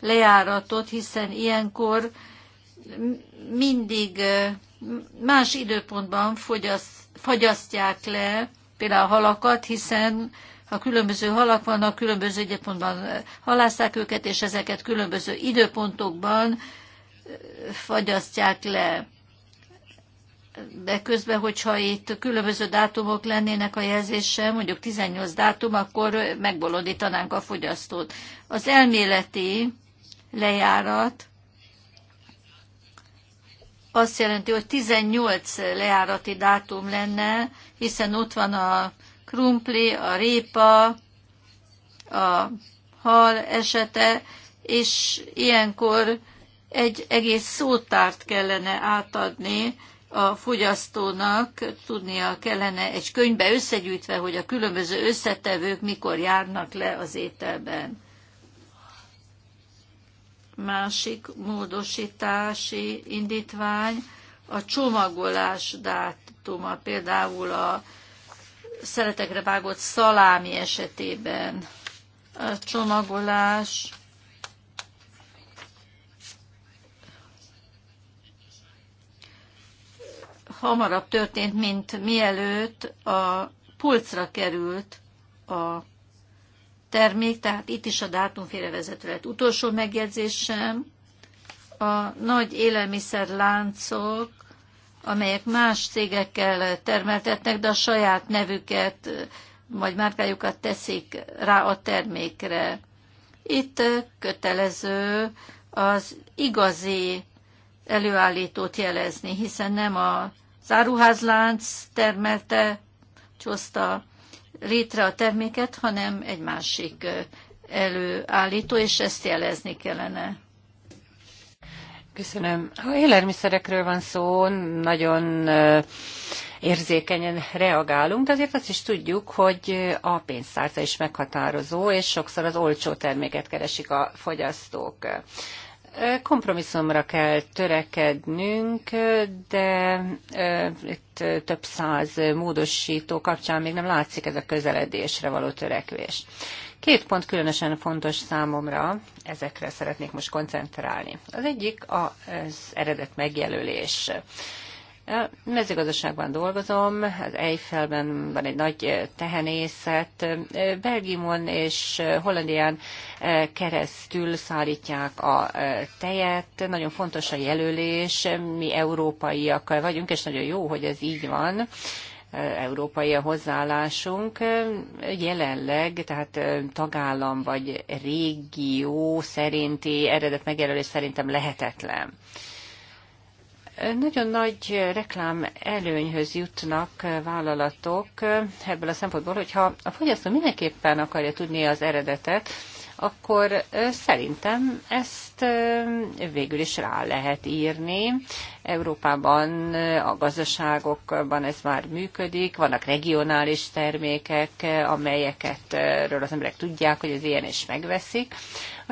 lejáratot, hiszen ilyenkor mindig más időpontban fogyaszt fagyasztják le például a halakat, hiszen ha különböző halak vannak, különböző időpontban halászták őket, és ezeket különböző időpontokban fagyasztják le. De közben, hogyha itt különböző dátumok lennének a jelzése, mondjuk 18 dátum, akkor megbolondítanánk a fogyasztót. Az elméleti lejárat azt jelenti, hogy 18 leárati dátum lenne, hiszen ott van a krumpli, a répa, a hal esete, és ilyenkor egy egész szótárt kellene átadni a fogyasztónak, tudnia kellene egy könyvbe összegyűjtve, hogy a különböző összetevők mikor járnak le az ételben másik módosítási indítvány a csomagolás dátuma, például a szeretekre vágott szalámi esetében a csomagolás hamarabb történt, mint mielőtt a pulcra került a termék, tehát itt is a dátum félrevezető lett. Utolsó megjegyzésem, a nagy élelmiszerláncok, amelyek más cégekkel termeltetnek, de a saját nevüket vagy márkájukat teszik rá a termékre. Itt kötelező az igazi előállítót jelezni, hiszen nem a záruházlánc termelte, csoszta, létre a terméket, hanem egy másik előállító, és ezt jelezni kellene. Köszönöm. Ha élelmiszerekről van szó, nagyon érzékenyen reagálunk, de azért azt is tudjuk, hogy a pénztárca is meghatározó, és sokszor az olcsó terméket keresik a fogyasztók. Kompromisszumra kell törekednünk, de itt több száz módosító kapcsán még nem látszik ez a közeledésre való törekvés. Két pont különösen fontos számomra, ezekre szeretnék most koncentrálni. Az egyik az eredet megjelölés. A mezőgazdaságban dolgozom, az Eiffelben van egy nagy eh, tehenészet. Eh, Belgiumon és eh, Hollandián keresztül szállítják a tejet. Nagyon fontos a jelölés. Mi európaiak vagyunk, és nagyon jó, hogy ez így van európai a hozzáállásunk. Jelenleg, tehát tagállam vagy régió szerinti eredet megjelölés szerintem lehetetlen. Nagyon nagy reklám előnyhöz jutnak vállalatok ebből a szempontból, hogyha a fogyasztó mindenképpen akarja tudni az eredetet, akkor szerintem ezt végül is rá lehet írni. Európában, a gazdaságokban ez már működik, vannak regionális termékek, amelyeket ről az emberek tudják, hogy az ilyen is megveszik.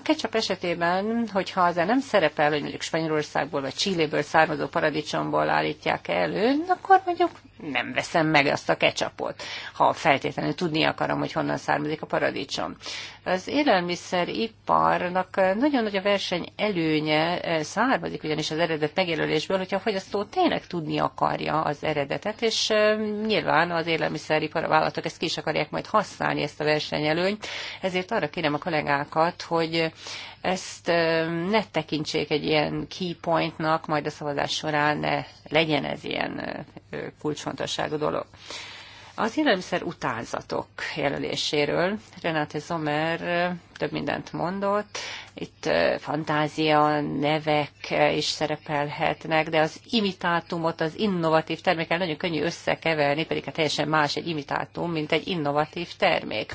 A ketchup esetében, hogyha az nem szerepel, hogy mondjuk Spanyolországból vagy Csilléből származó paradicsomból állítják elő, akkor mondjuk nem veszem meg azt a kecsapot, ha feltétlenül tudni akarom, hogy honnan származik a paradicsom. Az élelmiszeriparnak nagyon nagy a verseny előnye eh, származik ugyanis az eredet megjelölésből, hogyha a fogyasztó tényleg tudni akarja az eredetet, és eh, nyilván az élelmiszeripar vállalatok ezt ki is akarják majd használni, ezt a versenyelőnyt, ezért arra kérem a kollégákat, hogy ezt ne tekintsék egy ilyen key pointnak, majd a szavazás során ne legyen ez ilyen kulcsfontosságú dolog. Az élelmiszer utánzatok jelöléséről Renate Zomer több mindent mondott, itt fantázia, nevek is szerepelhetnek, de az imitátumot, az innovatív termékkel nagyon könnyű összekeverni, pedig hát teljesen más egy imitátum, mint egy innovatív termék.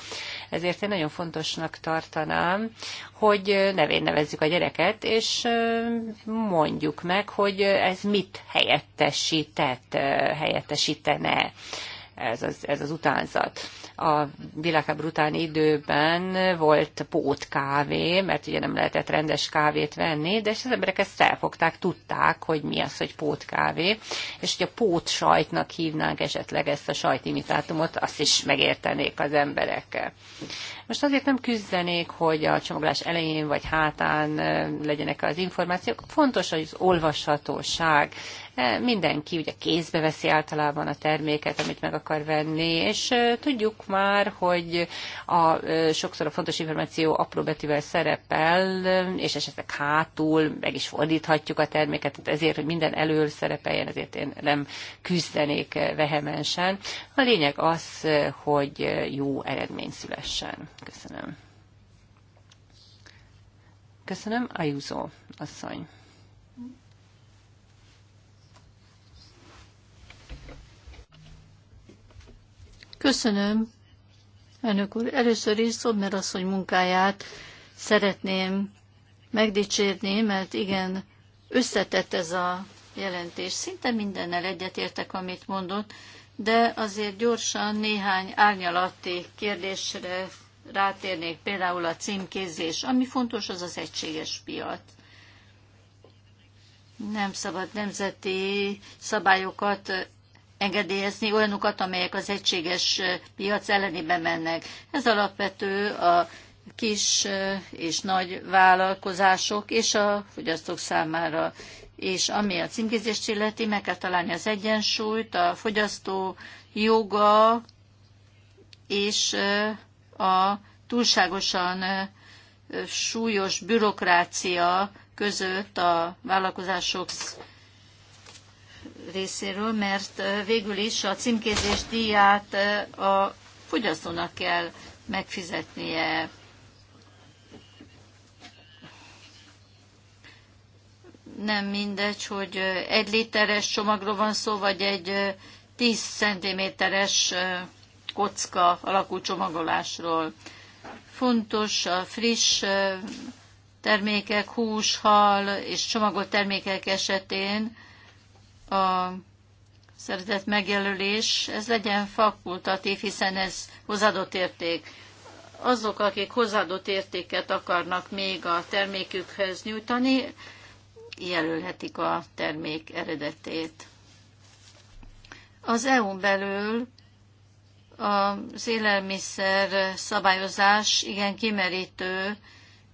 Ezért én nagyon fontosnak tartanám, hogy nevén nevezzük a gyereket, és mondjuk meg, hogy ez mit helyettesített, helyettesítene ez az, ez az utánzat. A világháború utáni időben volt pótkávé, mert ugye nem lehetett rendes kávét venni, de az emberek ezt felfogták, tudták, hogy mi az, hogy pótkávé, és hogy a pót sajtnak hívnánk esetleg ezt a sajtimitátumot, azt is megértenék az emberekkel. Most azért nem küzdenék, hogy a csomagolás elején vagy hátán legyenek az információk. Fontos az olvashatóság. Mindenki ugye kézbe veszi általában a terméket, amit meg akar venni, és tudjuk már, hogy a, sokszor a fontos információ apró betűvel szerepel, és esetleg hátul meg is fordíthatjuk a terméket, tehát ezért, hogy minden elől szerepeljen, ezért én nem küzdenék vehemensen. A lényeg az, hogy jó eredmény szülessen. Köszönöm. Köszönöm, Ajuzó asszony. Köszönöm, elnök úr. Először is Szobner asszony munkáját szeretném megdicsérni, mert igen, összetett ez a jelentés. Szinte mindennel egyetértek, amit mondott, de azért gyorsan néhány árnyalatti kérdésre rátérnék például a címkézés. Ami fontos, az az egységes piac. Nem szabad nemzeti szabályokat engedélyezni, olyanokat, amelyek az egységes piac ellenébe mennek. Ez alapvető a kis és nagy vállalkozások és a fogyasztók számára. És ami a címkézést illeti, meg kell találni az egyensúlyt, a fogyasztó joga és a túlságosan súlyos bürokrácia között a vállalkozások részéről, mert végül is a címkézés díját a fogyasztónak kell megfizetnie. Nem mindegy, hogy egy literes csomagról van szó, vagy egy 10 cm-es kocka alakú csomagolásról. Fontos a friss termékek, hús, hal és csomagolt termékek esetén a szeretett megjelölés, ez legyen fakultatív, hiszen ez hozadott érték. Azok, akik hozadott értéket akarnak még a termékükhöz nyújtani, jelölhetik a termék eredetét. Az EU-n belül az élelmiszer szabályozás igen kimerítő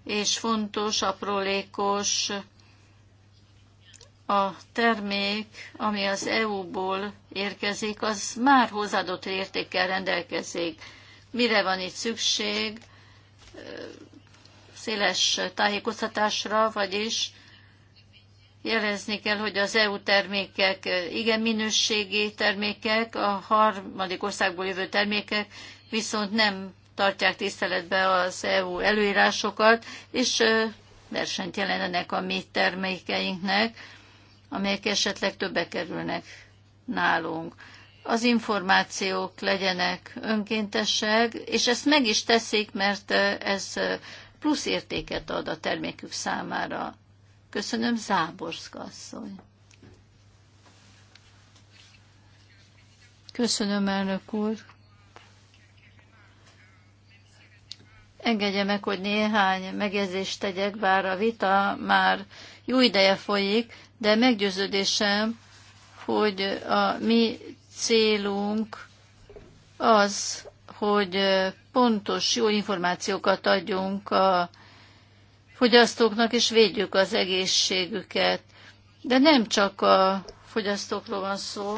és fontos, aprólékos a termék, ami az EU-ból érkezik, az már hozadott értékkel rendelkezik. Mire van itt szükség? Széles tájékoztatásra, vagyis Jelezni kell, hogy az EU termékek igen minőségi termékek, a harmadik országból jövő termékek viszont nem tartják tiszteletbe az EU előírásokat, és versenyt jelenenek a mi termékeinknek, amelyek esetleg többe kerülnek nálunk. Az információk legyenek önkéntesek, és ezt meg is teszik, mert ez plusz értéket ad a termékük számára. Köszönöm, Záborszka asszony. Köszönöm, elnök úr. Engedje meg, hogy néhány megjegyzést tegyek, bár a vita már jó ideje folyik, de meggyőződésem, hogy a mi célunk az, hogy pontos, jó információkat adjunk a fogyasztóknak, és védjük az egészségüket. De nem csak a fogyasztókról van szó,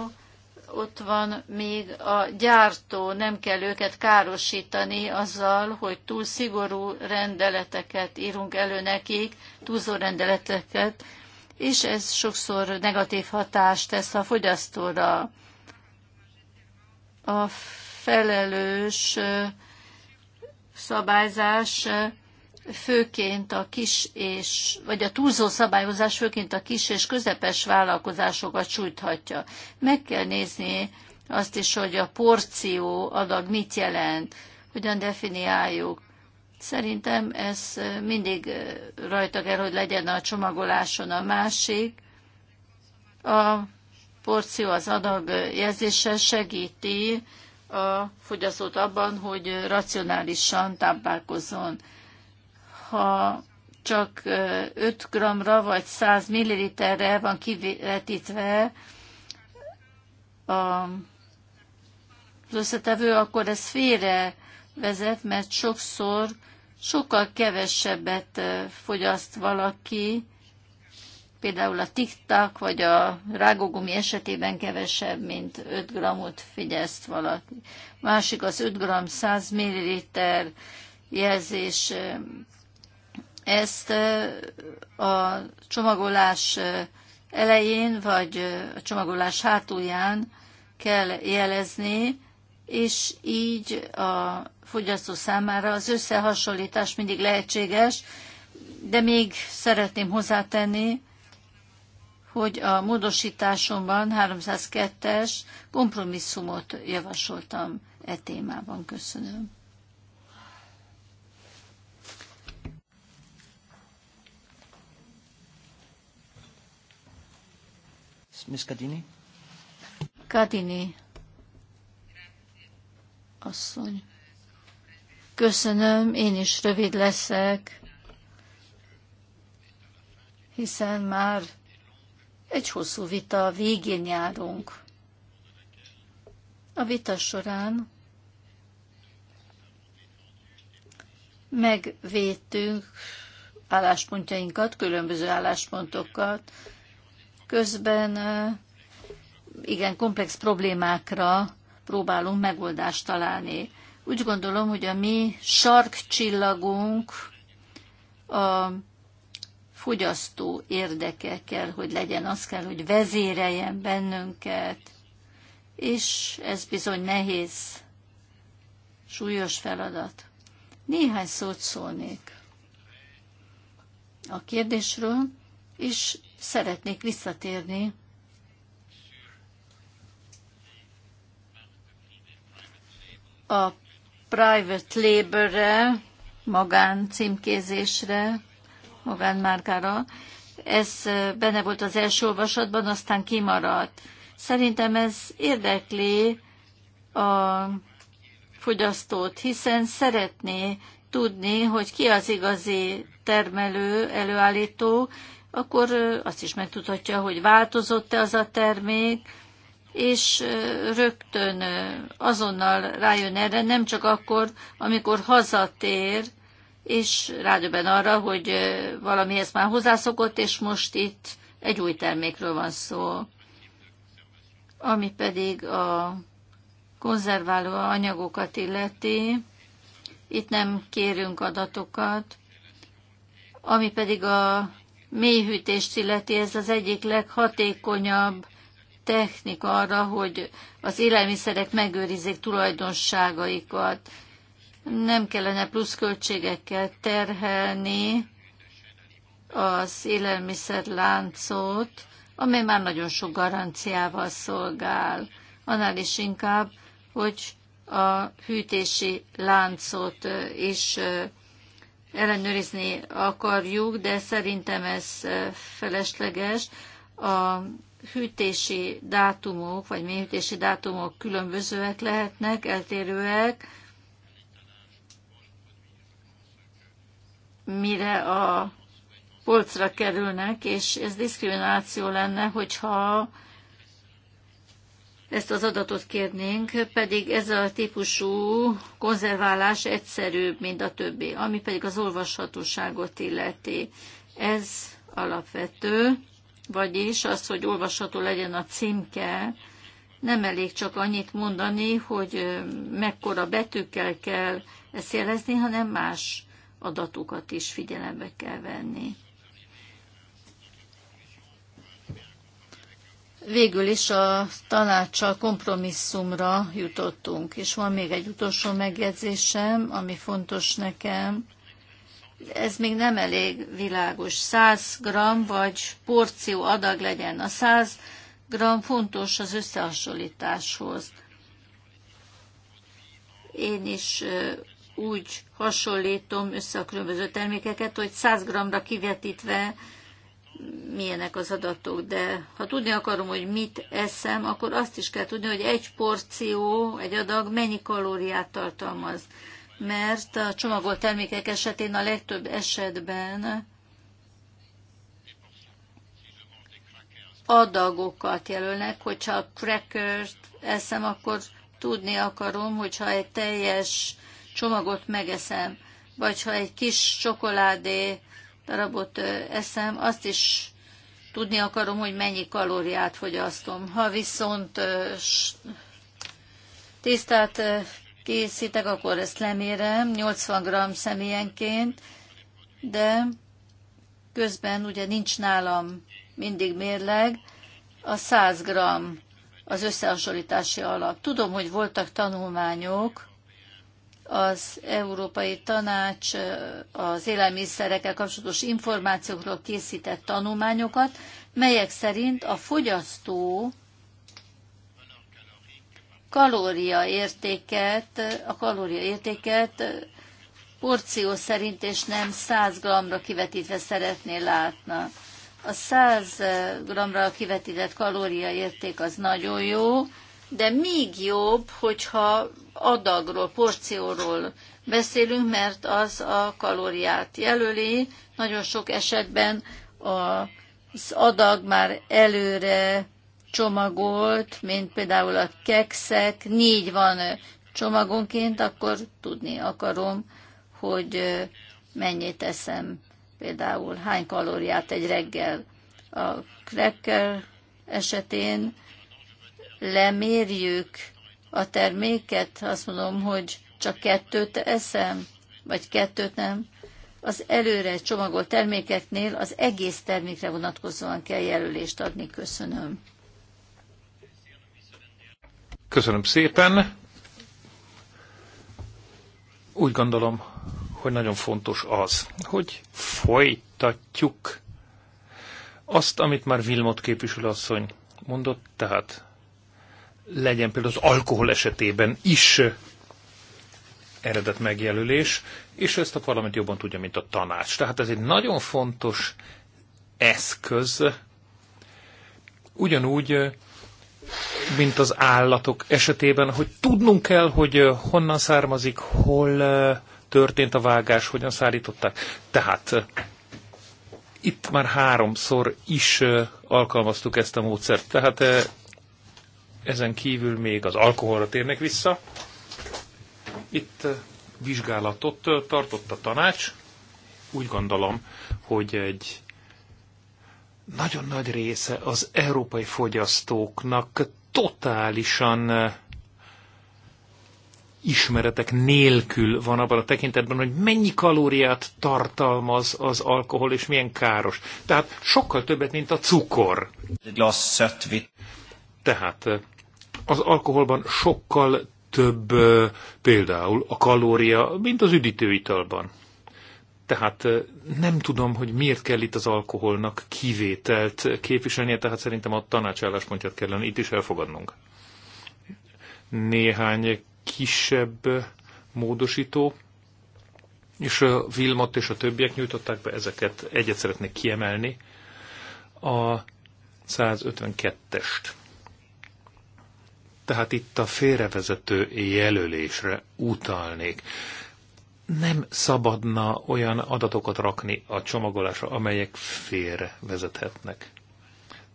ott van még a gyártó, nem kell őket károsítani azzal, hogy túl szigorú rendeleteket írunk elő nekik, túlzó rendeleteket, és ez sokszor negatív hatást tesz a fogyasztóra. A felelős szabályzás főként a kis és, vagy a túlzó szabályozás főként a kis és közepes vállalkozásokat sújthatja. Meg kell nézni azt is, hogy a porció adag mit jelent, hogyan definiáljuk. Szerintem ez mindig rajta kell, hogy legyen a csomagoláson a másik. A porció az adag jelzése segíti a fogyasztót abban, hogy racionálisan táplálkozzon ha csak 5 g-ra vagy 100 ml-re van kivetítve az összetevő, akkor ez félre vezet, mert sokszor sokkal kevesebbet fogyaszt valaki, például a tiktak vagy a rágógumi esetében kevesebb, mint 5 g-ot figyelzt valaki. Másik az 5 g 100 ml jelzés ezt a csomagolás elején vagy a csomagolás hátulján kell jelezni, és így a fogyasztó számára az összehasonlítás mindig lehetséges, de még szeretném hozzátenni, hogy a módosításomban 302-es kompromisszumot javasoltam e témában. Köszönöm. Ms. asszony. Köszönöm, én is rövid leszek, hiszen már egy hosszú vita végén járunk. A vita során megvédtünk álláspontjainkat, különböző álláspontokat, közben igen komplex problémákra próbálunk megoldást találni. Úgy gondolom, hogy a mi sarkcsillagunk a fogyasztó érdeke kell, hogy legyen, az kell, hogy vezéreljen bennünket, és ez bizony nehéz, súlyos feladat. Néhány szót szólnék a kérdésről, és szeretnék visszatérni a private labor-re, magán címkézésre, magánmárkára. Ez eh, benne volt az első olvasatban, aztán kimaradt. Szerintem ez érdekli a fogyasztót, hiszen szeretné tudni, hogy ki az igazi termelő, előállító, akkor azt is megtudhatja, hogy változott-e az a termék, és rögtön azonnal rájön erre, nem csak akkor, amikor hazatér, és rádöbben arra, hogy valamihez már hozzászokott, és most itt egy új termékről van szó, ami pedig a konzerváló anyagokat illeti. Itt nem kérünk adatokat, ami pedig a mélyhűtést illeti, ez az egyik leghatékonyabb technika arra, hogy az élelmiszerek megőrizzék tulajdonságaikat. Nem kellene pluszköltségekkel terhelni az élelmiszerláncot, amely már nagyon sok garanciával szolgál. Annál is inkább, hogy a hűtési láncot is ellenőrizni akarjuk, de szerintem ez felesleges. A hűtési dátumok, vagy mélyhűtési dátumok különbözőek lehetnek, eltérőek, mire a polcra kerülnek, és ez diszkrimináció lenne, hogyha ezt az adatot kérnénk, pedig ez a típusú konzerválás egyszerűbb, mint a többi, ami pedig az olvashatóságot illeti. Ez alapvető, vagyis az, hogy olvasható legyen a címke, nem elég csak annyit mondani, hogy mekkora betűkkel kell ezt jelezni, hanem más adatokat is figyelembe kell venni. végül is a tanácssal kompromisszumra jutottunk. És van még egy utolsó megjegyzésem, ami fontos nekem. Ez még nem elég világos. 100 g vagy porció adag legyen. A 100 g fontos az összehasonlításhoz. Én is úgy hasonlítom össze a különböző termékeket, hogy 100 g-ra kivetítve milyenek az adatok, de ha tudni akarom, hogy mit eszem, akkor azt is kell tudni, hogy egy porció, egy adag mennyi kalóriát tartalmaz. Mert a csomagolt termékek esetén a legtöbb esetben adagokat jelölnek, hogyha a crackert eszem, akkor tudni akarom, hogyha egy teljes csomagot megeszem, vagy ha egy kis csokoládé darabot eszem, azt is tudni akarom, hogy mennyi kalóriát fogyasztom. Ha viszont tisztát készítek, akkor ezt lemérem, 80 g személyenként, de közben ugye nincs nálam mindig mérleg, a 100 g az összehasonlítási alap. Tudom, hogy voltak tanulmányok, az Európai Tanács az élelmiszerekkel kapcsolatos információkról készített tanulmányokat, melyek szerint a fogyasztó kalóriaértéket, a kalóriaértéket porció szerint és nem 100 g-ra kivetítve szeretné látna. A 100 g-ra kivetített kalóriaérték az nagyon jó, de még jobb, hogyha adagról, porcióról beszélünk, mert az a kalóriát jelöli. Nagyon sok esetben az adag már előre csomagolt, mint például a kekszek, négy van csomagonként, akkor tudni akarom, hogy mennyit eszem, például hány kalóriát egy reggel. A cracker esetén lemérjük a terméket, azt mondom, hogy csak kettőt eszem, vagy kettőt nem, az előre csomagolt termékeknél az egész termékre vonatkozóan kell jelölést adni. Köszönöm. Köszönöm szépen. Úgy gondolom, hogy nagyon fontos az, hogy folytatjuk azt, amit már Vilmot asszony mondott, tehát legyen például az alkohol esetében is eredet megjelölés, és ezt a parlament jobban tudja, mint a tanács. Tehát ez egy nagyon fontos eszköz, ugyanúgy, mint az állatok esetében, hogy tudnunk kell, hogy honnan származik, hol eh, történt a vágás, hogyan szállították. Tehát eh, itt már háromszor is eh, alkalmaztuk ezt a módszert. Tehát ezen kívül még az alkoholra térnek vissza. Itt eh, vizsgálatot eh, tartott a tanács. Úgy gondolom, hogy egy nagyon nagy része az európai fogyasztóknak totálisan eh, ismeretek nélkül van abban a tekintetben, hogy mennyi kalóriát tartalmaz az alkohol, és milyen káros. Tehát sokkal többet, mint a cukor. Tehát az alkoholban sokkal több például a kalória, mint az üdítőitalban. Tehát nem tudom, hogy miért kell itt az alkoholnak kivételt képviselnie, tehát szerintem a tanácsálláspontját kellene itt is elfogadnunk. Néhány kisebb módosító, és a Vilmot és a többiek nyújtották be ezeket. Egyet szeretnék kiemelni, a 152-est. Tehát itt a félrevezető jelölésre utalnék. Nem szabadna olyan adatokat rakni a csomagolásra, amelyek félrevezethetnek.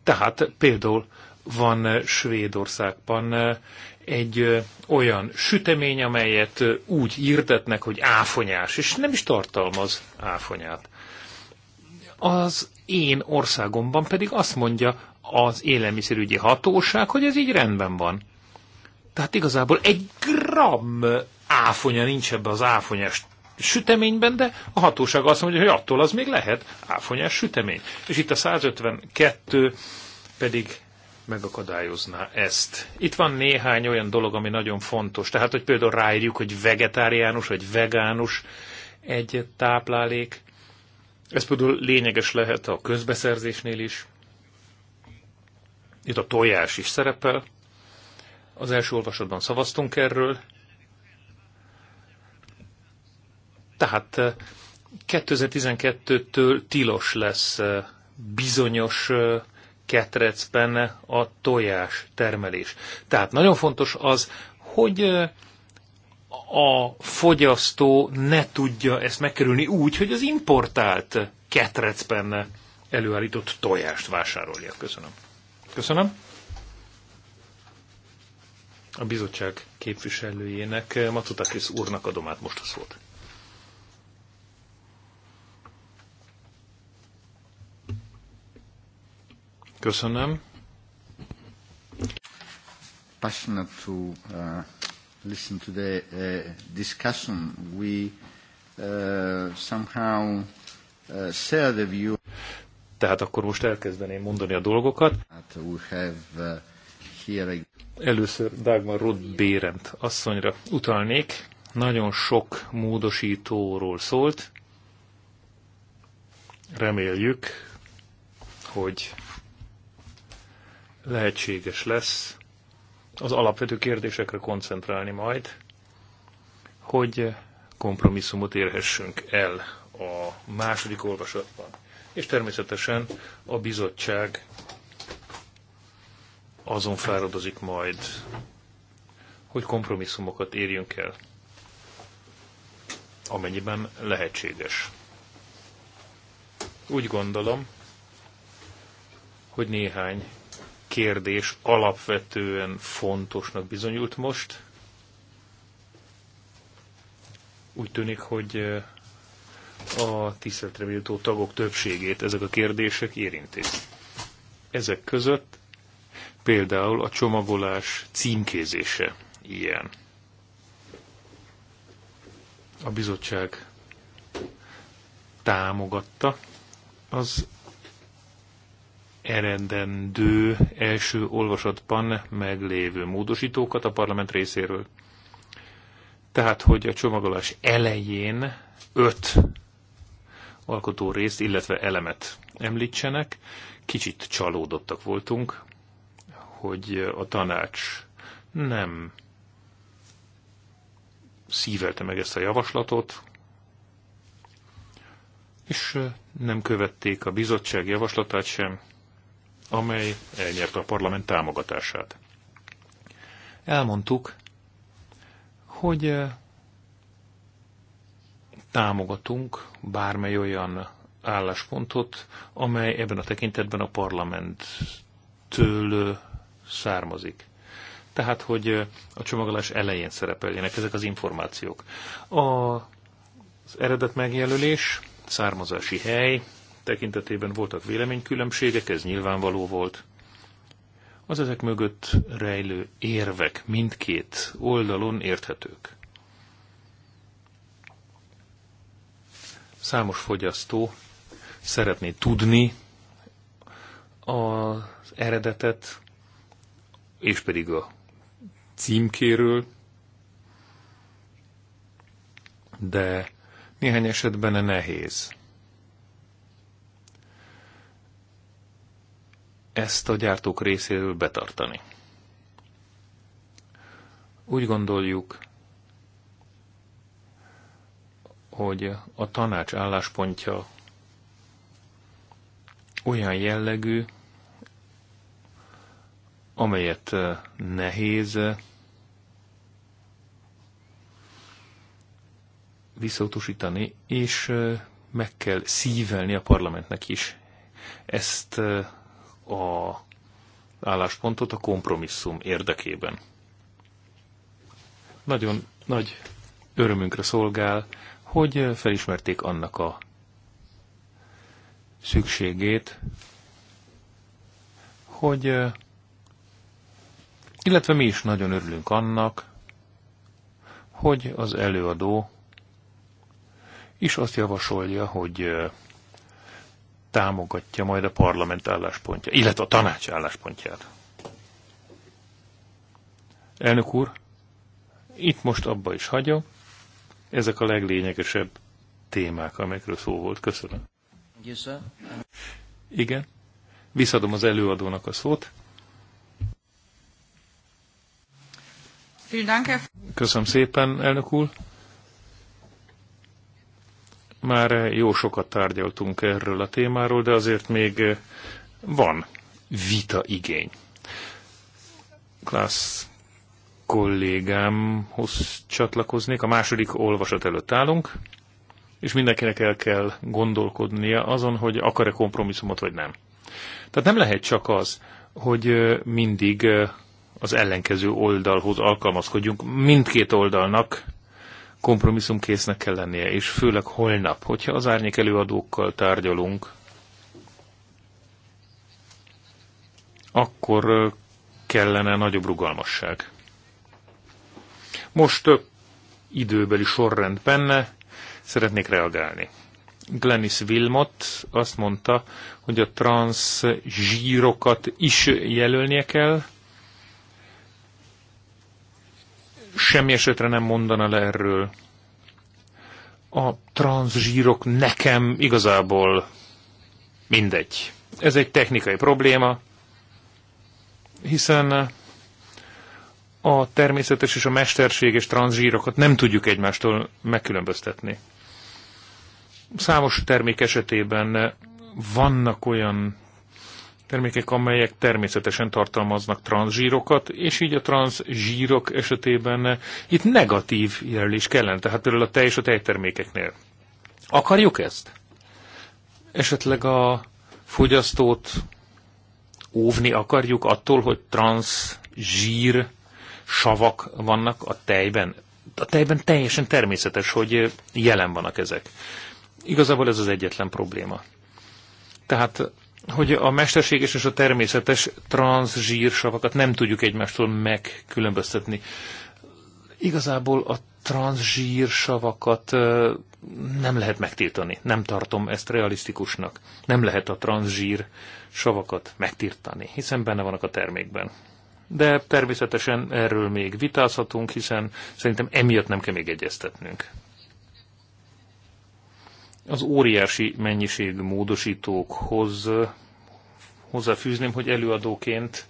Tehát például van Svédországban egy olyan sütemény, amelyet úgy írtetnek, hogy áfonyás, és nem is tartalmaz áfonyát. Az én országomban pedig azt mondja az élelmiszerügyi hatóság, hogy ez így rendben van. Tehát igazából egy gram áfonya nincs ebbe az áfonyás süteményben, de a hatóság azt mondja, hogy attól az még lehet áfonyás sütemény. És itt a 152 pedig megakadályozná ezt. Itt van néhány olyan dolog, ami nagyon fontos. Tehát, hogy például ráírjuk, hogy vegetáriánus vagy vegánus egy táplálék. Ez például lényeges lehet a közbeszerzésnél is. Itt a tojás is szerepel. Az első olvasatban szavaztunk erről. Tehát 2012-től eh, tilos lesz eh, bizonyos eh, ketrecben a tojás termelés. Tehát nagyon fontos az, hogy a fogyasztó ne tudja ezt megkerülni úgy, hogy az importált ketrecben előállított tojást vásárolja. Köszönöm. Köszönöm a bizottság képviselőjének, matutakis úrnak adom át most a szót. Köszönöm. Passionate to uh, listen to the uh, discussion. We uh, somehow uh, share the view. Tehát akkor most elkezdeném mondani a dolgokat. That we have uh, here a Először Dagmar Roth Bérent asszonyra utalnék. Nagyon sok módosítóról szólt. Reméljük, hogy lehetséges lesz az alapvető kérdésekre koncentrálni majd, hogy kompromisszumot érhessünk el a második olvasatban. És természetesen a bizottság azon fáradozik majd, hogy kompromisszumokat érjünk el, amennyiben lehetséges. Úgy gondolom, hogy néhány kérdés alapvetően fontosnak bizonyult most. Úgy tűnik, hogy eh, a tiszteletre méltó tagok többségét ezek a kérdések érintik. Ezek között Például a csomagolás címkézése ilyen. A bizottság támogatta az erendendő első olvasatban meglévő módosítókat a parlament részéről. Tehát, hogy a csomagolás elején öt alkotó részt, illetve elemet említsenek. Kicsit csalódottak voltunk, hogy a tanács nem szívelte meg ezt a javaslatot, és nem követték a bizottság javaslatát sem, amely elnyerte a parlament támogatását. Elmondtuk, hogy támogatunk bármely olyan álláspontot, amely ebben a tekintetben a parlamenttől származik. Tehát, hogy a csomagolás elején szerepeljenek ezek az információk. A, az eredet megjelölés, származási hely tekintetében voltak véleménykülönbségek, ez nyilvánvaló volt. Az ezek mögött rejlő érvek mindkét oldalon érthetők. Számos fogyasztó szeretné tudni az eredetet, és pedig a címkéről, de néhány esetben nehéz. ezt a gyártók részéről betartani. Úgy gondoljuk, hogy a tanács álláspontja olyan jellegű, amelyet nehéz visszautosítani, és meg kell szívelni a parlamentnek is. Ezt a álláspontot a kompromisszum érdekében. Nagyon nagy örömünkre szolgál, hogy felismerték annak a szükségét, hogy illetve mi is nagyon örülünk annak, hogy az előadó is azt javasolja, hogy támogatja majd a parlament álláspontját, illetve a tanács álláspontját. Elnök úr, itt most abba is hagyom. Ezek a leglényegesebb témák, amelyekről szó volt. Köszönöm. Igen. Visszadom az előadónak a szót. Köszönöm szépen, elnök úr. Már jó sokat tárgyaltunk erről a témáról, de azért még van vita igény. Klassz kollégámhoz csatlakoznék. A második olvasat előtt állunk, és mindenkinek el kell gondolkodnia azon, hogy akar-e kompromisszumot, vagy nem. Tehát nem lehet csak az, hogy mindig az ellenkező oldalhoz alkalmazkodjunk. Mindkét oldalnak kompromisszumkésznek kell lennie, és főleg holnap, hogyha az árnyék előadókkal tárgyalunk, akkor kellene nagyobb rugalmasság. Most időbeli sorrend benne, szeretnék reagálni. Glenis Wilmot azt mondta, hogy a transz zsírokat is jelölnie kell, semmi esetre nem mondana le erről. A transzsírok nekem igazából mindegy. Ez egy technikai probléma, hiszen a természetes és a mesterséges transzsírokat nem tudjuk egymástól megkülönböztetni. Számos termék esetében vannak olyan termékek, amelyek természetesen tartalmaznak transzsírokat, és így a transzsírok esetében itt negatív jelölés kellene, tehát például a tej és a tejtermékeknél. Akarjuk ezt? Esetleg a fogyasztót óvni akarjuk attól, hogy transzsír savak vannak a tejben? A tejben teljesen természetes, hogy jelen vannak ezek. Igazából ez az egyetlen probléma. Tehát hogy a mesterséges és a természetes transzsírsavakat nem tudjuk egymástól megkülönböztetni. Igazából a transzsírsavakat nem lehet megtiltani. Nem tartom ezt realisztikusnak. Nem lehet a transzsír savakat megtiltani, hiszen benne vannak a termékben. De természetesen erről még vitázhatunk, hiszen szerintem emiatt nem kell még egyeztetnünk az óriási mennyiségű módosítókhoz hozzáfűzném, hogy előadóként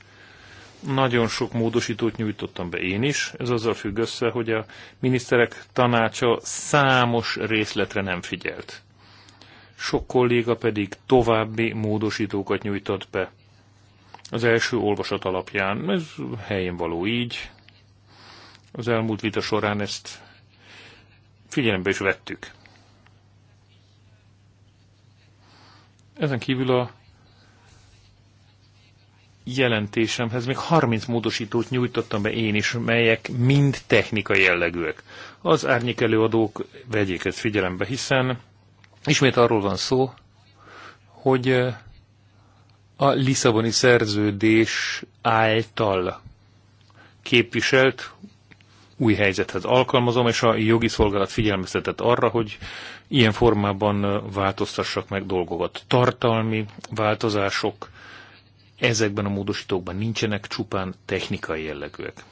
nagyon sok módosítót nyújtottam be én is. Ez azzal függ össze, hogy a miniszterek tanácsa számos részletre nem figyelt. Sok kolléga pedig további módosítókat nyújtott be. Az első olvasat alapján, ez helyén való így. Az elmúlt vita során ezt figyelembe is vettük. Ezen kívül a jelentésemhez még 30 módosítót nyújtottam be én is, melyek mind technikai jellegűek. Az árnyék előadók vegyék ezt figyelembe, hiszen ismét arról van szó, hogy eh, a Lisszaboni szerződés által képviselt új helyzethez alkalmazom, és a jogi szolgálat figyelmeztetett arra, hogy ilyen formában változtassak meg dolgokat. Tartalmi változások ezekben a módosítókban nincsenek, csupán technikai jellegűek.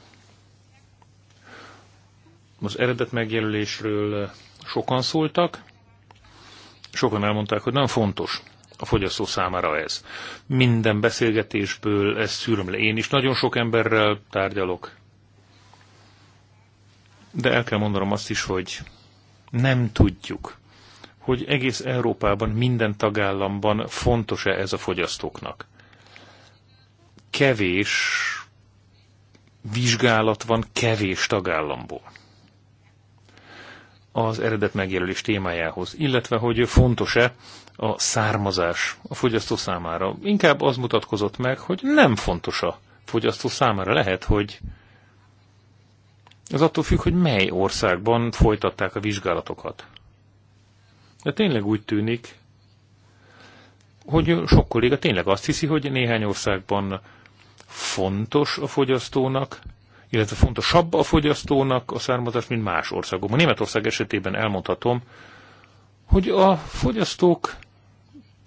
Az eredet megjelölésről sokan szóltak, sokan elmondták, hogy nem fontos a fogyasztó számára ez. Minden beszélgetésből ezt szűröm le. Én is nagyon sok emberrel tárgyalok, de el kell mondanom azt is, hogy nem tudjuk, hogy egész Európában, minden tagállamban fontos-e ez a fogyasztóknak. Kevés vizsgálat van kevés tagállamból az eredet megjelölés témájához, illetve hogy fontos-e a származás a fogyasztó számára. Inkább az mutatkozott meg, hogy nem fontos a fogyasztó számára. Lehet, hogy ez attól függ, hogy mely országban folytatták a vizsgálatokat. De tényleg úgy tűnik, hogy sok kolléga tényleg azt hiszi, hogy néhány országban fontos a fogyasztónak, illetve fontosabb a fogyasztónak a származás, mint más országokban. Németország esetében elmondhatom, hogy a fogyasztók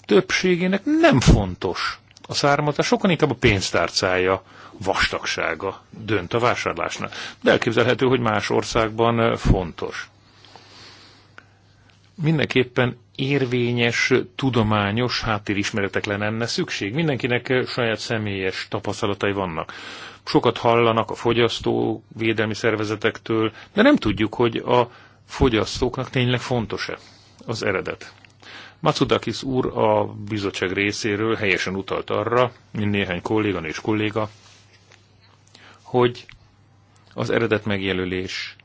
többségének nem fontos a száramat, sokan inkább a pénztárcája vastagsága dönt a vásárlásnál. De elképzelhető, hogy más országban eh, fontos. Mindenképpen érvényes, tudományos háttérismeretek lenne szükség. Mindenkinek eh, saját személyes tapasztalatai vannak. Sokat hallanak a fogyasztó védelmi szervezetektől, de nem tudjuk, hogy a fogyasztóknak tényleg fontos-e az eredet. Matsudakis úr a bizottság részéről helyesen utalt arra, mint néhány kolléga és kolléga, hogy az eredet megjelölés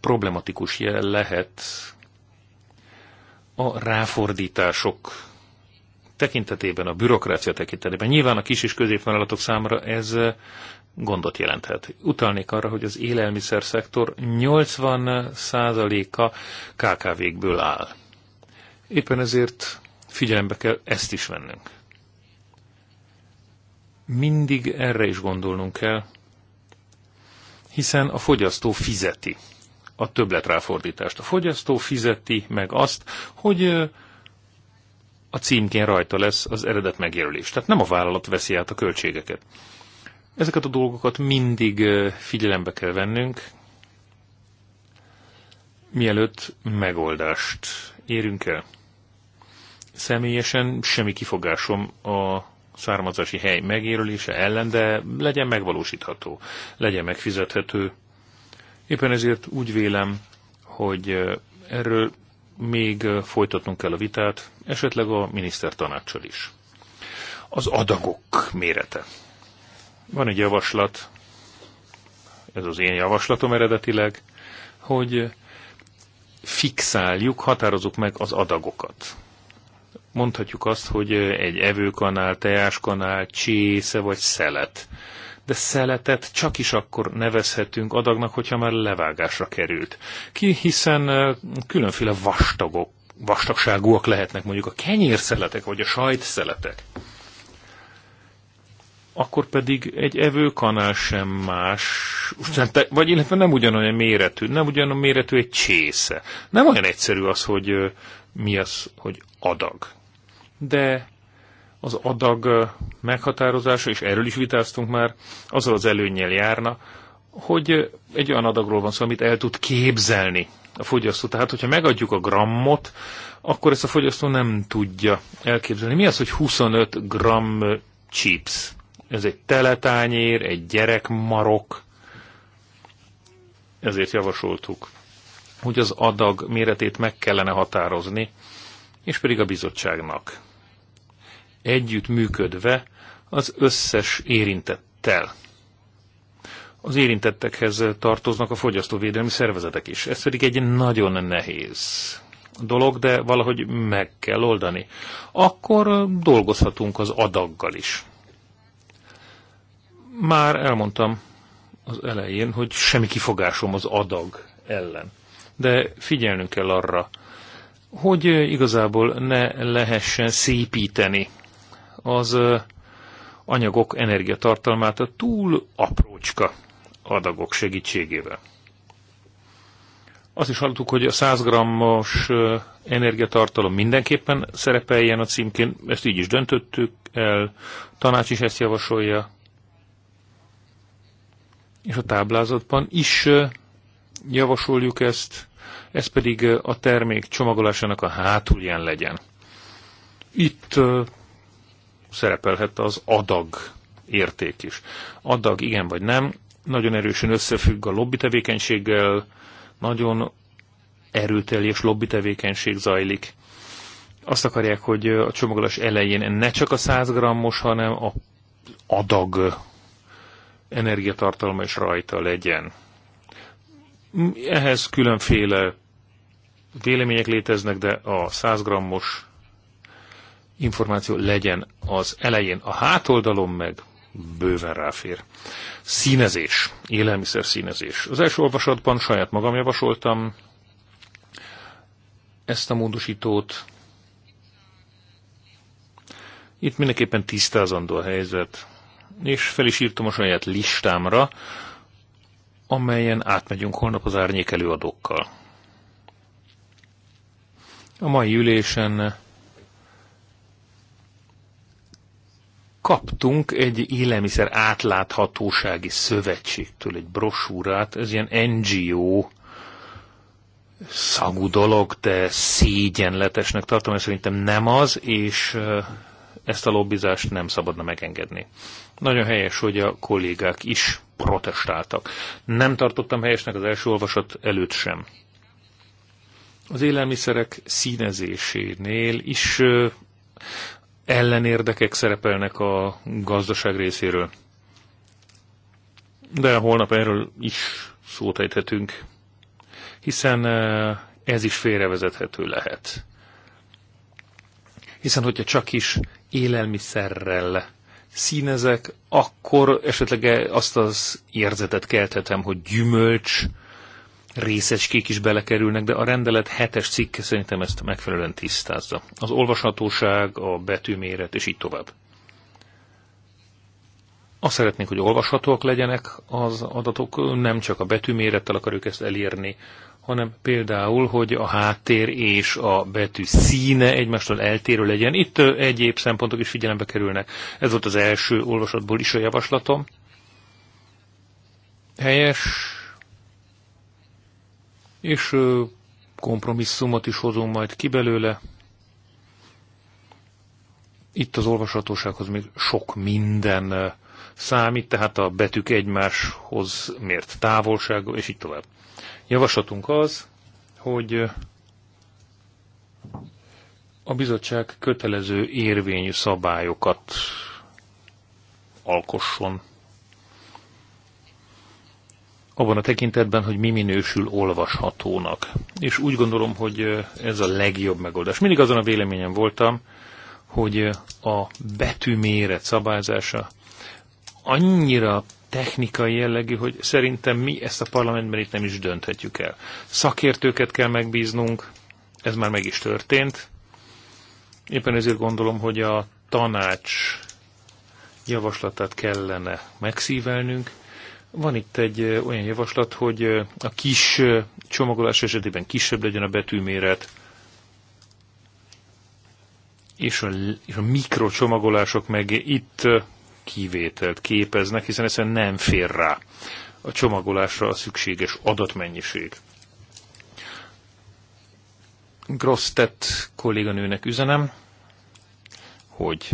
problematikus jel lehet a ráfordítások tekintetében, a bürokrácia tekintetében. Nyilván a kis és középvállalatok számára ez gondot jelenthet. Utalnék arra, hogy az élelmiszer szektor 80%-a KKV-kből áll. Éppen ezért figyelembe kell ezt is vennünk. Mindig erre is gondolnunk kell, hiszen a fogyasztó fizeti a többletráfordítást. A fogyasztó fizeti meg azt, hogy a címkén rajta lesz az eredet megjelölés. Tehát nem a vállalat veszi át a költségeket. Ezeket a dolgokat mindig figyelembe kell vennünk, mielőtt megoldást érünk el. Személyesen semmi kifogásom a származási hely megérülése ellen, de legyen megvalósítható, legyen megfizethető. Éppen ezért úgy vélem, hogy erről még folytatnunk kell a vitát, esetleg a miniszter is. Az adagok mérete. Van egy javaslat, ez az én javaslatom eredetileg, hogy fixáljuk, határozzuk meg az adagokat. Mondhatjuk azt, hogy egy evőkanál, teáskanál, csésze vagy szelet. De szeletet csak is akkor nevezhetünk adagnak, hogyha már levágásra került. Ki, hiszen különféle vastagok, vastagságúak lehetnek mondjuk a kenyérszeletek vagy a sajtszeletek akkor pedig egy evőkanál sem más, vagy illetve nem ugyanolyan méretű, nem ugyanolyan méretű egy csésze. Nem olyan egyszerű az, hogy mi az, hogy adag. De az adag meghatározása, és erről is vitáztunk már, azzal az előnnyel járna, hogy egy olyan adagról van szó, amit el tud képzelni a fogyasztó. Tehát, hogyha megadjuk a grammot, akkor ezt a fogyasztó nem tudja elképzelni. Mi az, hogy 25 gramm chips? ez egy teletányér, egy gyerekmarok, ezért javasoltuk, hogy az adag méretét meg kellene határozni, és pedig a bizottságnak. Együtt működve az összes érintettel. Az érintettekhez tartoznak a fogyasztóvédelmi szervezetek is. Ez pedig egy nagyon nehéz dolog, de valahogy meg kell oldani. Akkor dolgozhatunk az adaggal is. Már elmondtam az elején, hogy semmi kifogásom az adag ellen. De figyelnünk kell arra, hogy igazából ne lehessen szépíteni az anyagok energiatartalmát a túl aprócska adagok segítségével. Azt is hallottuk, hogy a 100 g-os energiatartalom mindenképpen szerepeljen a címkén, ezt így is döntöttük el, tanács is ezt javasolja, és a táblázatban is javasoljuk ezt, ez pedig a termék csomagolásának a hátulján legyen. Itt szerepelhet az adag érték is. Adag igen vagy nem, nagyon erősen összefügg a lobby tevékenységgel, nagyon erőteljes lobby tevékenység zajlik. Azt akarják, hogy a csomagolás elején ne csak a 100 grammos, hanem a adag energiatartalma is rajta legyen. Ehhez különféle vélemények léteznek, de a 100 grammos információ legyen az elején. A hátoldalon meg bőven ráfér. Színezés, élelmiszer színezés. Az első olvasatban saját magam javasoltam ezt a módosítót. Itt mindenképpen tisztázandó a helyzet és fel is írtam a saját listámra, amelyen átmegyünk holnap az árnyék előadókkal. A mai ülésen kaptunk egy élelmiszer átláthatósági szövetségtől egy brosúrát, ez ilyen NGO szagú dolog, de szégyenletesnek tartom, és szerintem nem az, és ezt a lobbizást nem szabadna megengedni. Nagyon helyes, hogy a kollégák is protestáltak. Nem tartottam helyesnek az első olvasat előtt sem. Az élelmiszerek színezésénél is ellenérdekek szerepelnek a gazdaság részéről. De holnap erről is szót ejthetünk, hiszen ez is félrevezethető lehet. Hiszen, hogyha csak is élelmiszerrel színezek, akkor esetleg e- azt az érzetet kelthetem, hogy gyümölcs, részecskék is belekerülnek, de a rendelet hetes cikke szerintem ezt megfelelően tisztázza. Az olvashatóság, a betűméret, és így tovább. Azt szeretnénk, hogy olvashatóak legyenek az adatok, nem csak a betűmérettel akarjuk ezt elérni, hanem például, hogy a háttér és a betű színe egymástól eltérő legyen. Itt egyéb szempontok is figyelembe kerülnek. Ez volt az első olvasatból is a javaslatom. Helyes és kompromisszumot is hozunk majd ki belőle. Itt az olvashatósághoz még sok minden számít, tehát a betűk egymáshoz mért távolsága, és így tovább. Javaslatunk az, hogy a bizottság kötelező érvényű szabályokat alkosson. Abban a tekintetben, hogy mi minősül olvashatónak. És úgy gondolom, hogy ez a legjobb megoldás. Mindig azon a véleményen voltam, hogy a betűméret szabályzása annyira technikai jellegű, hogy szerintem mi ezt a parlamentben itt nem is dönthetjük el. Szakértőket kell megbíznunk, ez már meg is történt. Éppen ezért gondolom, hogy a tanács javaslatát kellene megszívelnünk. Van itt egy olyan javaslat, hogy a kis csomagolás esetében kisebb legyen a betűméret, és a, és a mikrocsomagolások meg itt kivételt képeznek, hiszen ezen nem fér rá a csomagolásra a szükséges adatmennyiség. Grosztett kolléganőnek üzenem, hogy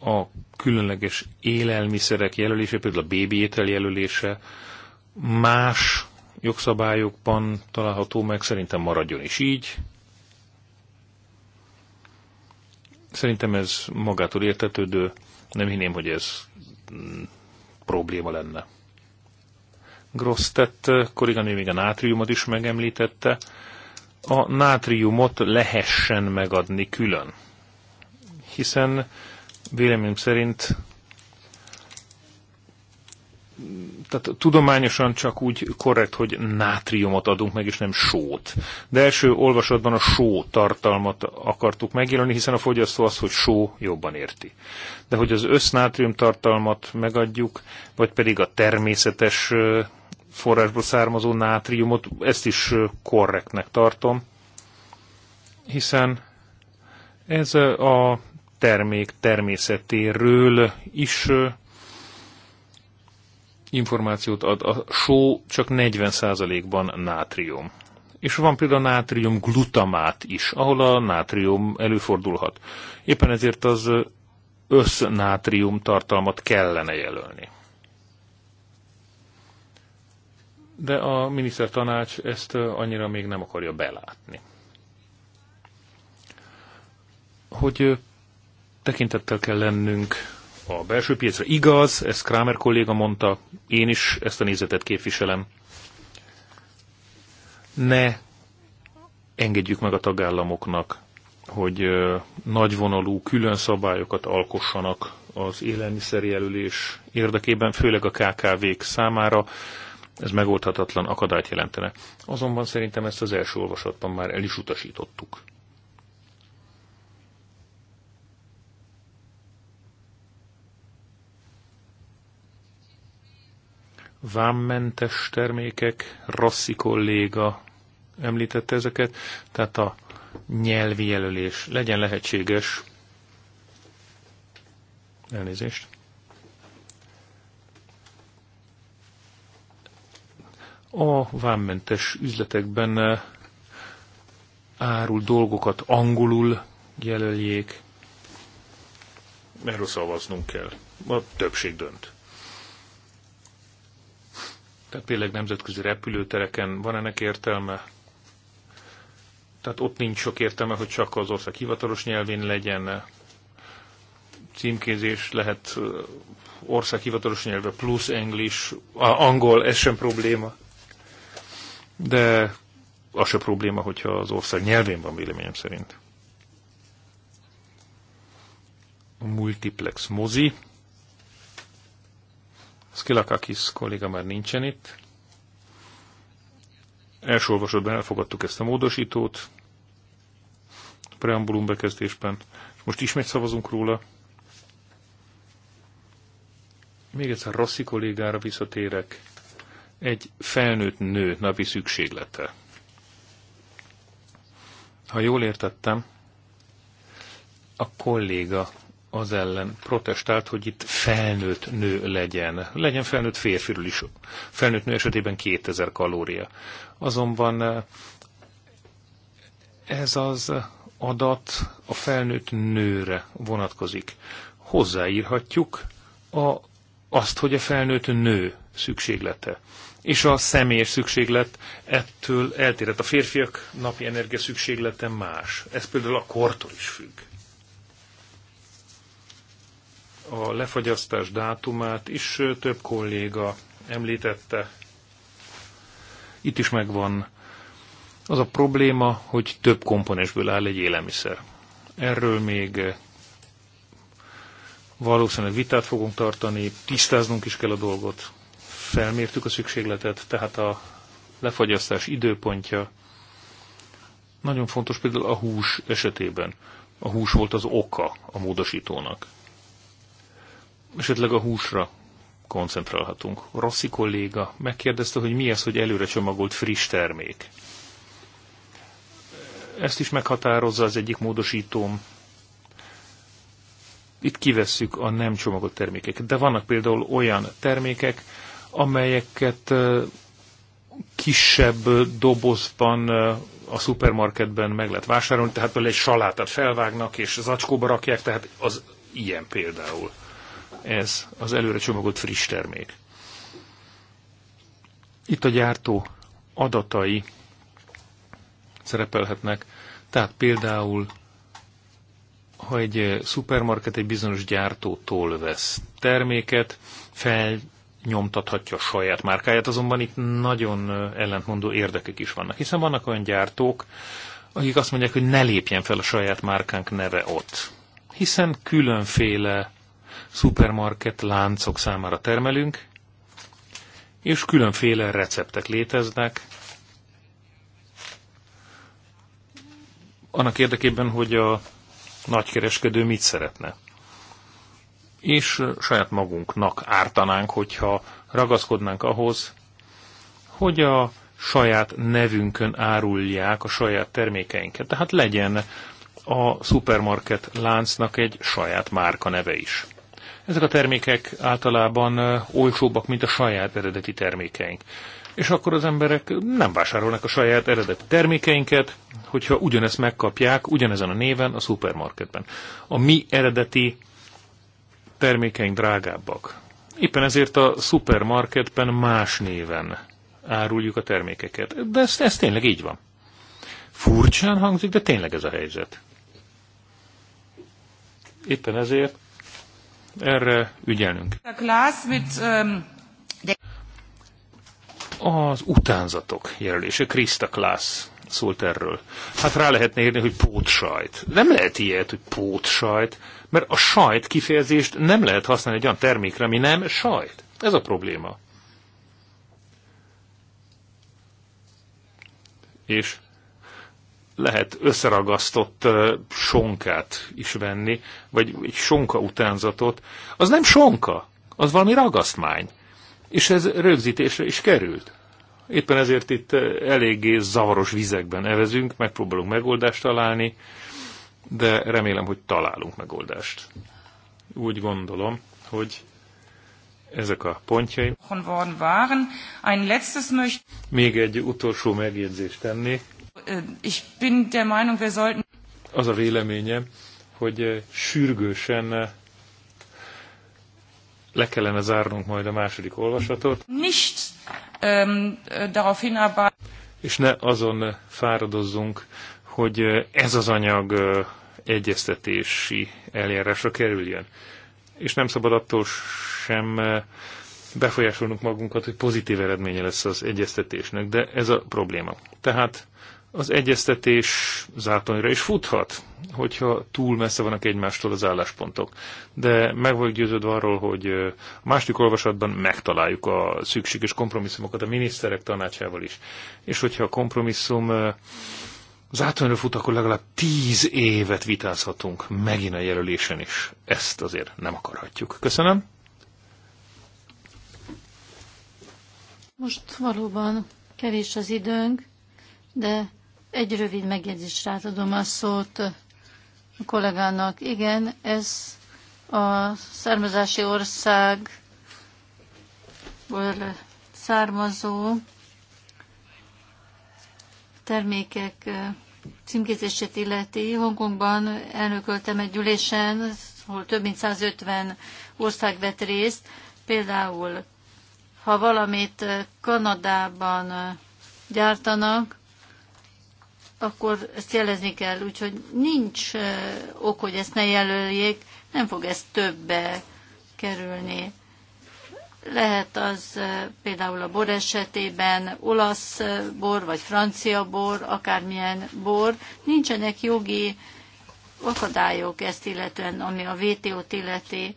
a különleges élelmiszerek jelölése, például a bébi étel jelölése más jogszabályokban található meg, szerintem maradjon is így. Szerintem ez magától értetődő, nem hinném, hogy ez mm, probléma lenne. Grossz tett, eh, kolléganő még a nátriumot is megemlítette. A nátriumot lehessen megadni külön, hiszen véleményem szerint tehát tudományosan csak úgy korrekt, hogy nátriumot adunk meg, és nem sót. De első olvasatban a só tartalmat akartuk megjelenni, hiszen a fogyasztó az, hogy só jobban érti. De hogy az össznátrium tartalmat megadjuk, vagy pedig a természetes forrásból származó nátriumot, ezt is korrektnek tartom, hiszen ez a termék természetéről is információt ad, a só csak 40%-ban nátrium. És van például a nátrium glutamát is, ahol a nátrium előfordulhat. Éppen ezért az össznátrium tartalmat kellene jelölni. De a minisztertanács ezt annyira még nem akarja belátni. Hogy tekintettel kell lennünk a belső piacra. Igaz, ezt Kramer kolléga mondta, én is ezt a nézetet képviselem. Ne engedjük meg a tagállamoknak, hogy nagyvonalú külön szabályokat alkossanak az élelmiszerjelölés érdekében, főleg a KKV-k számára ez megoldhatatlan akadályt jelentene. Azonban szerintem ezt az első olvasatban már el is utasítottuk. vámmentes termékek, rosszi kolléga említette ezeket, tehát a nyelvi jelölés legyen lehetséges. Elnézést. A vámmentes üzletekben eh, árul dolgokat angolul jelöljék. Erről szavaznunk kell. A többség dönt. Tehát tényleg nemzetközi repülőtereken van ennek értelme? Tehát ott nincs sok értelme, hogy csak az ország hivatalos nyelvén legyen címkézés, lehet ország hivatalos nyelve plusz English, angol, ez sem probléma. De az se probléma, hogyha az ország nyelvén van véleményem szerint. A multiplex mozi. Skilakakis kolléga már nincsen itt. Első olvasatban elfogadtuk ezt a módosítót, a preambulum bekezdésben, most ismét szavazunk róla. Még egyszer Rossi kollégára visszatérek. Egy felnőtt nő napi szükséglete. Ha jól értettem, a kolléga az ellen protestált, hogy itt felnőtt nő legyen. Legyen felnőtt férfiről is. Felnőtt nő esetében 2000 kalória. Azonban eh, ez az adat a felnőtt nőre vonatkozik. Hozzáírhatjuk a, azt, hogy a felnőtt nő szükséglete. És a személyes szükséglet ettől eltérhet. A férfiak napi energia szükséglete más. Ez például a kortól is függ a lefagyasztás dátumát is több kolléga említette. Itt is megvan az a probléma, hogy több komponensből áll egy élelmiszer. Erről még valószínűleg vitát fogunk tartani, tisztáznunk is kell a dolgot. Felmértük a szükségletet, tehát a lefagyasztás időpontja nagyon fontos például a hús esetében. A hús volt az oka a módosítónak esetleg a húsra koncentrálhatunk. Rossi kolléga megkérdezte, hogy mi az, hogy előre csomagolt friss termék. Ezt is meghatározza az egyik módosítóm. Itt kivesszük a nem csomagolt termékeket. De vannak például olyan termékek, amelyeket kisebb dobozban a szupermarketben meg lehet vásárolni, tehát például egy salátát felvágnak és zacskóba rakják, tehát az ilyen például ez az előre csomagolt friss termék. Itt a gyártó adatai szerepelhetnek, tehát például ha egy eh, szupermarket egy bizonyos gyártótól vesz terméket, felnyomtathatja a saját márkáját, azonban itt nagyon eh, ellentmondó érdekek is vannak, hiszen vannak olyan gyártók, akik azt mondják, hogy ne lépjen fel a saját márkánk neve ott, hiszen különféle szupermarket láncok számára termelünk, és különféle receptek léteznek, annak érdekében, hogy a nagykereskedő mit szeretne. És saját magunknak ártanánk, hogyha ragaszkodnánk ahhoz, hogy a saját nevünkön árulják a saját termékeinket. Tehát legyen a szupermarket láncnak egy saját márka neve is. Ezek a termékek általában olcsóbbak, mint a saját eredeti termékeink. És akkor az emberek nem vásárolnak a saját eredeti termékeinket, hogyha ugyanezt megkapják, ugyanezen a néven a szupermarketben. A mi eredeti termékeink drágábbak. Éppen ezért a szupermarketben más néven áruljuk a termékeket. De ez, ez tényleg így van. Furcsán hangzik, de tényleg ez a helyzet. Éppen ezért erre ügyelnünk. Az utánzatok jelölése, Krista Klász szólt erről. Hát rá lehetne írni, hogy pótsajt. Nem lehet ilyet, hogy pótsajt, mert a sajt kifejezést nem lehet használni egy olyan termékre, ami nem sajt. Ez a probléma. És lehet összeragasztott sonkát is venni, vagy egy sonka utánzatot. Az nem sonka, az valami ragasztmány. És ez rögzítésre is került. Éppen ezért itt eléggé zavaros vizekben evezünk, megpróbálunk megoldást találni, de remélem, hogy találunk megoldást. Úgy gondolom, hogy ezek a pontjaim. Még egy utolsó megjegyzést tennék. Az a véleményem, hogy sürgősen le kellene zárnunk majd a második olvasatot. Nicht, ähm, darauf És ne azon fáradozzunk, hogy ez az anyag egyeztetési eljárásra kerüljön. És nem szabad attól sem befolyásolnunk magunkat, hogy pozitív eredménye lesz az egyeztetésnek, de ez a probléma. Tehát az egyeztetés zátonyra is futhat, hogyha túl messze vannak egymástól az álláspontok. De meg vagyok győződve arról, hogy a második olvasatban megtaláljuk a szükséges kompromisszumokat a miniszterek tanácsával is. És hogyha a kompromisszum zátonyra fut, akkor legalább tíz évet vitázhatunk megint a jelölésen is. Ezt azért nem akarhatjuk. Köszönöm. Most valóban kevés az időnk, de egy rövid megjegyzésre átadom a szót a kollégának. Igen, ez a származási ország származó termékek eh, címkézését illeti. Hongkongban elnököltem egy gyűlésen, ahol több mint 150 ország vett részt. Például, ha valamit eh, Kanadában eh, gyártanak, akkor ezt jelezni kell, úgyhogy nincs ok, hogy ezt ne jelöljék, nem fog ez többe kerülni. Lehet az például a bor esetében olasz bor, vagy francia bor, akármilyen bor. Nincsenek jogi akadályok ezt illetően, ami a VTO-t illeti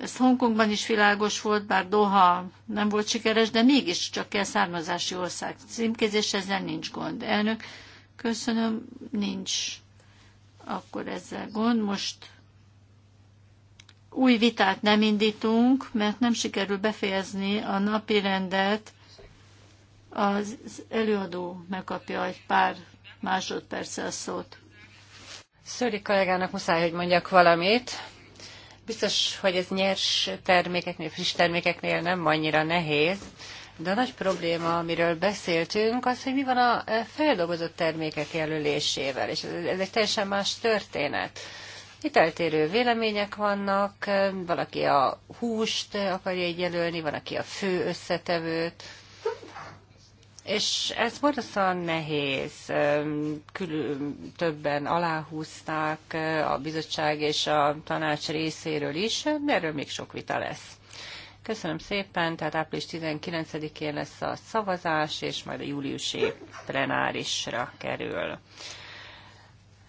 ez Hongkongban is világos volt, bár Doha nem volt sikeres, de mégis csak kell származási ország címkézés, ezzel nincs gond. Elnök, köszönöm, nincs akkor ezzel gond. Most új vitát nem indítunk, mert nem sikerül befejezni a napi rendet. Az előadó megkapja egy pár a szót. Szöri kollégának muszáj, hogy mondjak valamit Biztos, hogy ez nyers termékeknél, friss termékeknél nem annyira nehéz, de a nagy probléma, amiről beszéltünk, az, hogy mi van a e, feldolgozott termékek jelölésével, és ez egy teljesen más történet. Itt eltérő vélemények vannak, e, valaki a húst akarja így jelölni, van, aki a fő összetevőt, és ez borzasztóan nehéz. Külön, többen aláhúzták a bizottság és a tanács részéről is, de erről még sok vita lesz. Köszönöm szépen, tehát április 19-én lesz a szavazás, és majd a júliusi plenárisra kerül.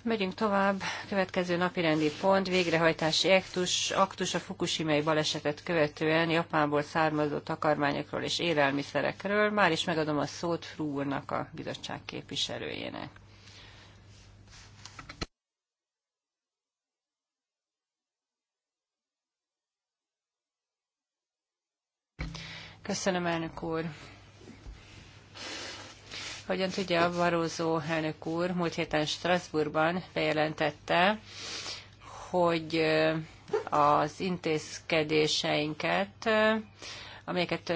Megyünk tovább. Következő napi rendi pont, végrehajtási aktus, aktus a Fukushimai balesetet követően Japánból származó takarmányokról és élelmiszerekről. Már is megadom a szót Frú a bizottság képviselőjének. Köszönöm, elnök úr. Hogyan tudja, Barózó elnök úr múlt héten Strasbourgban bejelentette, hogy az intézkedéseinket, amelyeket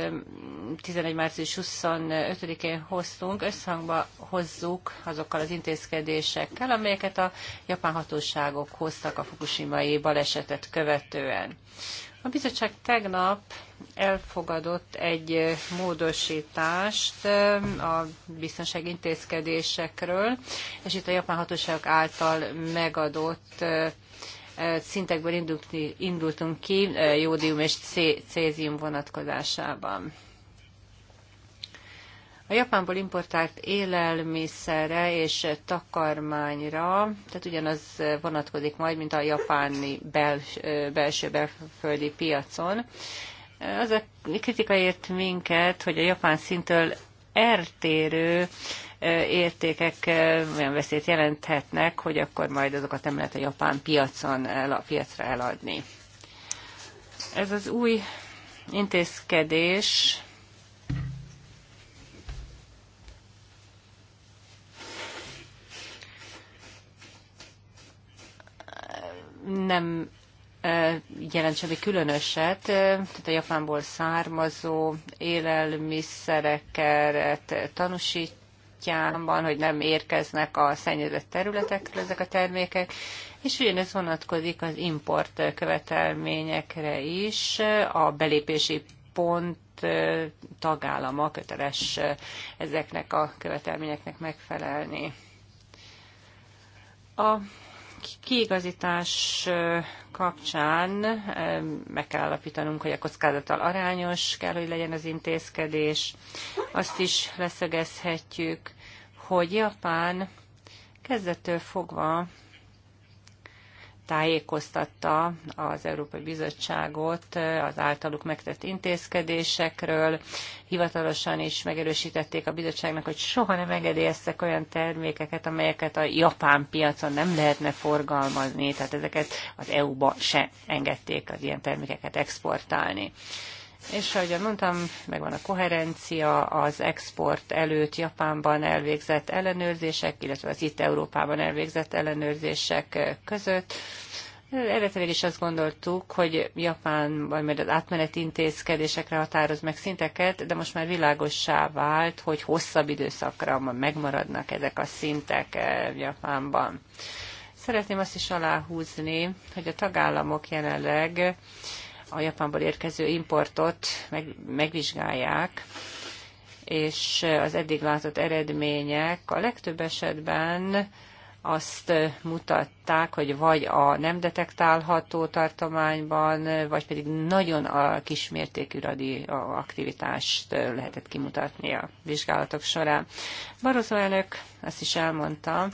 11. március 25-én hoztunk, összhangba hozzuk azokkal az intézkedésekkel, amelyeket a japán hatóságok hoztak a fukushima balesetet követően. A bizottság tegnap elfogadott egy módosítást a biztonsági intézkedésekről, és itt a japán hatóságok által megadott szintekből indultunk, ki jódium és cézium vonatkozásában. A Japánból importált élelmiszerre és takarmányra, tehát ugyanaz vonatkozik majd, mint a japáni belső belföldi piacon. Az a kritika ért minket, hogy a japán szintől eltérő értékek olyan veszélyt jelenthetnek, hogy akkor majd azokat nem lehet a japán piacon el, a piacra eladni. Ez az új intézkedés nem jelentse semmi különöset, tehát a Japánból származó élelmiszereket tanúsít, van, hogy nem érkeznek a szennyezett területekre ezek a termékek, és ugyanez vonatkozik az import követelményekre is, a belépési pont tagállama köteles ezeknek a követelményeknek megfelelni. A kiigazítás kapcsán meg kell állapítanunk, hogy a kockázattal arányos kell, hogy legyen az intézkedés. Azt is leszögezhetjük, hogy Japán kezdettől fogva tájékoztatta az Európai Bizottságot az általuk megtett intézkedésekről. Hivatalosan is megerősítették a bizottságnak, hogy soha nem engedélyeztek olyan termékeket, amelyeket a japán piacon nem lehetne forgalmazni, tehát ezeket az EU-ba se engedték az ilyen termékeket exportálni. És ahogy mondtam, megvan a koherencia az export előtt Japánban elvégzett ellenőrzések, illetve az itt Európában elvégzett ellenőrzések között. Eredetileg is azt gondoltuk, hogy vagy majd az átmeneti intézkedésekre határoz meg szinteket, de most már világossá vált, hogy hosszabb időszakra megmaradnak ezek a szintek eh, Japánban. Szeretném azt is aláhúzni, hogy a tagállamok jelenleg a Japánból érkező importot meg, megvizsgálják, és az eddig látott eredmények a legtöbb esetben azt mutatták, hogy vagy a nem detektálható tartományban, vagy pedig nagyon a kismértékű aktivitást lehetett kimutatni a vizsgálatok során. Barozó elnök azt is elmondta,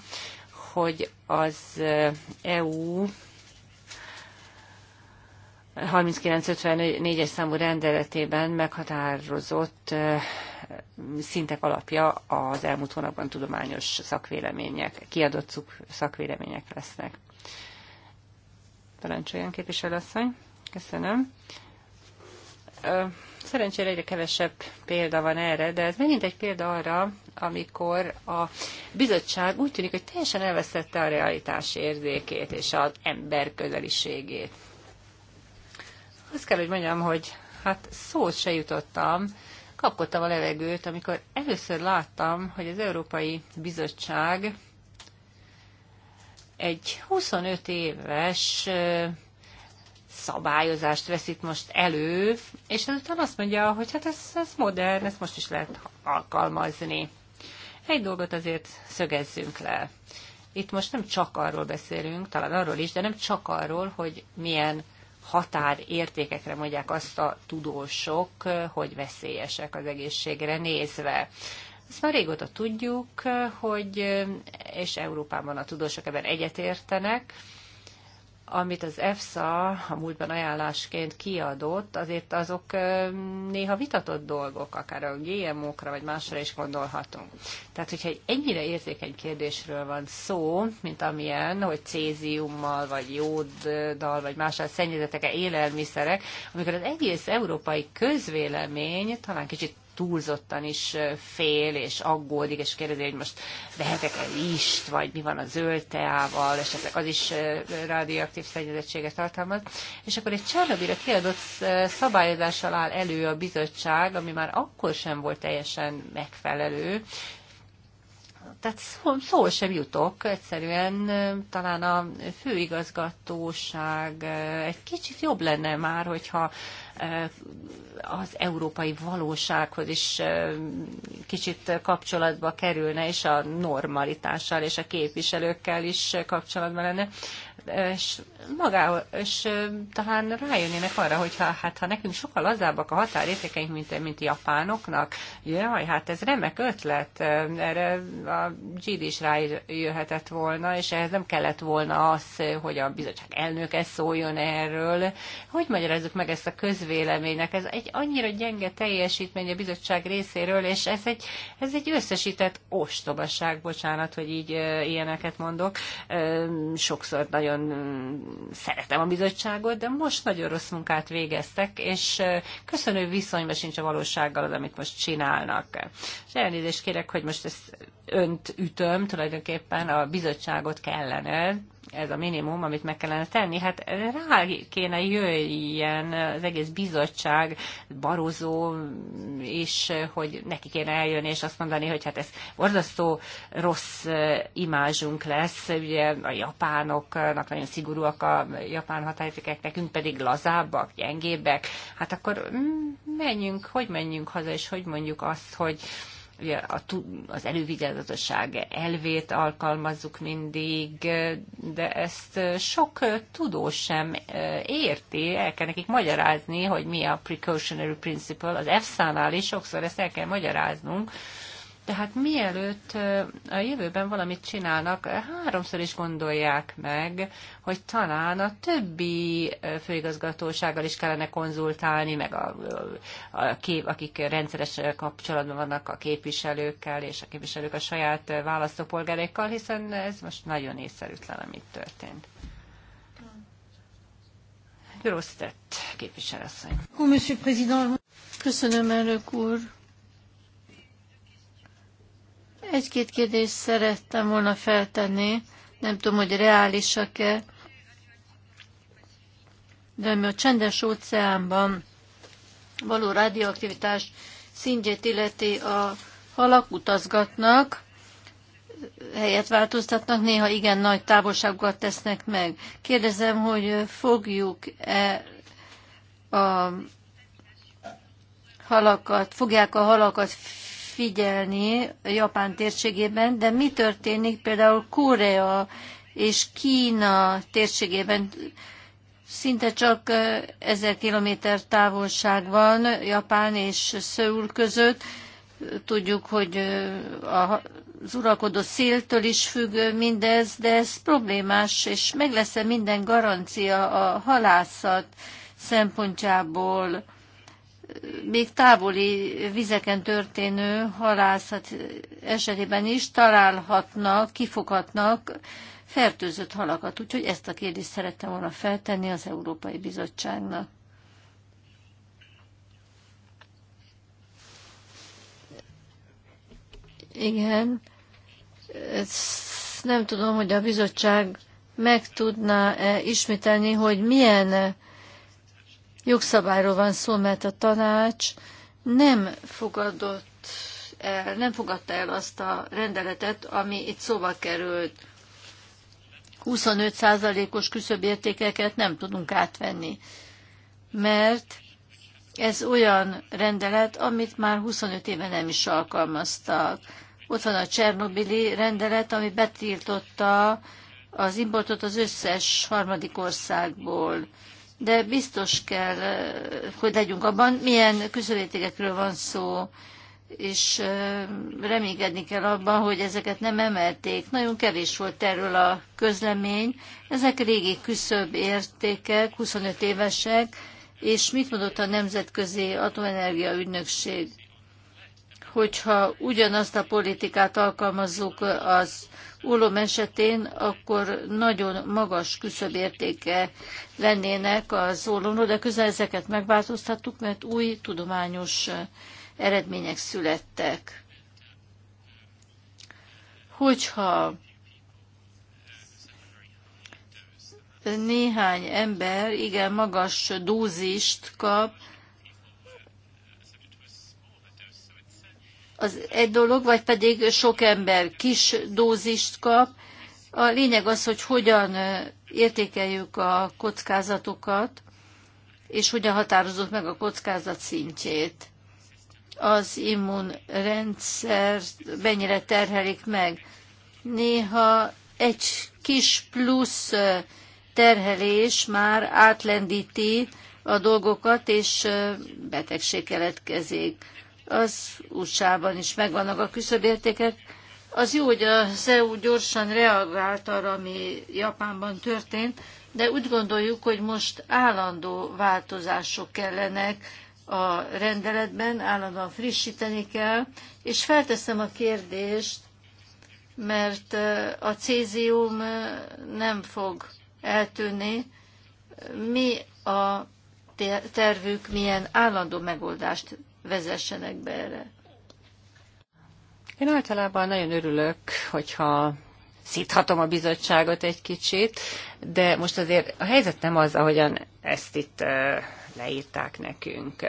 hogy az EU 3954-es számú rendeletében meghatározott szintek alapja az elmúlt hónapban tudományos szakvélemények, kiadott szakvélemények lesznek. Parancsoljon képviselőasszony. Köszönöm. Szerencsére egyre kevesebb példa van erre, de ez megint egy példa arra, amikor a bizottság úgy tűnik, hogy teljesen elvesztette a realitás érzékét és az ember közeliségét azt kell, hogy mondjam, hogy hát szót se jutottam, kapkodtam a levegőt, amikor először láttam, hogy az Európai Bizottság egy 25 éves szabályozást vesz itt most elő, és azután azt mondja, hogy hát ez, ez modern, ezt most is lehet alkalmazni. Egy dolgot azért szögezzünk le. Itt most nem csak arról beszélünk, talán arról is, de nem csak arról, hogy milyen határértékekre mondják azt a tudósok, hogy veszélyesek az egészségre nézve. Ezt már régóta tudjuk, hogy, és Európában a tudósok ebben egyetértenek, amit az EFSA a múltban ajánlásként kiadott, azért azok néha vitatott dolgok, akár a GMO-kra vagy másra is gondolhatunk. Tehát, hogyha egy ennyire érzékeny kérdésről van szó, mint amilyen, hogy céziummal, vagy jóddal, vagy mással szennyezetek, élelmiszerek, amikor az egész európai közvélemény talán kicsit túlzottan is fél és aggódik, és kérdezi, hogy most vehetek-e ist, vagy mi van a zöld teával, esetleg az is radioaktív szennyezettséget tartalmaz. És akkor egy Csernobira kiadott szabályozással áll elő a bizottság, ami már akkor sem volt teljesen megfelelő, tehát szó, szó sem jutok, egyszerűen talán a főigazgatóság egy kicsit jobb lenne már, hogyha Eh, az európai valósághoz is eh, kicsit kapcsolatba kerülne, és a normalitással és a képviselőkkel is kapcsolatban lenne és, magá, és talán rájönnének arra, hogy ha, hát, ha nekünk sokkal lazábbak a határértékeink, mint, mint japánoknak, jaj, hát ez remek ötlet, erre a GD is rájöhetett volna, és ehhez nem kellett volna az, hogy a bizottság elnöke szóljon erről. Hogy magyarázzuk meg ezt a közvéleménynek? Ez egy annyira gyenge teljesítmény a bizottság részéről, és ez egy, ez egy összesített ostobaság, bocsánat, hogy így ilyeneket mondok. Sokszor nagyon nagyon szeretem a bizottságot, de most nagyon rossz munkát végeztek, és köszönő viszonyban sincs a valósággal az, amit most csinálnak. És elnézést kérek, hogy most ezt önt ütöm, tulajdonképpen a bizottságot kellene, ez a minimum, amit meg kellene tenni, hát rá kéne jöjjen az egész bizottság, barozó és hogy neki kéne eljönni, és azt mondani, hogy hát ez borzasztó rossz eh, imázsunk lesz, ugye a japánoknak nagyon szigorúak a japán határértékek, nekünk pedig lazábbak, gyengébbek, hát akkor menjünk, hogy menjünk haza, és hogy mondjuk azt, hogy ugye a, az elővigyázatosság elvét alkalmazzuk mindig, de ezt sok tudós sem érti, el kell nekik magyarázni, hogy mi a precautionary principle, az EFSA-nál is sokszor ezt el kell magyaráznunk, tehát mielőtt a jövőben valamit csinálnak, háromszor is gondolják meg, hogy talán a többi főigazgatósággal is kellene konzultálni, meg a, a kép, akik rendszeres kapcsolatban vannak a képviselőkkel, és a képviselők a saját választópolgárékkal, hiszen ez most nagyon észszerűtlen, amit történt. Grosztett képviselőasszony. Köszönöm, elnök úr. Egy-két kérdést szerettem volna feltenni, nem tudom, hogy reálisak-e, de ami a csendes óceánban való radioaktivitás szintjét illeti, a halak utazgatnak, helyet változtatnak, néha igen nagy távolságokat tesznek meg. Kérdezem, hogy fogjuk-e a halakat, fogják a halakat figyelni Japán térségében, de mi történik például Korea és Kína térségében? Szinte csak ezer kilométer távolság van Japán és Szöul között. Tudjuk, hogy az uralkodó széltől is függ mindez, de ez problémás, és meg lesz -e minden garancia a halászat szempontjából még távoli vizeken történő halászat esetében is találhatnak, kifoghatnak fertőzött halakat. Úgyhogy ezt a kérdést szerettem volna feltenni az Európai Bizottságnak. Igen. Ezt nem tudom, hogy a bizottság meg tudná -e ismételni, hogy milyen jogszabályról van szó, mert a tanács nem fogadott el, nem fogadta el azt a rendeletet, ami itt szóba került. 25%-os küszöbértékeket nem tudunk átvenni, mert ez olyan rendelet, amit már 25 éve nem is alkalmaztak. Ott van a Csernobili rendelet, ami betiltotta az importot az összes harmadik országból de biztos kell, eh, hogy legyünk abban, milyen küszöbértékekről van szó, és eh, reménykedni kell abban, hogy ezeket nem emelték. Nagyon kevés volt erről a közlemény. Ezek régi küszöbb értékek, 25 évesek, és mit mondott a Nemzetközi Atomenergia Ügynökség? hogyha ugyanazt a politikát alkalmazzuk az ólom esetén, akkor nagyon magas küszöbértéke lennének az ólomról, de közel ezeket megváltoztattuk, mert új tudományos eredmények születtek. Hogyha néhány ember igen magas dózist kap, az egy dolog, vagy pedig sok ember kis dózist kap. A lényeg az, hogy hogyan értékeljük a kockázatokat, és hogyan határozott meg a kockázat szintjét. Az immunrendszer mennyire terhelik meg. Néha egy kis plusz terhelés már átlendíti a dolgokat, és betegség keletkezik az USA-ban is megvannak a küszöbértékek. Az jó, hogy az EU gyorsan reagált arra, ami Japánban történt, de úgy gondoljuk, hogy most állandó változások kellenek a rendeletben, állandóan frissíteni kell, és felteszem a kérdést, mert a cézium nem fog eltűnni. Mi a tervük, milyen állandó megoldást vezessenek be erre. Én általában nagyon örülök, hogyha szíthatom a bizottságot egy kicsit, de most azért a helyzet nem az, ahogyan ezt itt leírták nekünk.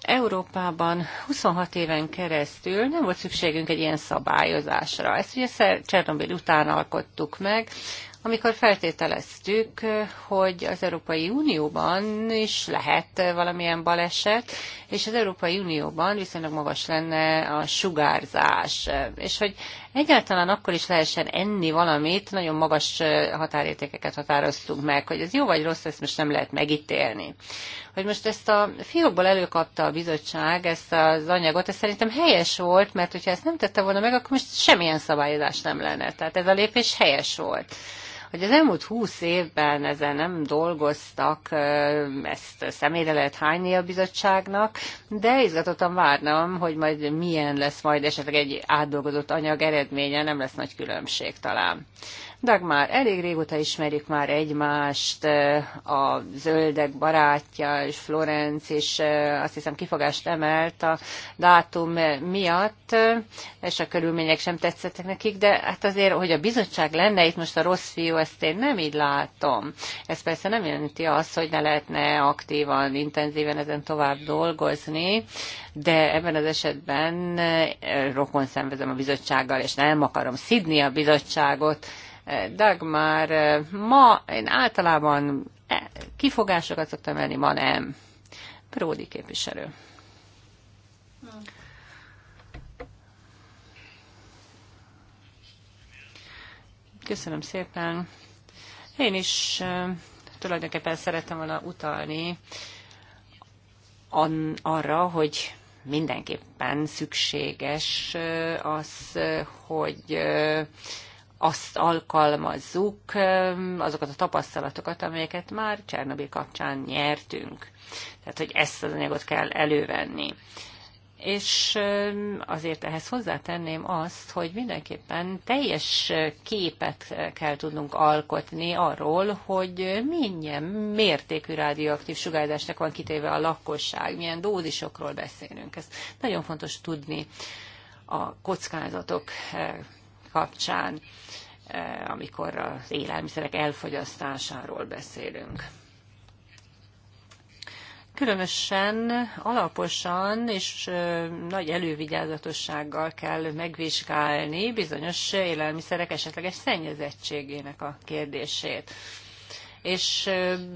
Európában 26 éven keresztül nem volt szükségünk egy ilyen szabályozásra. Ezt ugye Csernobyl után alkottuk meg, amikor feltételeztük, hogy az Európai Unióban is lehet valamilyen baleset, és az Európai Unióban viszonylag magas lenne a sugárzás, és hogy egyáltalán akkor is lehessen enni valamit, nagyon magas határértékeket határoztunk meg, hogy ez jó vagy rossz, ezt most nem lehet megítélni. Hogy most ezt a fiókból előkapta a bizottság, ezt az anyagot, ez szerintem helyes volt, mert hogyha ezt nem tette volna meg, akkor most semmilyen szabályozás nem lenne. Tehát ez a lépés helyes volt. Hogy az elmúlt húsz évben ezen nem dolgoztak, ezt személyre lehet hányni a bizottságnak, de izgatottan várnám, hogy majd milyen lesz majd esetleg egy átdolgozott anyag eredménye, nem lesz nagy különbség talán. Dagmar, elég régóta ismerjük már egymást, a zöldek barátja és Florenc, és azt hiszem kifogást emelt a dátum miatt, és a körülmények sem tetszettek nekik, de hát azért, hogy a bizottság lenne itt most a rossz fiú, ezt én nem így látom. Ez persze nem jelenti azt, hogy ne lehetne aktívan, intenzíven ezen tovább dolgozni, de ebben az esetben rokon szenvezem a bizottsággal, és nem akarom szidni a bizottságot, Dagmar, ma én általában e- kifogásokat szoktam venni, ma nem. Pródi képviselő. Köszönöm szépen. Én is tulajdonképpen szerettem volna utalni arra, hogy mindenképpen szükséges az, hogy azt alkalmazzuk, azokat a tapasztalatokat, amelyeket már Csernobil kapcsán nyertünk. Tehát, hogy ezt az anyagot kell elővenni. És azért ehhez hozzátenném azt, hogy mindenképpen teljes képet kell tudnunk alkotni arról, hogy milyen mértékű rádióaktív sugárzásnak van kitéve a lakosság, milyen dózisokról beszélünk. ez nagyon fontos tudni a kockázatok kapcsán, eh, amikor az élelmiszerek elfogyasztásáról beszélünk. Különösen alaposan és eh, nagy elővigyázatossággal kell megvizsgálni bizonyos élelmiszerek esetleges szennyezettségének a kérdését és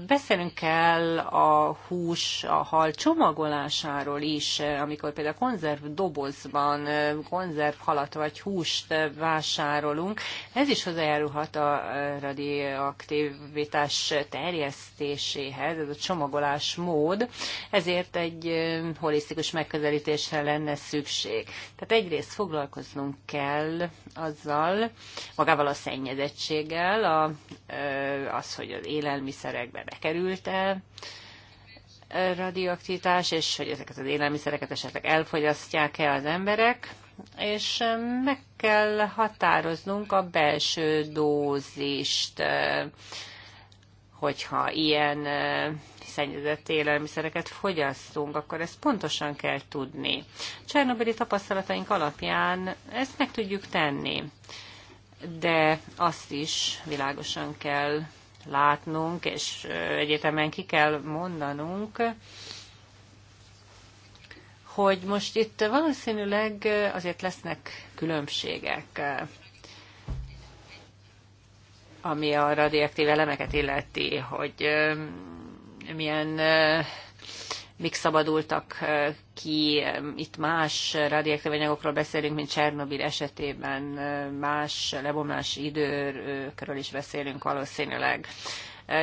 beszélünk kell a hús, a hal csomagolásáról is, amikor például konzerv dobozban konzerv halat vagy húst vásárolunk, ez is hozzájárulhat a radioaktivitás terjesztéséhez, ez a csomagolás mód, ezért egy holisztikus megközelítésre lenne szükség. Tehát egyrészt foglalkoznunk kell azzal, magával a szennyezettséggel, a, az, hogy az élelmiszerekbe bekerült-e eh, radioaktivitás, és hogy ezeket az élelmiszereket esetleg elfogyasztják-e az emberek, és eh, meg kell határoznunk a belső dózist, eh, hogyha ilyen szennyezett élelmiszereket fogyasztunk, akkor ezt pontosan kell tudni. Csernobili tapasztalataink alapján ezt meg tudjuk tenni, de azt is világosan kell látnunk, és egyetemen ki kell mondanunk, hogy most itt valószínűleg azért lesznek különbségek, ami a radioaktív elemeket illeti, hogy milyen mik szabadultak ki, itt más radioaktív anyagokról beszélünk, mint Csernobil esetében, más lebomlási időkről is beszélünk valószínűleg.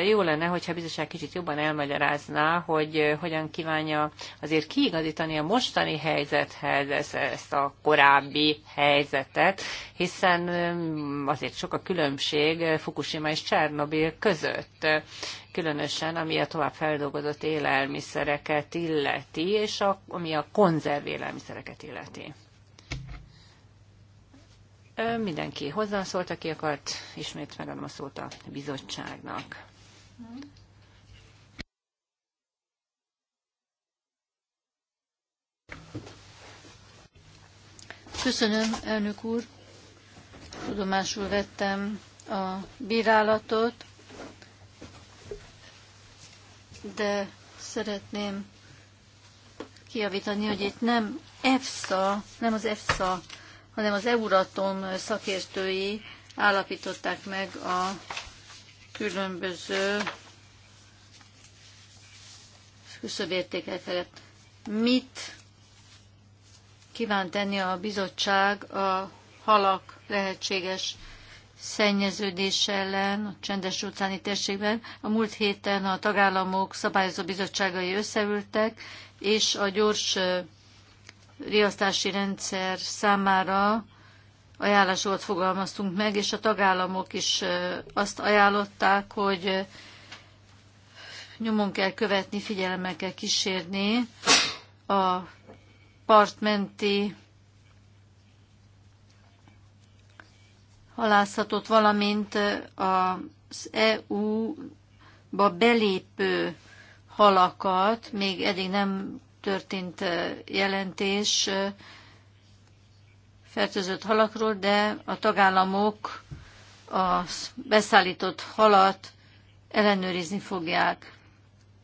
Jó lenne, hogyha a bizottság kicsit jobban elmagyarázná, hogy eh, hogyan kívánja azért kiigazítani a mostani helyzethez ezt, ezt a korábbi helyzetet, hiszen eh, azért sok a különbség Fukushima és Csernobil között különösen ami a tovább feldolgozott élelmiszereket illeti, és a, ami a konzerv élelmiszereket illeti. Eh, mindenki hozzászólt, aki akart, ismét megadom a szót a bizottságnak. Köszönöm, elnök úr. Tudomásul vettem a bírálatot, de szeretném kiavítani, hogy itt nem EFSA, nem az EFSA, hanem az Euratom szakértői állapították meg a különböző küszöbértékeket. Mit kíván tenni a bizottság a halak lehetséges szennyeződés ellen a csendes utcáni térségben. A múlt héten a tagállamok szabályozó bizottságai összeültek, és a gyors riasztási rendszer számára ajánlásokat fogalmaztunk meg, és a tagállamok is azt ajánlották, hogy nyomon kell követni, figyelemmel kell kísérni a partmenti halászatot, valamint az EU-ba belépő halakat, még eddig nem történt jelentés fertőzött halakról, de a tagállamok a beszállított halat ellenőrizni fogják.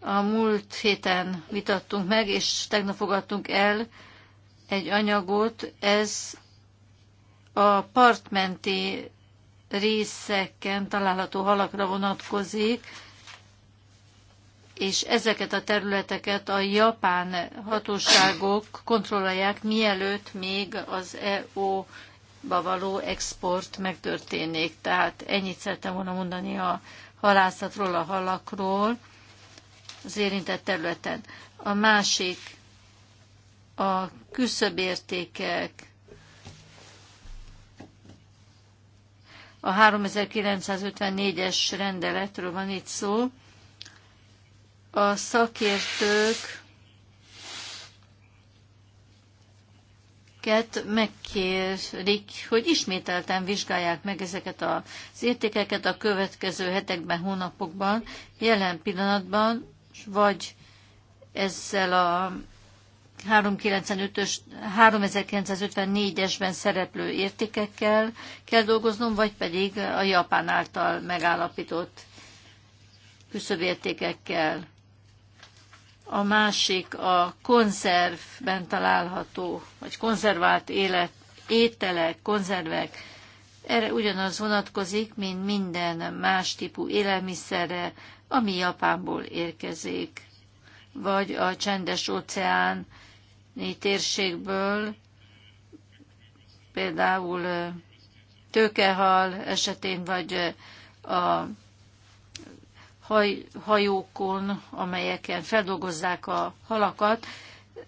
A múlt héten vitattunk meg, és tegnap fogadtunk el egy anyagot, ez a partmenti részeken található halakra vonatkozik, és ezeket a területeket a japán hatóságok kontrollálják, mielőtt még az EU-ba való export megtörténik. Tehát ennyit szerettem volna mondani a halászatról, a halakról az érintett területen. A másik a küszöbértékek, a 3954-es rendeletről van itt szó, a szakértők megkérik, hogy ismételten vizsgálják meg ezeket az értékeket a következő hetekben, hónapokban, jelen pillanatban, vagy ezzel a 3954-esben szereplő értékekkel kell dolgoznom, vagy pedig a Japán által megállapított küszöbértékekkel a másik a konzervben található, vagy konzervált élet, ételek, konzervek. Erre ugyanaz vonatkozik, mint minden más típú élelmiszerre, ami Japánból érkezik, vagy a csendes óceán térségből, például tőkehal esetén, vagy a haj, hajókon, amelyeken feldolgozzák a halakat,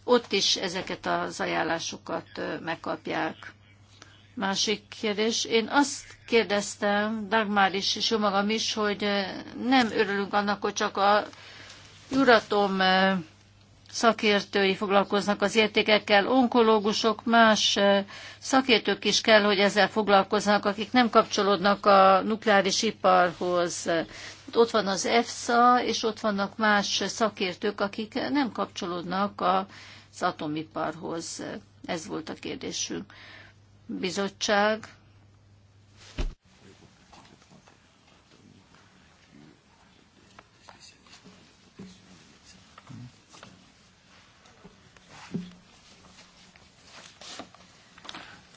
ott is ezeket az ajánlásokat megkapják. Másik kérdés. Én azt kérdeztem, Dagmar is, és jó magam is, hogy nem örülünk annak, hogy csak a juratom szakértői foglalkoznak az értékekkel, onkológusok, más szakértők is kell, hogy ezzel foglalkoznak, akik nem kapcsolódnak a nukleáris iparhoz ott van az EFSA, és ott vannak más szakértők, akik nem kapcsolódnak az atomiparhoz. Ez volt a kérdésünk. Bizottság.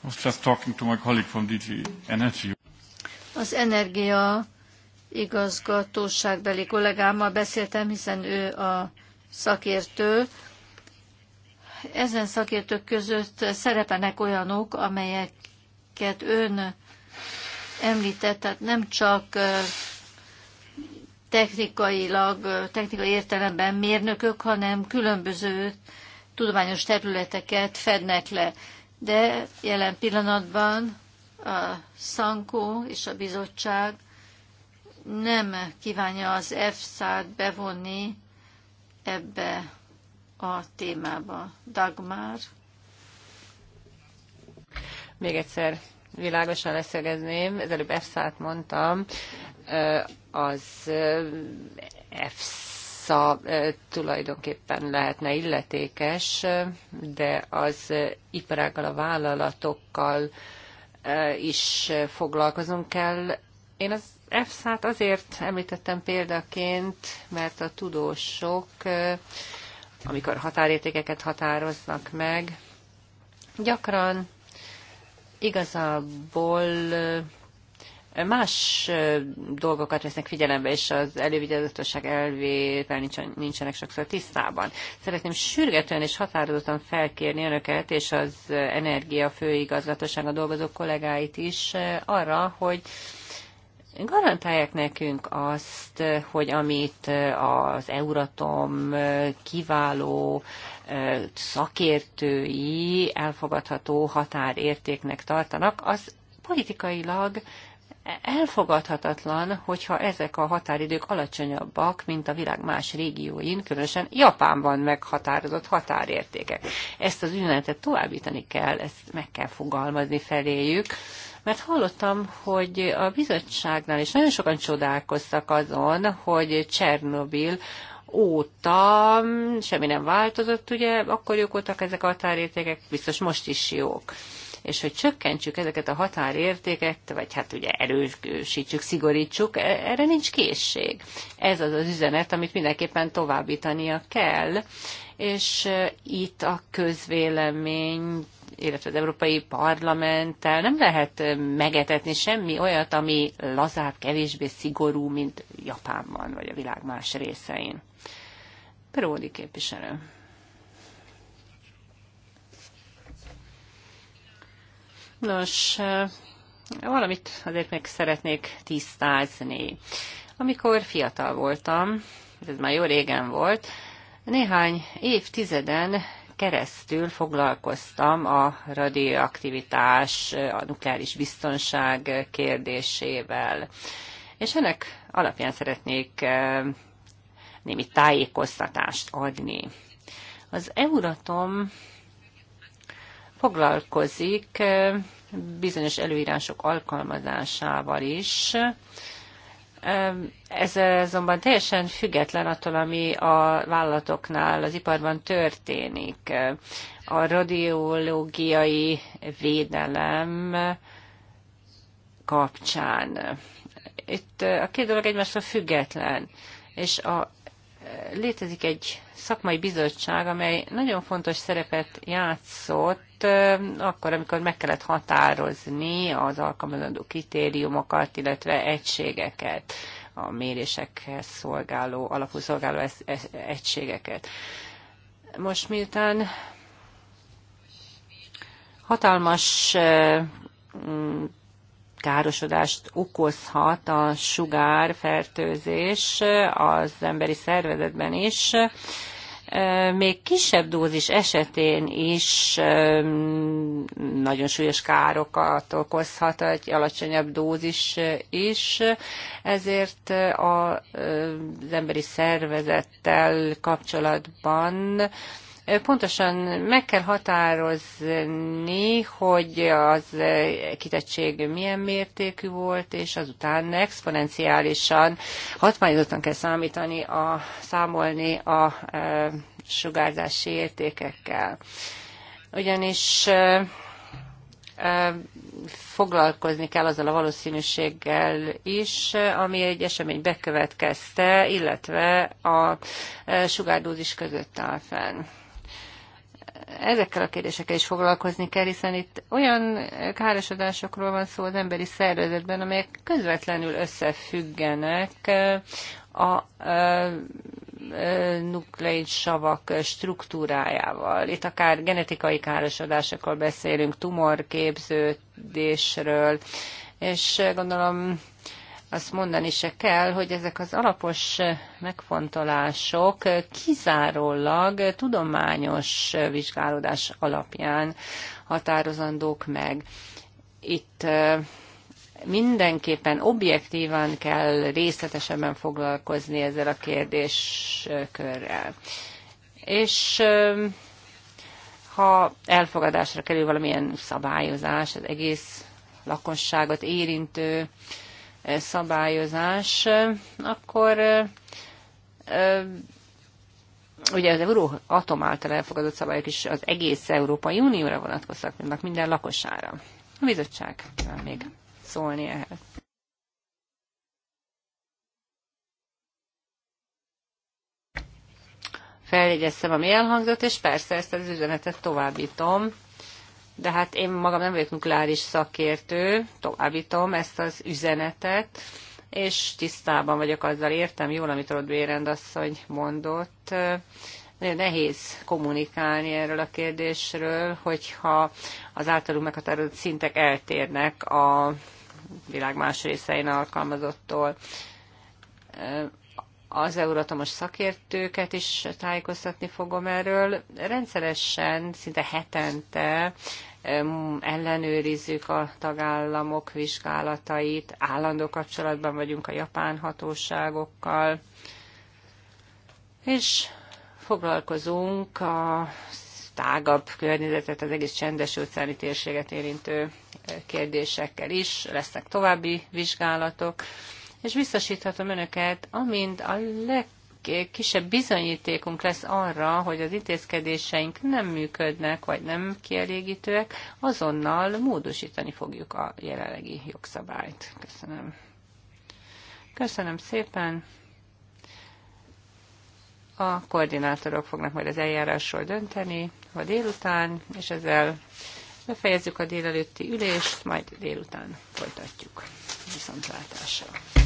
I was just talking to my colleague from DG Energy. Az energia igazgatóságbeli kollégámmal beszéltem, hiszen ő a szakértő. Ezen szakértők között szerepenek olyanok, amelyeket ön említett, tehát nem csak technikailag, technikai értelemben mérnökök, hanem különböző tudományos területeket fednek le. De jelen pillanatban a Szankó és a bizottság nem kívánja az EFSA-t bevonni ebbe a témába. Dagmar. Még egyszer világosan leszögezném, az előbb EFSA-t mondtam, az EFSA tulajdonképpen lehetne illetékes, de az iparággal, a vállalatokkal is foglalkozunk kell. Én az EFSA-t azért említettem példaként, mert a tudósok, amikor határértékeket határoznak meg, gyakran igazából más dolgokat vesznek figyelembe, és az elővigyázatosság elvével nincsen, nincsenek sokszor tisztában. Szeretném sürgetően és határozottan felkérni önöket, és az Energia a dolgozó kollégáit is arra, hogy garantálják nekünk azt, hogy amit eh, az Euratom eh, kiváló eh, szakértői elfogadható határértéknek tartanak, az politikailag elfogadhatatlan, hogyha ezek a határidők alacsonyabbak, mint a világ más régióin, különösen Japánban meghatározott határértékek. Ezt az üzenetet továbbítani kell, ezt meg kell fogalmazni feléjük, mert hallottam, hogy a bizottságnál is nagyon sokan csodálkoztak azon, hogy Csernobil óta semmi nem változott, ugye akkor jók voltak ezek a határértékek, biztos most is jók és hogy csökkentsük ezeket a határértéket, vagy hát ugye erősítsük, szigorítsuk, e- erre nincs készség. Ez az az üzenet, amit mindenképpen továbbítania kell, és e, itt a közvéleményt illetve az Európai Parlamenttel nem lehet megetetni semmi olyat, ami lazább, kevésbé szigorú, mint Japánban, vagy a világ más részein. Peródi képviselő. Nos, valamit azért meg szeretnék tisztázni. Amikor fiatal voltam, ez már jó régen volt, néhány évtizeden keresztül foglalkoztam a radioaktivitás, a nukleáris biztonság kérdésével. És ennek alapján szeretnék eh, némi tájékoztatást adni. Az Euratom foglalkozik eh, bizonyos előírások alkalmazásával is, ez azonban teljesen független attól, ami a vállalatoknál, az iparban történik. A radiológiai védelem kapcsán. Itt a két dolog egymástól független, és a létezik egy szakmai bizottság, amely nagyon fontos szerepet játszott akkor, amikor meg kellett határozni az alkalmazandó kritériumokat, illetve egységeket, a mérésekhez szolgáló, alapú szolgáló egységeket. Most miután hatalmas károsodást okozhat a sugárfertőzés az emberi szervezetben is, még kisebb dózis esetén is nagyon súlyos károkat okozhat egy alacsonyabb dózis is, ezért az emberi szervezettel kapcsolatban Pontosan meg kell határozni, hogy az kitettség milyen mértékű volt, és azután exponenciálisan, hatványozottan kell számítani, a, számolni a e, sugárzási értékekkel. Ugyanis e, e, foglalkozni kell azzal a valószínűséggel is, ami egy esemény bekövetkezte, illetve a sugárdózis között áll fenn ezekkel a kérdésekkel is foglalkozni kell, hiszen itt olyan károsodásokról van szó az emberi szervezetben, amelyek közvetlenül összefüggenek a nukleinsavak struktúrájával. Itt akár genetikai károsodásokról beszélünk, tumorképződésről, és gondolom azt mondani se kell, hogy ezek az alapos megfontolások kizárólag tudományos vizsgálódás alapján határozandók meg. Itt mindenképpen objektívan kell részletesebben foglalkozni ezzel a kérdéskörrel. És ha elfogadásra kerül valamilyen szabályozás, az egész lakosságot érintő szabályozás, akkor ugye az Atom által elfogadott szabályok is az egész Európai Unióra vonatkoztak, mindnak minden lakosára. A bizottság kell még szólni ehhez. Feljegyeztem, ami elhangzott, és persze ezt az üzenetet továbbítom de hát én magam nem vagyok nukleáris szakértő, továbbítom ezt az üzenetet, és tisztában vagyok azzal, értem jól, amit Rod Bérend asszony mondott. Nagyon nehéz kommunikálni erről a kérdésről, hogyha az általunk meghatározott szintek eltérnek a világ más részein alkalmazottól az euratomos szakértőket is tájékoztatni fogom erről. Rendszeresen, szinte hetente ellenőrizzük a tagállamok vizsgálatait, állandó kapcsolatban vagyunk a japán hatóságokkal, és foglalkozunk a tágabb környezetet, az egész csendes óceáni térséget érintő eh, kérdésekkel is. Lesznek további vizsgálatok, és biztosíthatom önöket, amint a leg kisebb bizonyítékunk lesz arra, hogy az intézkedéseink nem működnek, vagy nem kielégítőek, azonnal módosítani fogjuk a jelenlegi jogszabályt. Köszönöm. Köszönöm szépen. A koordinátorok fognak majd az eljárásról dönteni ma délután, és ezzel befejezzük a délelőtti ülést, majd délután folytatjuk. Viszontlátásra!